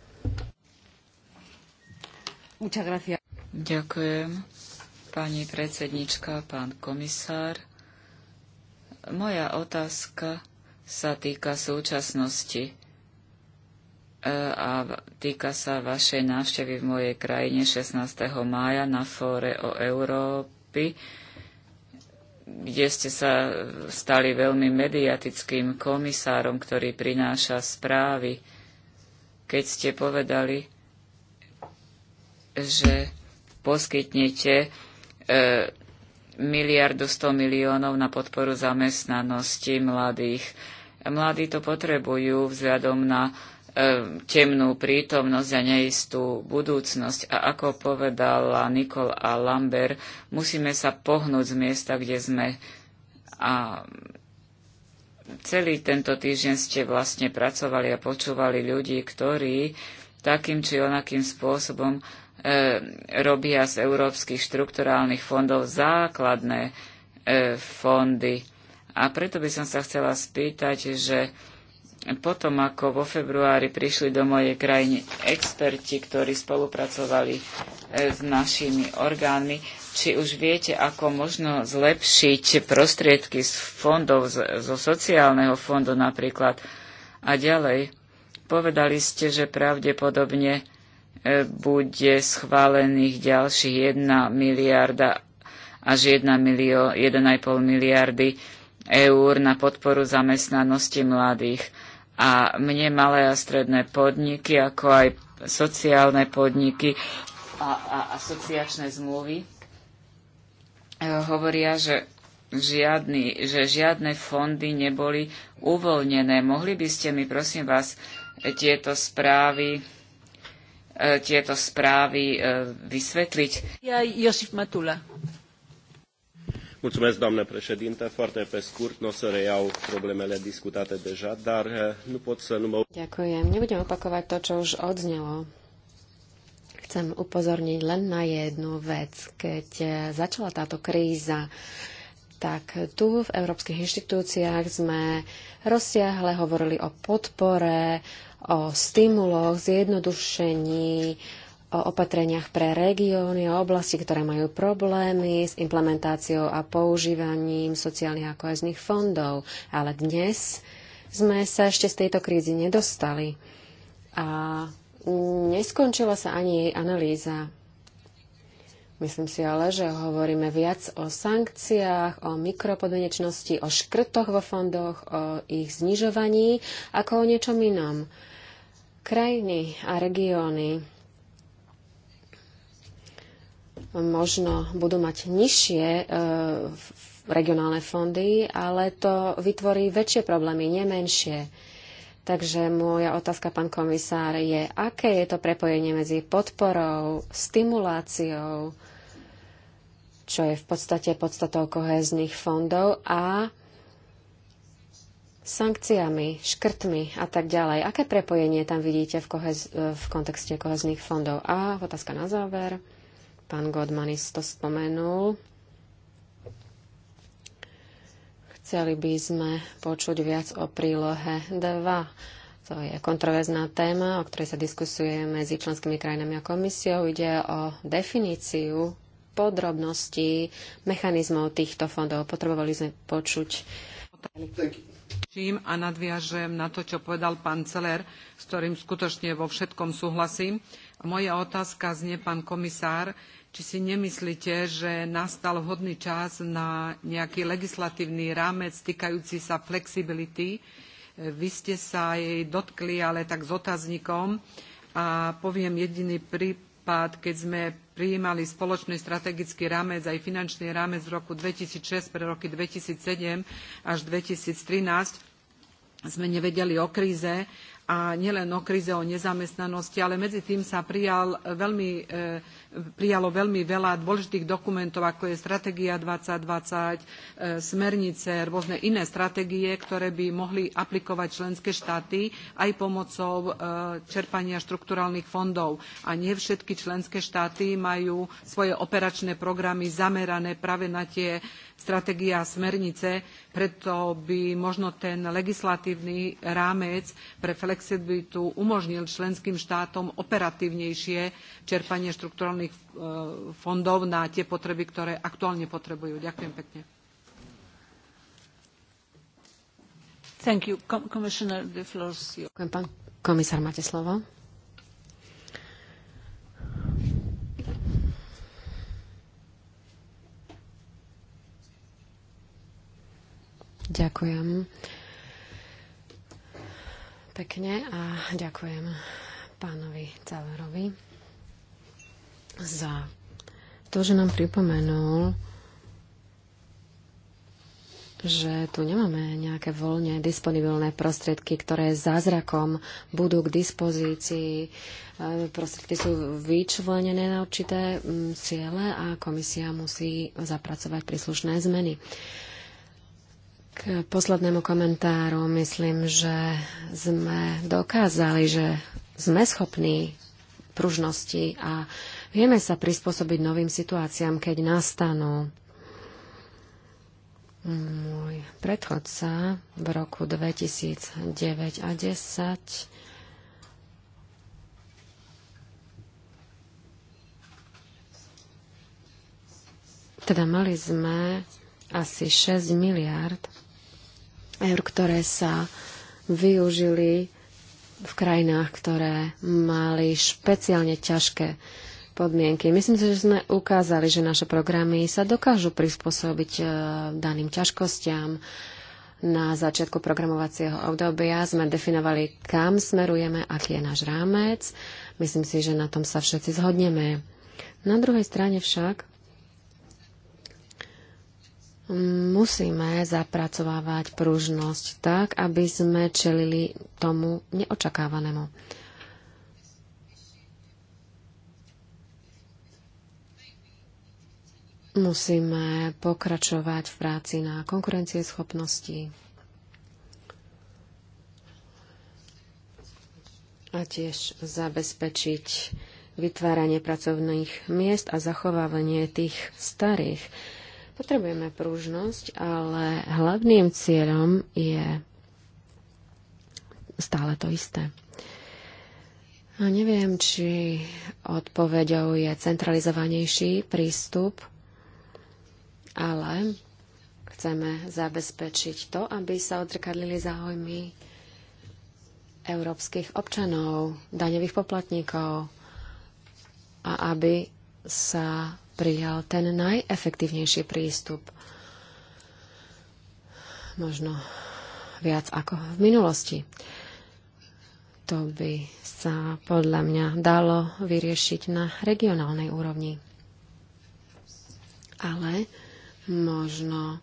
Muchas gracias. Ďakujem, pani predsednička, pán komisár. Moja otázka sa týka súčasnosti. E, a týka sa vašej návštevy v mojej krajine 16. mája na fóre o Európy, kde ste sa stali veľmi mediatickým komisárom, ktorý prináša správy. Keď ste povedali, že poskytnete e, miliardu 100 miliónov na podporu zamestnanosti mladých. Mladí to potrebujú vzhľadom na temnú prítomnosť a neistú budúcnosť. A ako povedala Nikol a Lambert, musíme sa pohnúť z miesta, kde sme. A celý tento týždeň ste vlastne pracovali a počúvali ľudí, ktorí takým či onakým spôsobom e, robia z európskych štrukturálnych fondov základné e, fondy. A preto by som sa chcela spýtať, že potom, ako vo februári prišli do mojej krajiny experti, ktorí spolupracovali e, s našimi orgánmi, či už viete, ako možno zlepšiť prostriedky z fondov, zo sociálneho fondu napríklad. A ďalej, povedali ste, že pravdepodobne e, bude schválených ďalších 1 miliarda až 1,5 miliardy eur na podporu zamestnanosti mladých. A mne malé a stredné podniky, ako aj sociálne podniky a, a asociačné zmluvy e, hovoria, že žiadny, že žiadne fondy neboli uvoľnené. Mohli by ste mi, prosím vás, tieto správy e, tieto správy e, vysvetliť? Ja Josif Matula. Mulțumesc, doamnă președinte. Foarte pe scurt, nu o să reiau problemele discutate deja, dar eh, nu pot să nu mă... Ďakujem. Nebudem opakovať to, čo už odznelo. Chcem upozorniť len na jednu vec. Keď eh, začala táto kríza, tak tu v európskych inštitúciách sme rozsiahle hovorili o podpore, o stimuloch, zjednodušení, o opatreniach pre regióny a oblasti, ktoré majú problémy s implementáciou a používaním sociálnych a kohezných fondov. Ale dnes sme sa ešte z tejto krízy nedostali a neskončila sa ani jej analýza. Myslím si ale, že hovoríme viac o sankciách, o mikropodmienečnosti, o škrtoch vo fondoch, o ich znižovaní, ako o niečom inom. Krajiny a regióny možno budú mať nižšie e, regionálne fondy, ale to vytvorí väčšie problémy, nie menšie. Takže moja otázka, pán komisár, je, aké je to prepojenie medzi podporou, stimuláciou, čo je v podstate podstatou kohezných fondov a sankciami, škrtmi a tak ďalej. Aké prepojenie tam vidíte v, kohez, v kontexte kohezných fondov? A otázka na záver. Pán Godmanis to spomenul. Chceli by sme počuť viac o prílohe 2 to je kontroverzná téma, o ktorej sa diskusuje medzi členskými krajinami a komisiou. Ide o definíciu podrobností mechanizmov týchto fondov. Potrebovali sme počuť. Čím a nadviažem na to, čo povedal pán Celer, s ktorým skutočne vo všetkom súhlasím. Moja otázka znie, pán komisár, či si nemyslíte, že nastal vhodný čas na nejaký legislatívny rámec týkajúci sa flexibility. Vy ste sa jej dotkli, ale tak s otáznikom. A poviem jediný prípad, keď sme prijímali spoločný strategický rámec aj finančný rámec z roku 2006 pre roky 2007 až 2013, sme nevedeli o kríze a nielen o kríze, o nezamestnanosti, ale medzi tým sa prijal veľmi e, prijalo veľmi veľa dôležitých dokumentov, ako je Stratégia 2020, e, smernice, rôzne iné stratégie, ktoré by mohli aplikovať členské štáty aj pomocou e, čerpania štrukturálnych fondov. A nie všetky členské štáty majú svoje operačné programy zamerané práve na tie stratégie a smernice, preto by možno ten legislatívny rámec pre flexibilitu umožnil členským štátom operatívnejšie čerpanie štrukturálnych štrukturálnych e, fondov na tie potreby, ktoré aktuálne potrebujú. Ďakujem pekne. Ďakujem, pán komisár, máte slovo. Ďakujem pekne a ďakujem pánovi Cavrovi za to, že nám pripomenul, že tu nemáme nejaké voľne disponibilné prostriedky, ktoré zázrakom budú k dispozícii. E, prostriedky sú vyčlenené na určité mm, ciele a komisia musí zapracovať príslušné zmeny. K poslednému komentáru myslím, že sme dokázali, že sme schopní pružnosti a uh, Vieme sa prispôsobiť novým situáciám, keď nastanú. Môj predchodca v roku 2009 a 10 Teda mali sme asi 6 miliard eur, ktoré sa využili v krajinách, ktoré mali špeciálne ťažké podmienky. Myslím si, že sme ukázali, že naše programy sa dokážu prispôsobiť e, daným ťažkostiam. Na začiatku programovacieho obdobia sme definovali, kam smerujeme, aký je náš rámec. Myslím si, že na tom sa všetci zhodneme. Na druhej strane však musíme zapracovávať pružnosť tak, aby sme čelili tomu neočakávanému. Musíme pokračovať v práci na konkurencieschopnosti a tiež zabezpečiť vytváranie pracovných miest a zachovávanie tých starých. Potrebujeme prúžnosť, ale hlavným cieľom je stále to isté. A neviem, či odpoveďou je centralizovanejší prístup ale chceme zabezpečiť to, aby sa odrkadlili záujmy európskych občanov, daňových poplatníkov a aby sa prijal ten najefektívnejší prístup. Možno viac ako v minulosti. To by sa podľa mňa dalo vyriešiť na regionálnej úrovni. Ale Možno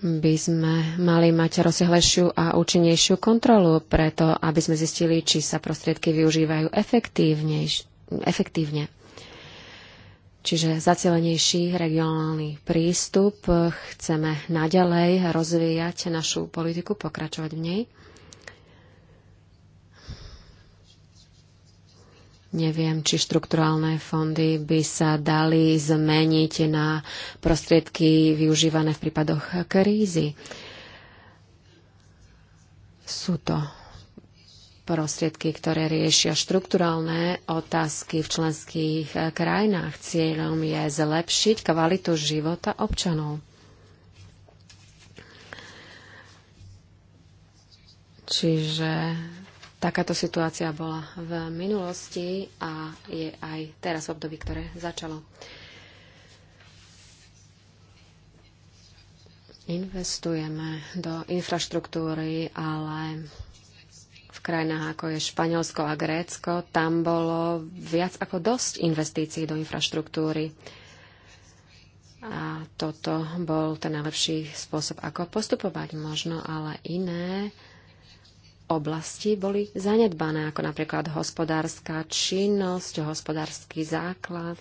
by sme mali mať rozsiahlejšiu a účinnejšiu kontrolu preto, aby sme zistili, či sa prostriedky využívajú efektívne. Čiže zacelenejší regionálny prístup. Chceme naďalej rozvíjať našu politiku, pokračovať v nej. Neviem, či štrukturálne fondy by sa dali zmeniť na prostriedky využívané v prípadoch krízy. Sú to prostriedky, ktoré riešia štrukturálne otázky v členských krajinách. Cieľom je zlepšiť kvalitu života občanov. Čiže Takáto situácia bola v minulosti a je aj teraz v období, ktoré začalo. Investujeme do infraštruktúry, ale v krajinách ako je Španielsko a Grécko, tam bolo viac ako dosť investícií do infraštruktúry. A toto bol ten najlepší spôsob, ako postupovať. Možno ale iné oblasti boli zanedbané, ako napríklad hospodárska činnosť, hospodársky základ.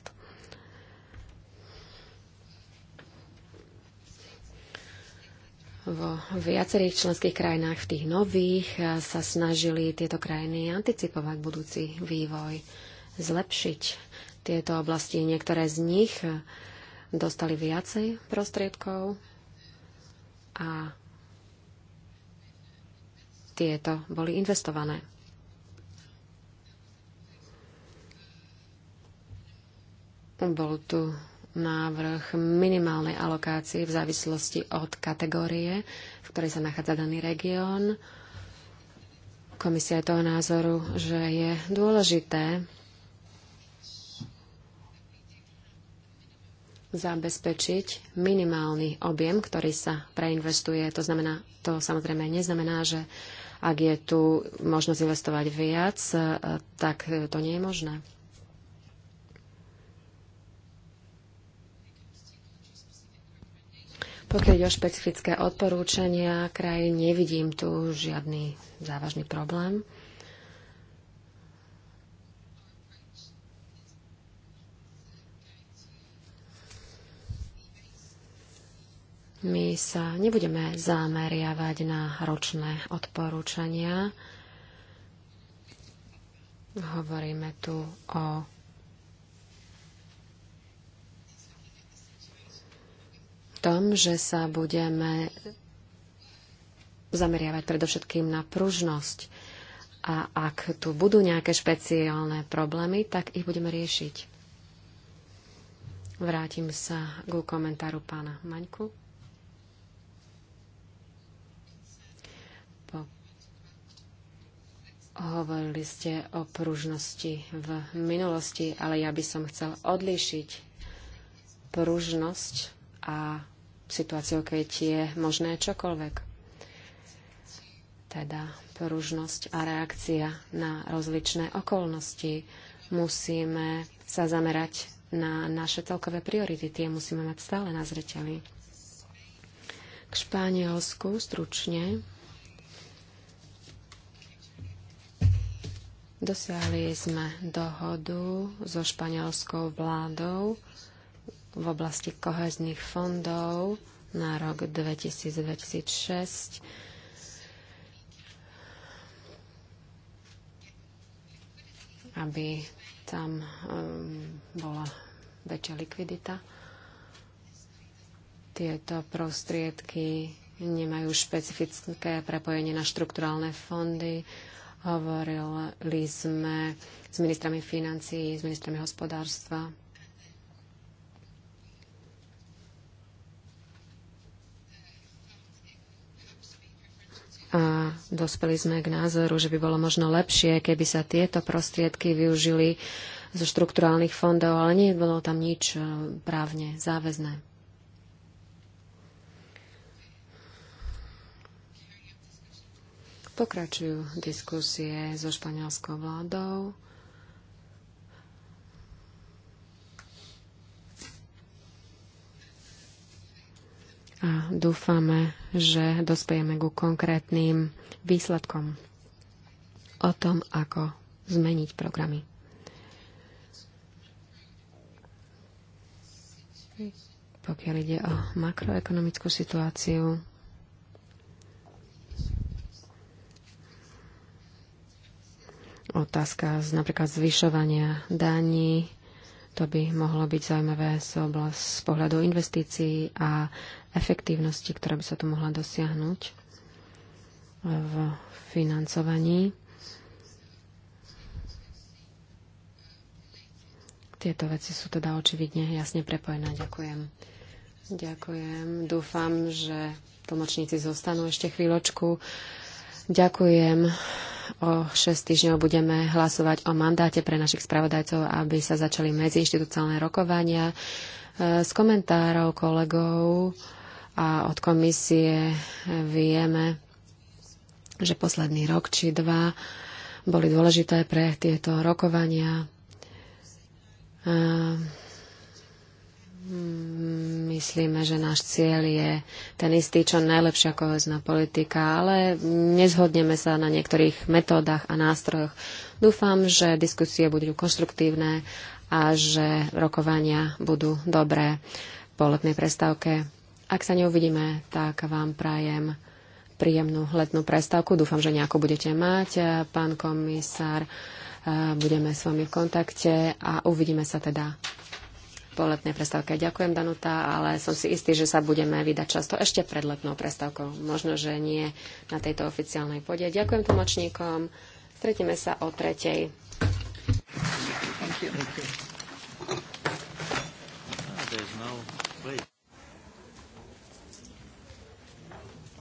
Vo viacerých členských krajinách, v tých nových, sa snažili tieto krajiny anticipovať budúci vývoj, zlepšiť tieto oblasti. Niektoré z nich dostali viacej prostriedkov a tieto boli investované. Bol tu návrh minimálnej alokácie v závislosti od kategórie, v ktorej sa nachádza daný región. Komisia je toho názoru, že je dôležité zabezpečiť minimálny objem, ktorý sa preinvestuje. To znamená, to samozrejme neznamená, že ak je tu možnosť investovať viac, e, tak e, to nie je možné. Pokiaľ ide o špecifické odporúčania krajín, nevidím tu žiadny závažný problém. My sa nebudeme zameriavať na ročné odporúčania. Hovoríme tu o tom, že sa budeme zameriavať predovšetkým na pružnosť. A ak tu budú nejaké špeciálne problémy, tak ich budeme riešiť. Vrátim sa ku komentáru pána Maňku. Hovorili ste o pružnosti v minulosti, ale ja by som chcel odlíšiť pružnosť a situáciu, keď je možné čokoľvek. Teda pružnosť a reakcia na rozličné okolnosti. Musíme sa zamerať na naše celkové priority. Tie musíme mať stále na zreteli. K Španielsku stručne Dosiahli sme dohodu so španielskou vládou v oblasti kohezných fondov na rok 2000-2006. aby tam um, bola väčšia likvidita. Tieto prostriedky nemajú špecifické prepojenie na štrukturálne fondy, Hovorili sme s ministrami financií, s ministrami hospodárstva. A dospeli sme k názoru, že by bolo možno lepšie, keby sa tieto prostriedky využili zo štrukturálnych fondov, ale nie bolo tam nič eh, právne záväzné. Pokračujú diskusie so španielskou vládou. A dúfame, že dospejeme ku konkrétnym výsledkom o tom, ako zmeniť programy. Pokiaľ ide o makroekonomickú situáciu, otázka z napríklad zvyšovania daní. To by mohlo byť zaujímavé z, oblast, z pohľadu investícií a efektívnosti, ktorá by sa tu mohla dosiahnuť v financovaní. Tieto veci sú teda očividne jasne prepojené. Ďakujem. Ďakujem. Dúfam, že tlmočníci zostanú ešte chvíľočku. Ďakujem O 6 týždňov budeme hlasovať o mandáte pre našich spravodajcov, aby sa začali medziinstitucionálne rokovania. Z e, komentárov kolegov a od komisie vieme, že posledný rok či dva boli dôležité pre tieto rokovania. E, Mm, myslíme, že náš cieľ je ten istý, čo najlepšia kohezná politika, ale nezhodneme sa na niektorých metódach a nástrojoch. Dúfam, že diskusie budú konštruktívne a že rokovania budú dobré po letnej prestávke. Ak sa neuvidíme, tak vám prajem príjemnú letnú prestávku. Dúfam, že nejako budete mať. Pán komisár, eh, budeme s vami v kontakte a uvidíme sa teda po letnej prestávke. Ďakujem, Danuta, ale som si istý, že sa budeme vydať často ešte pred letnou prestávkou. Možno, že nie na tejto oficiálnej pôde. Ďakujem tlmočníkom. Stretíme sa o tretej. Thank you. Thank you. Ah,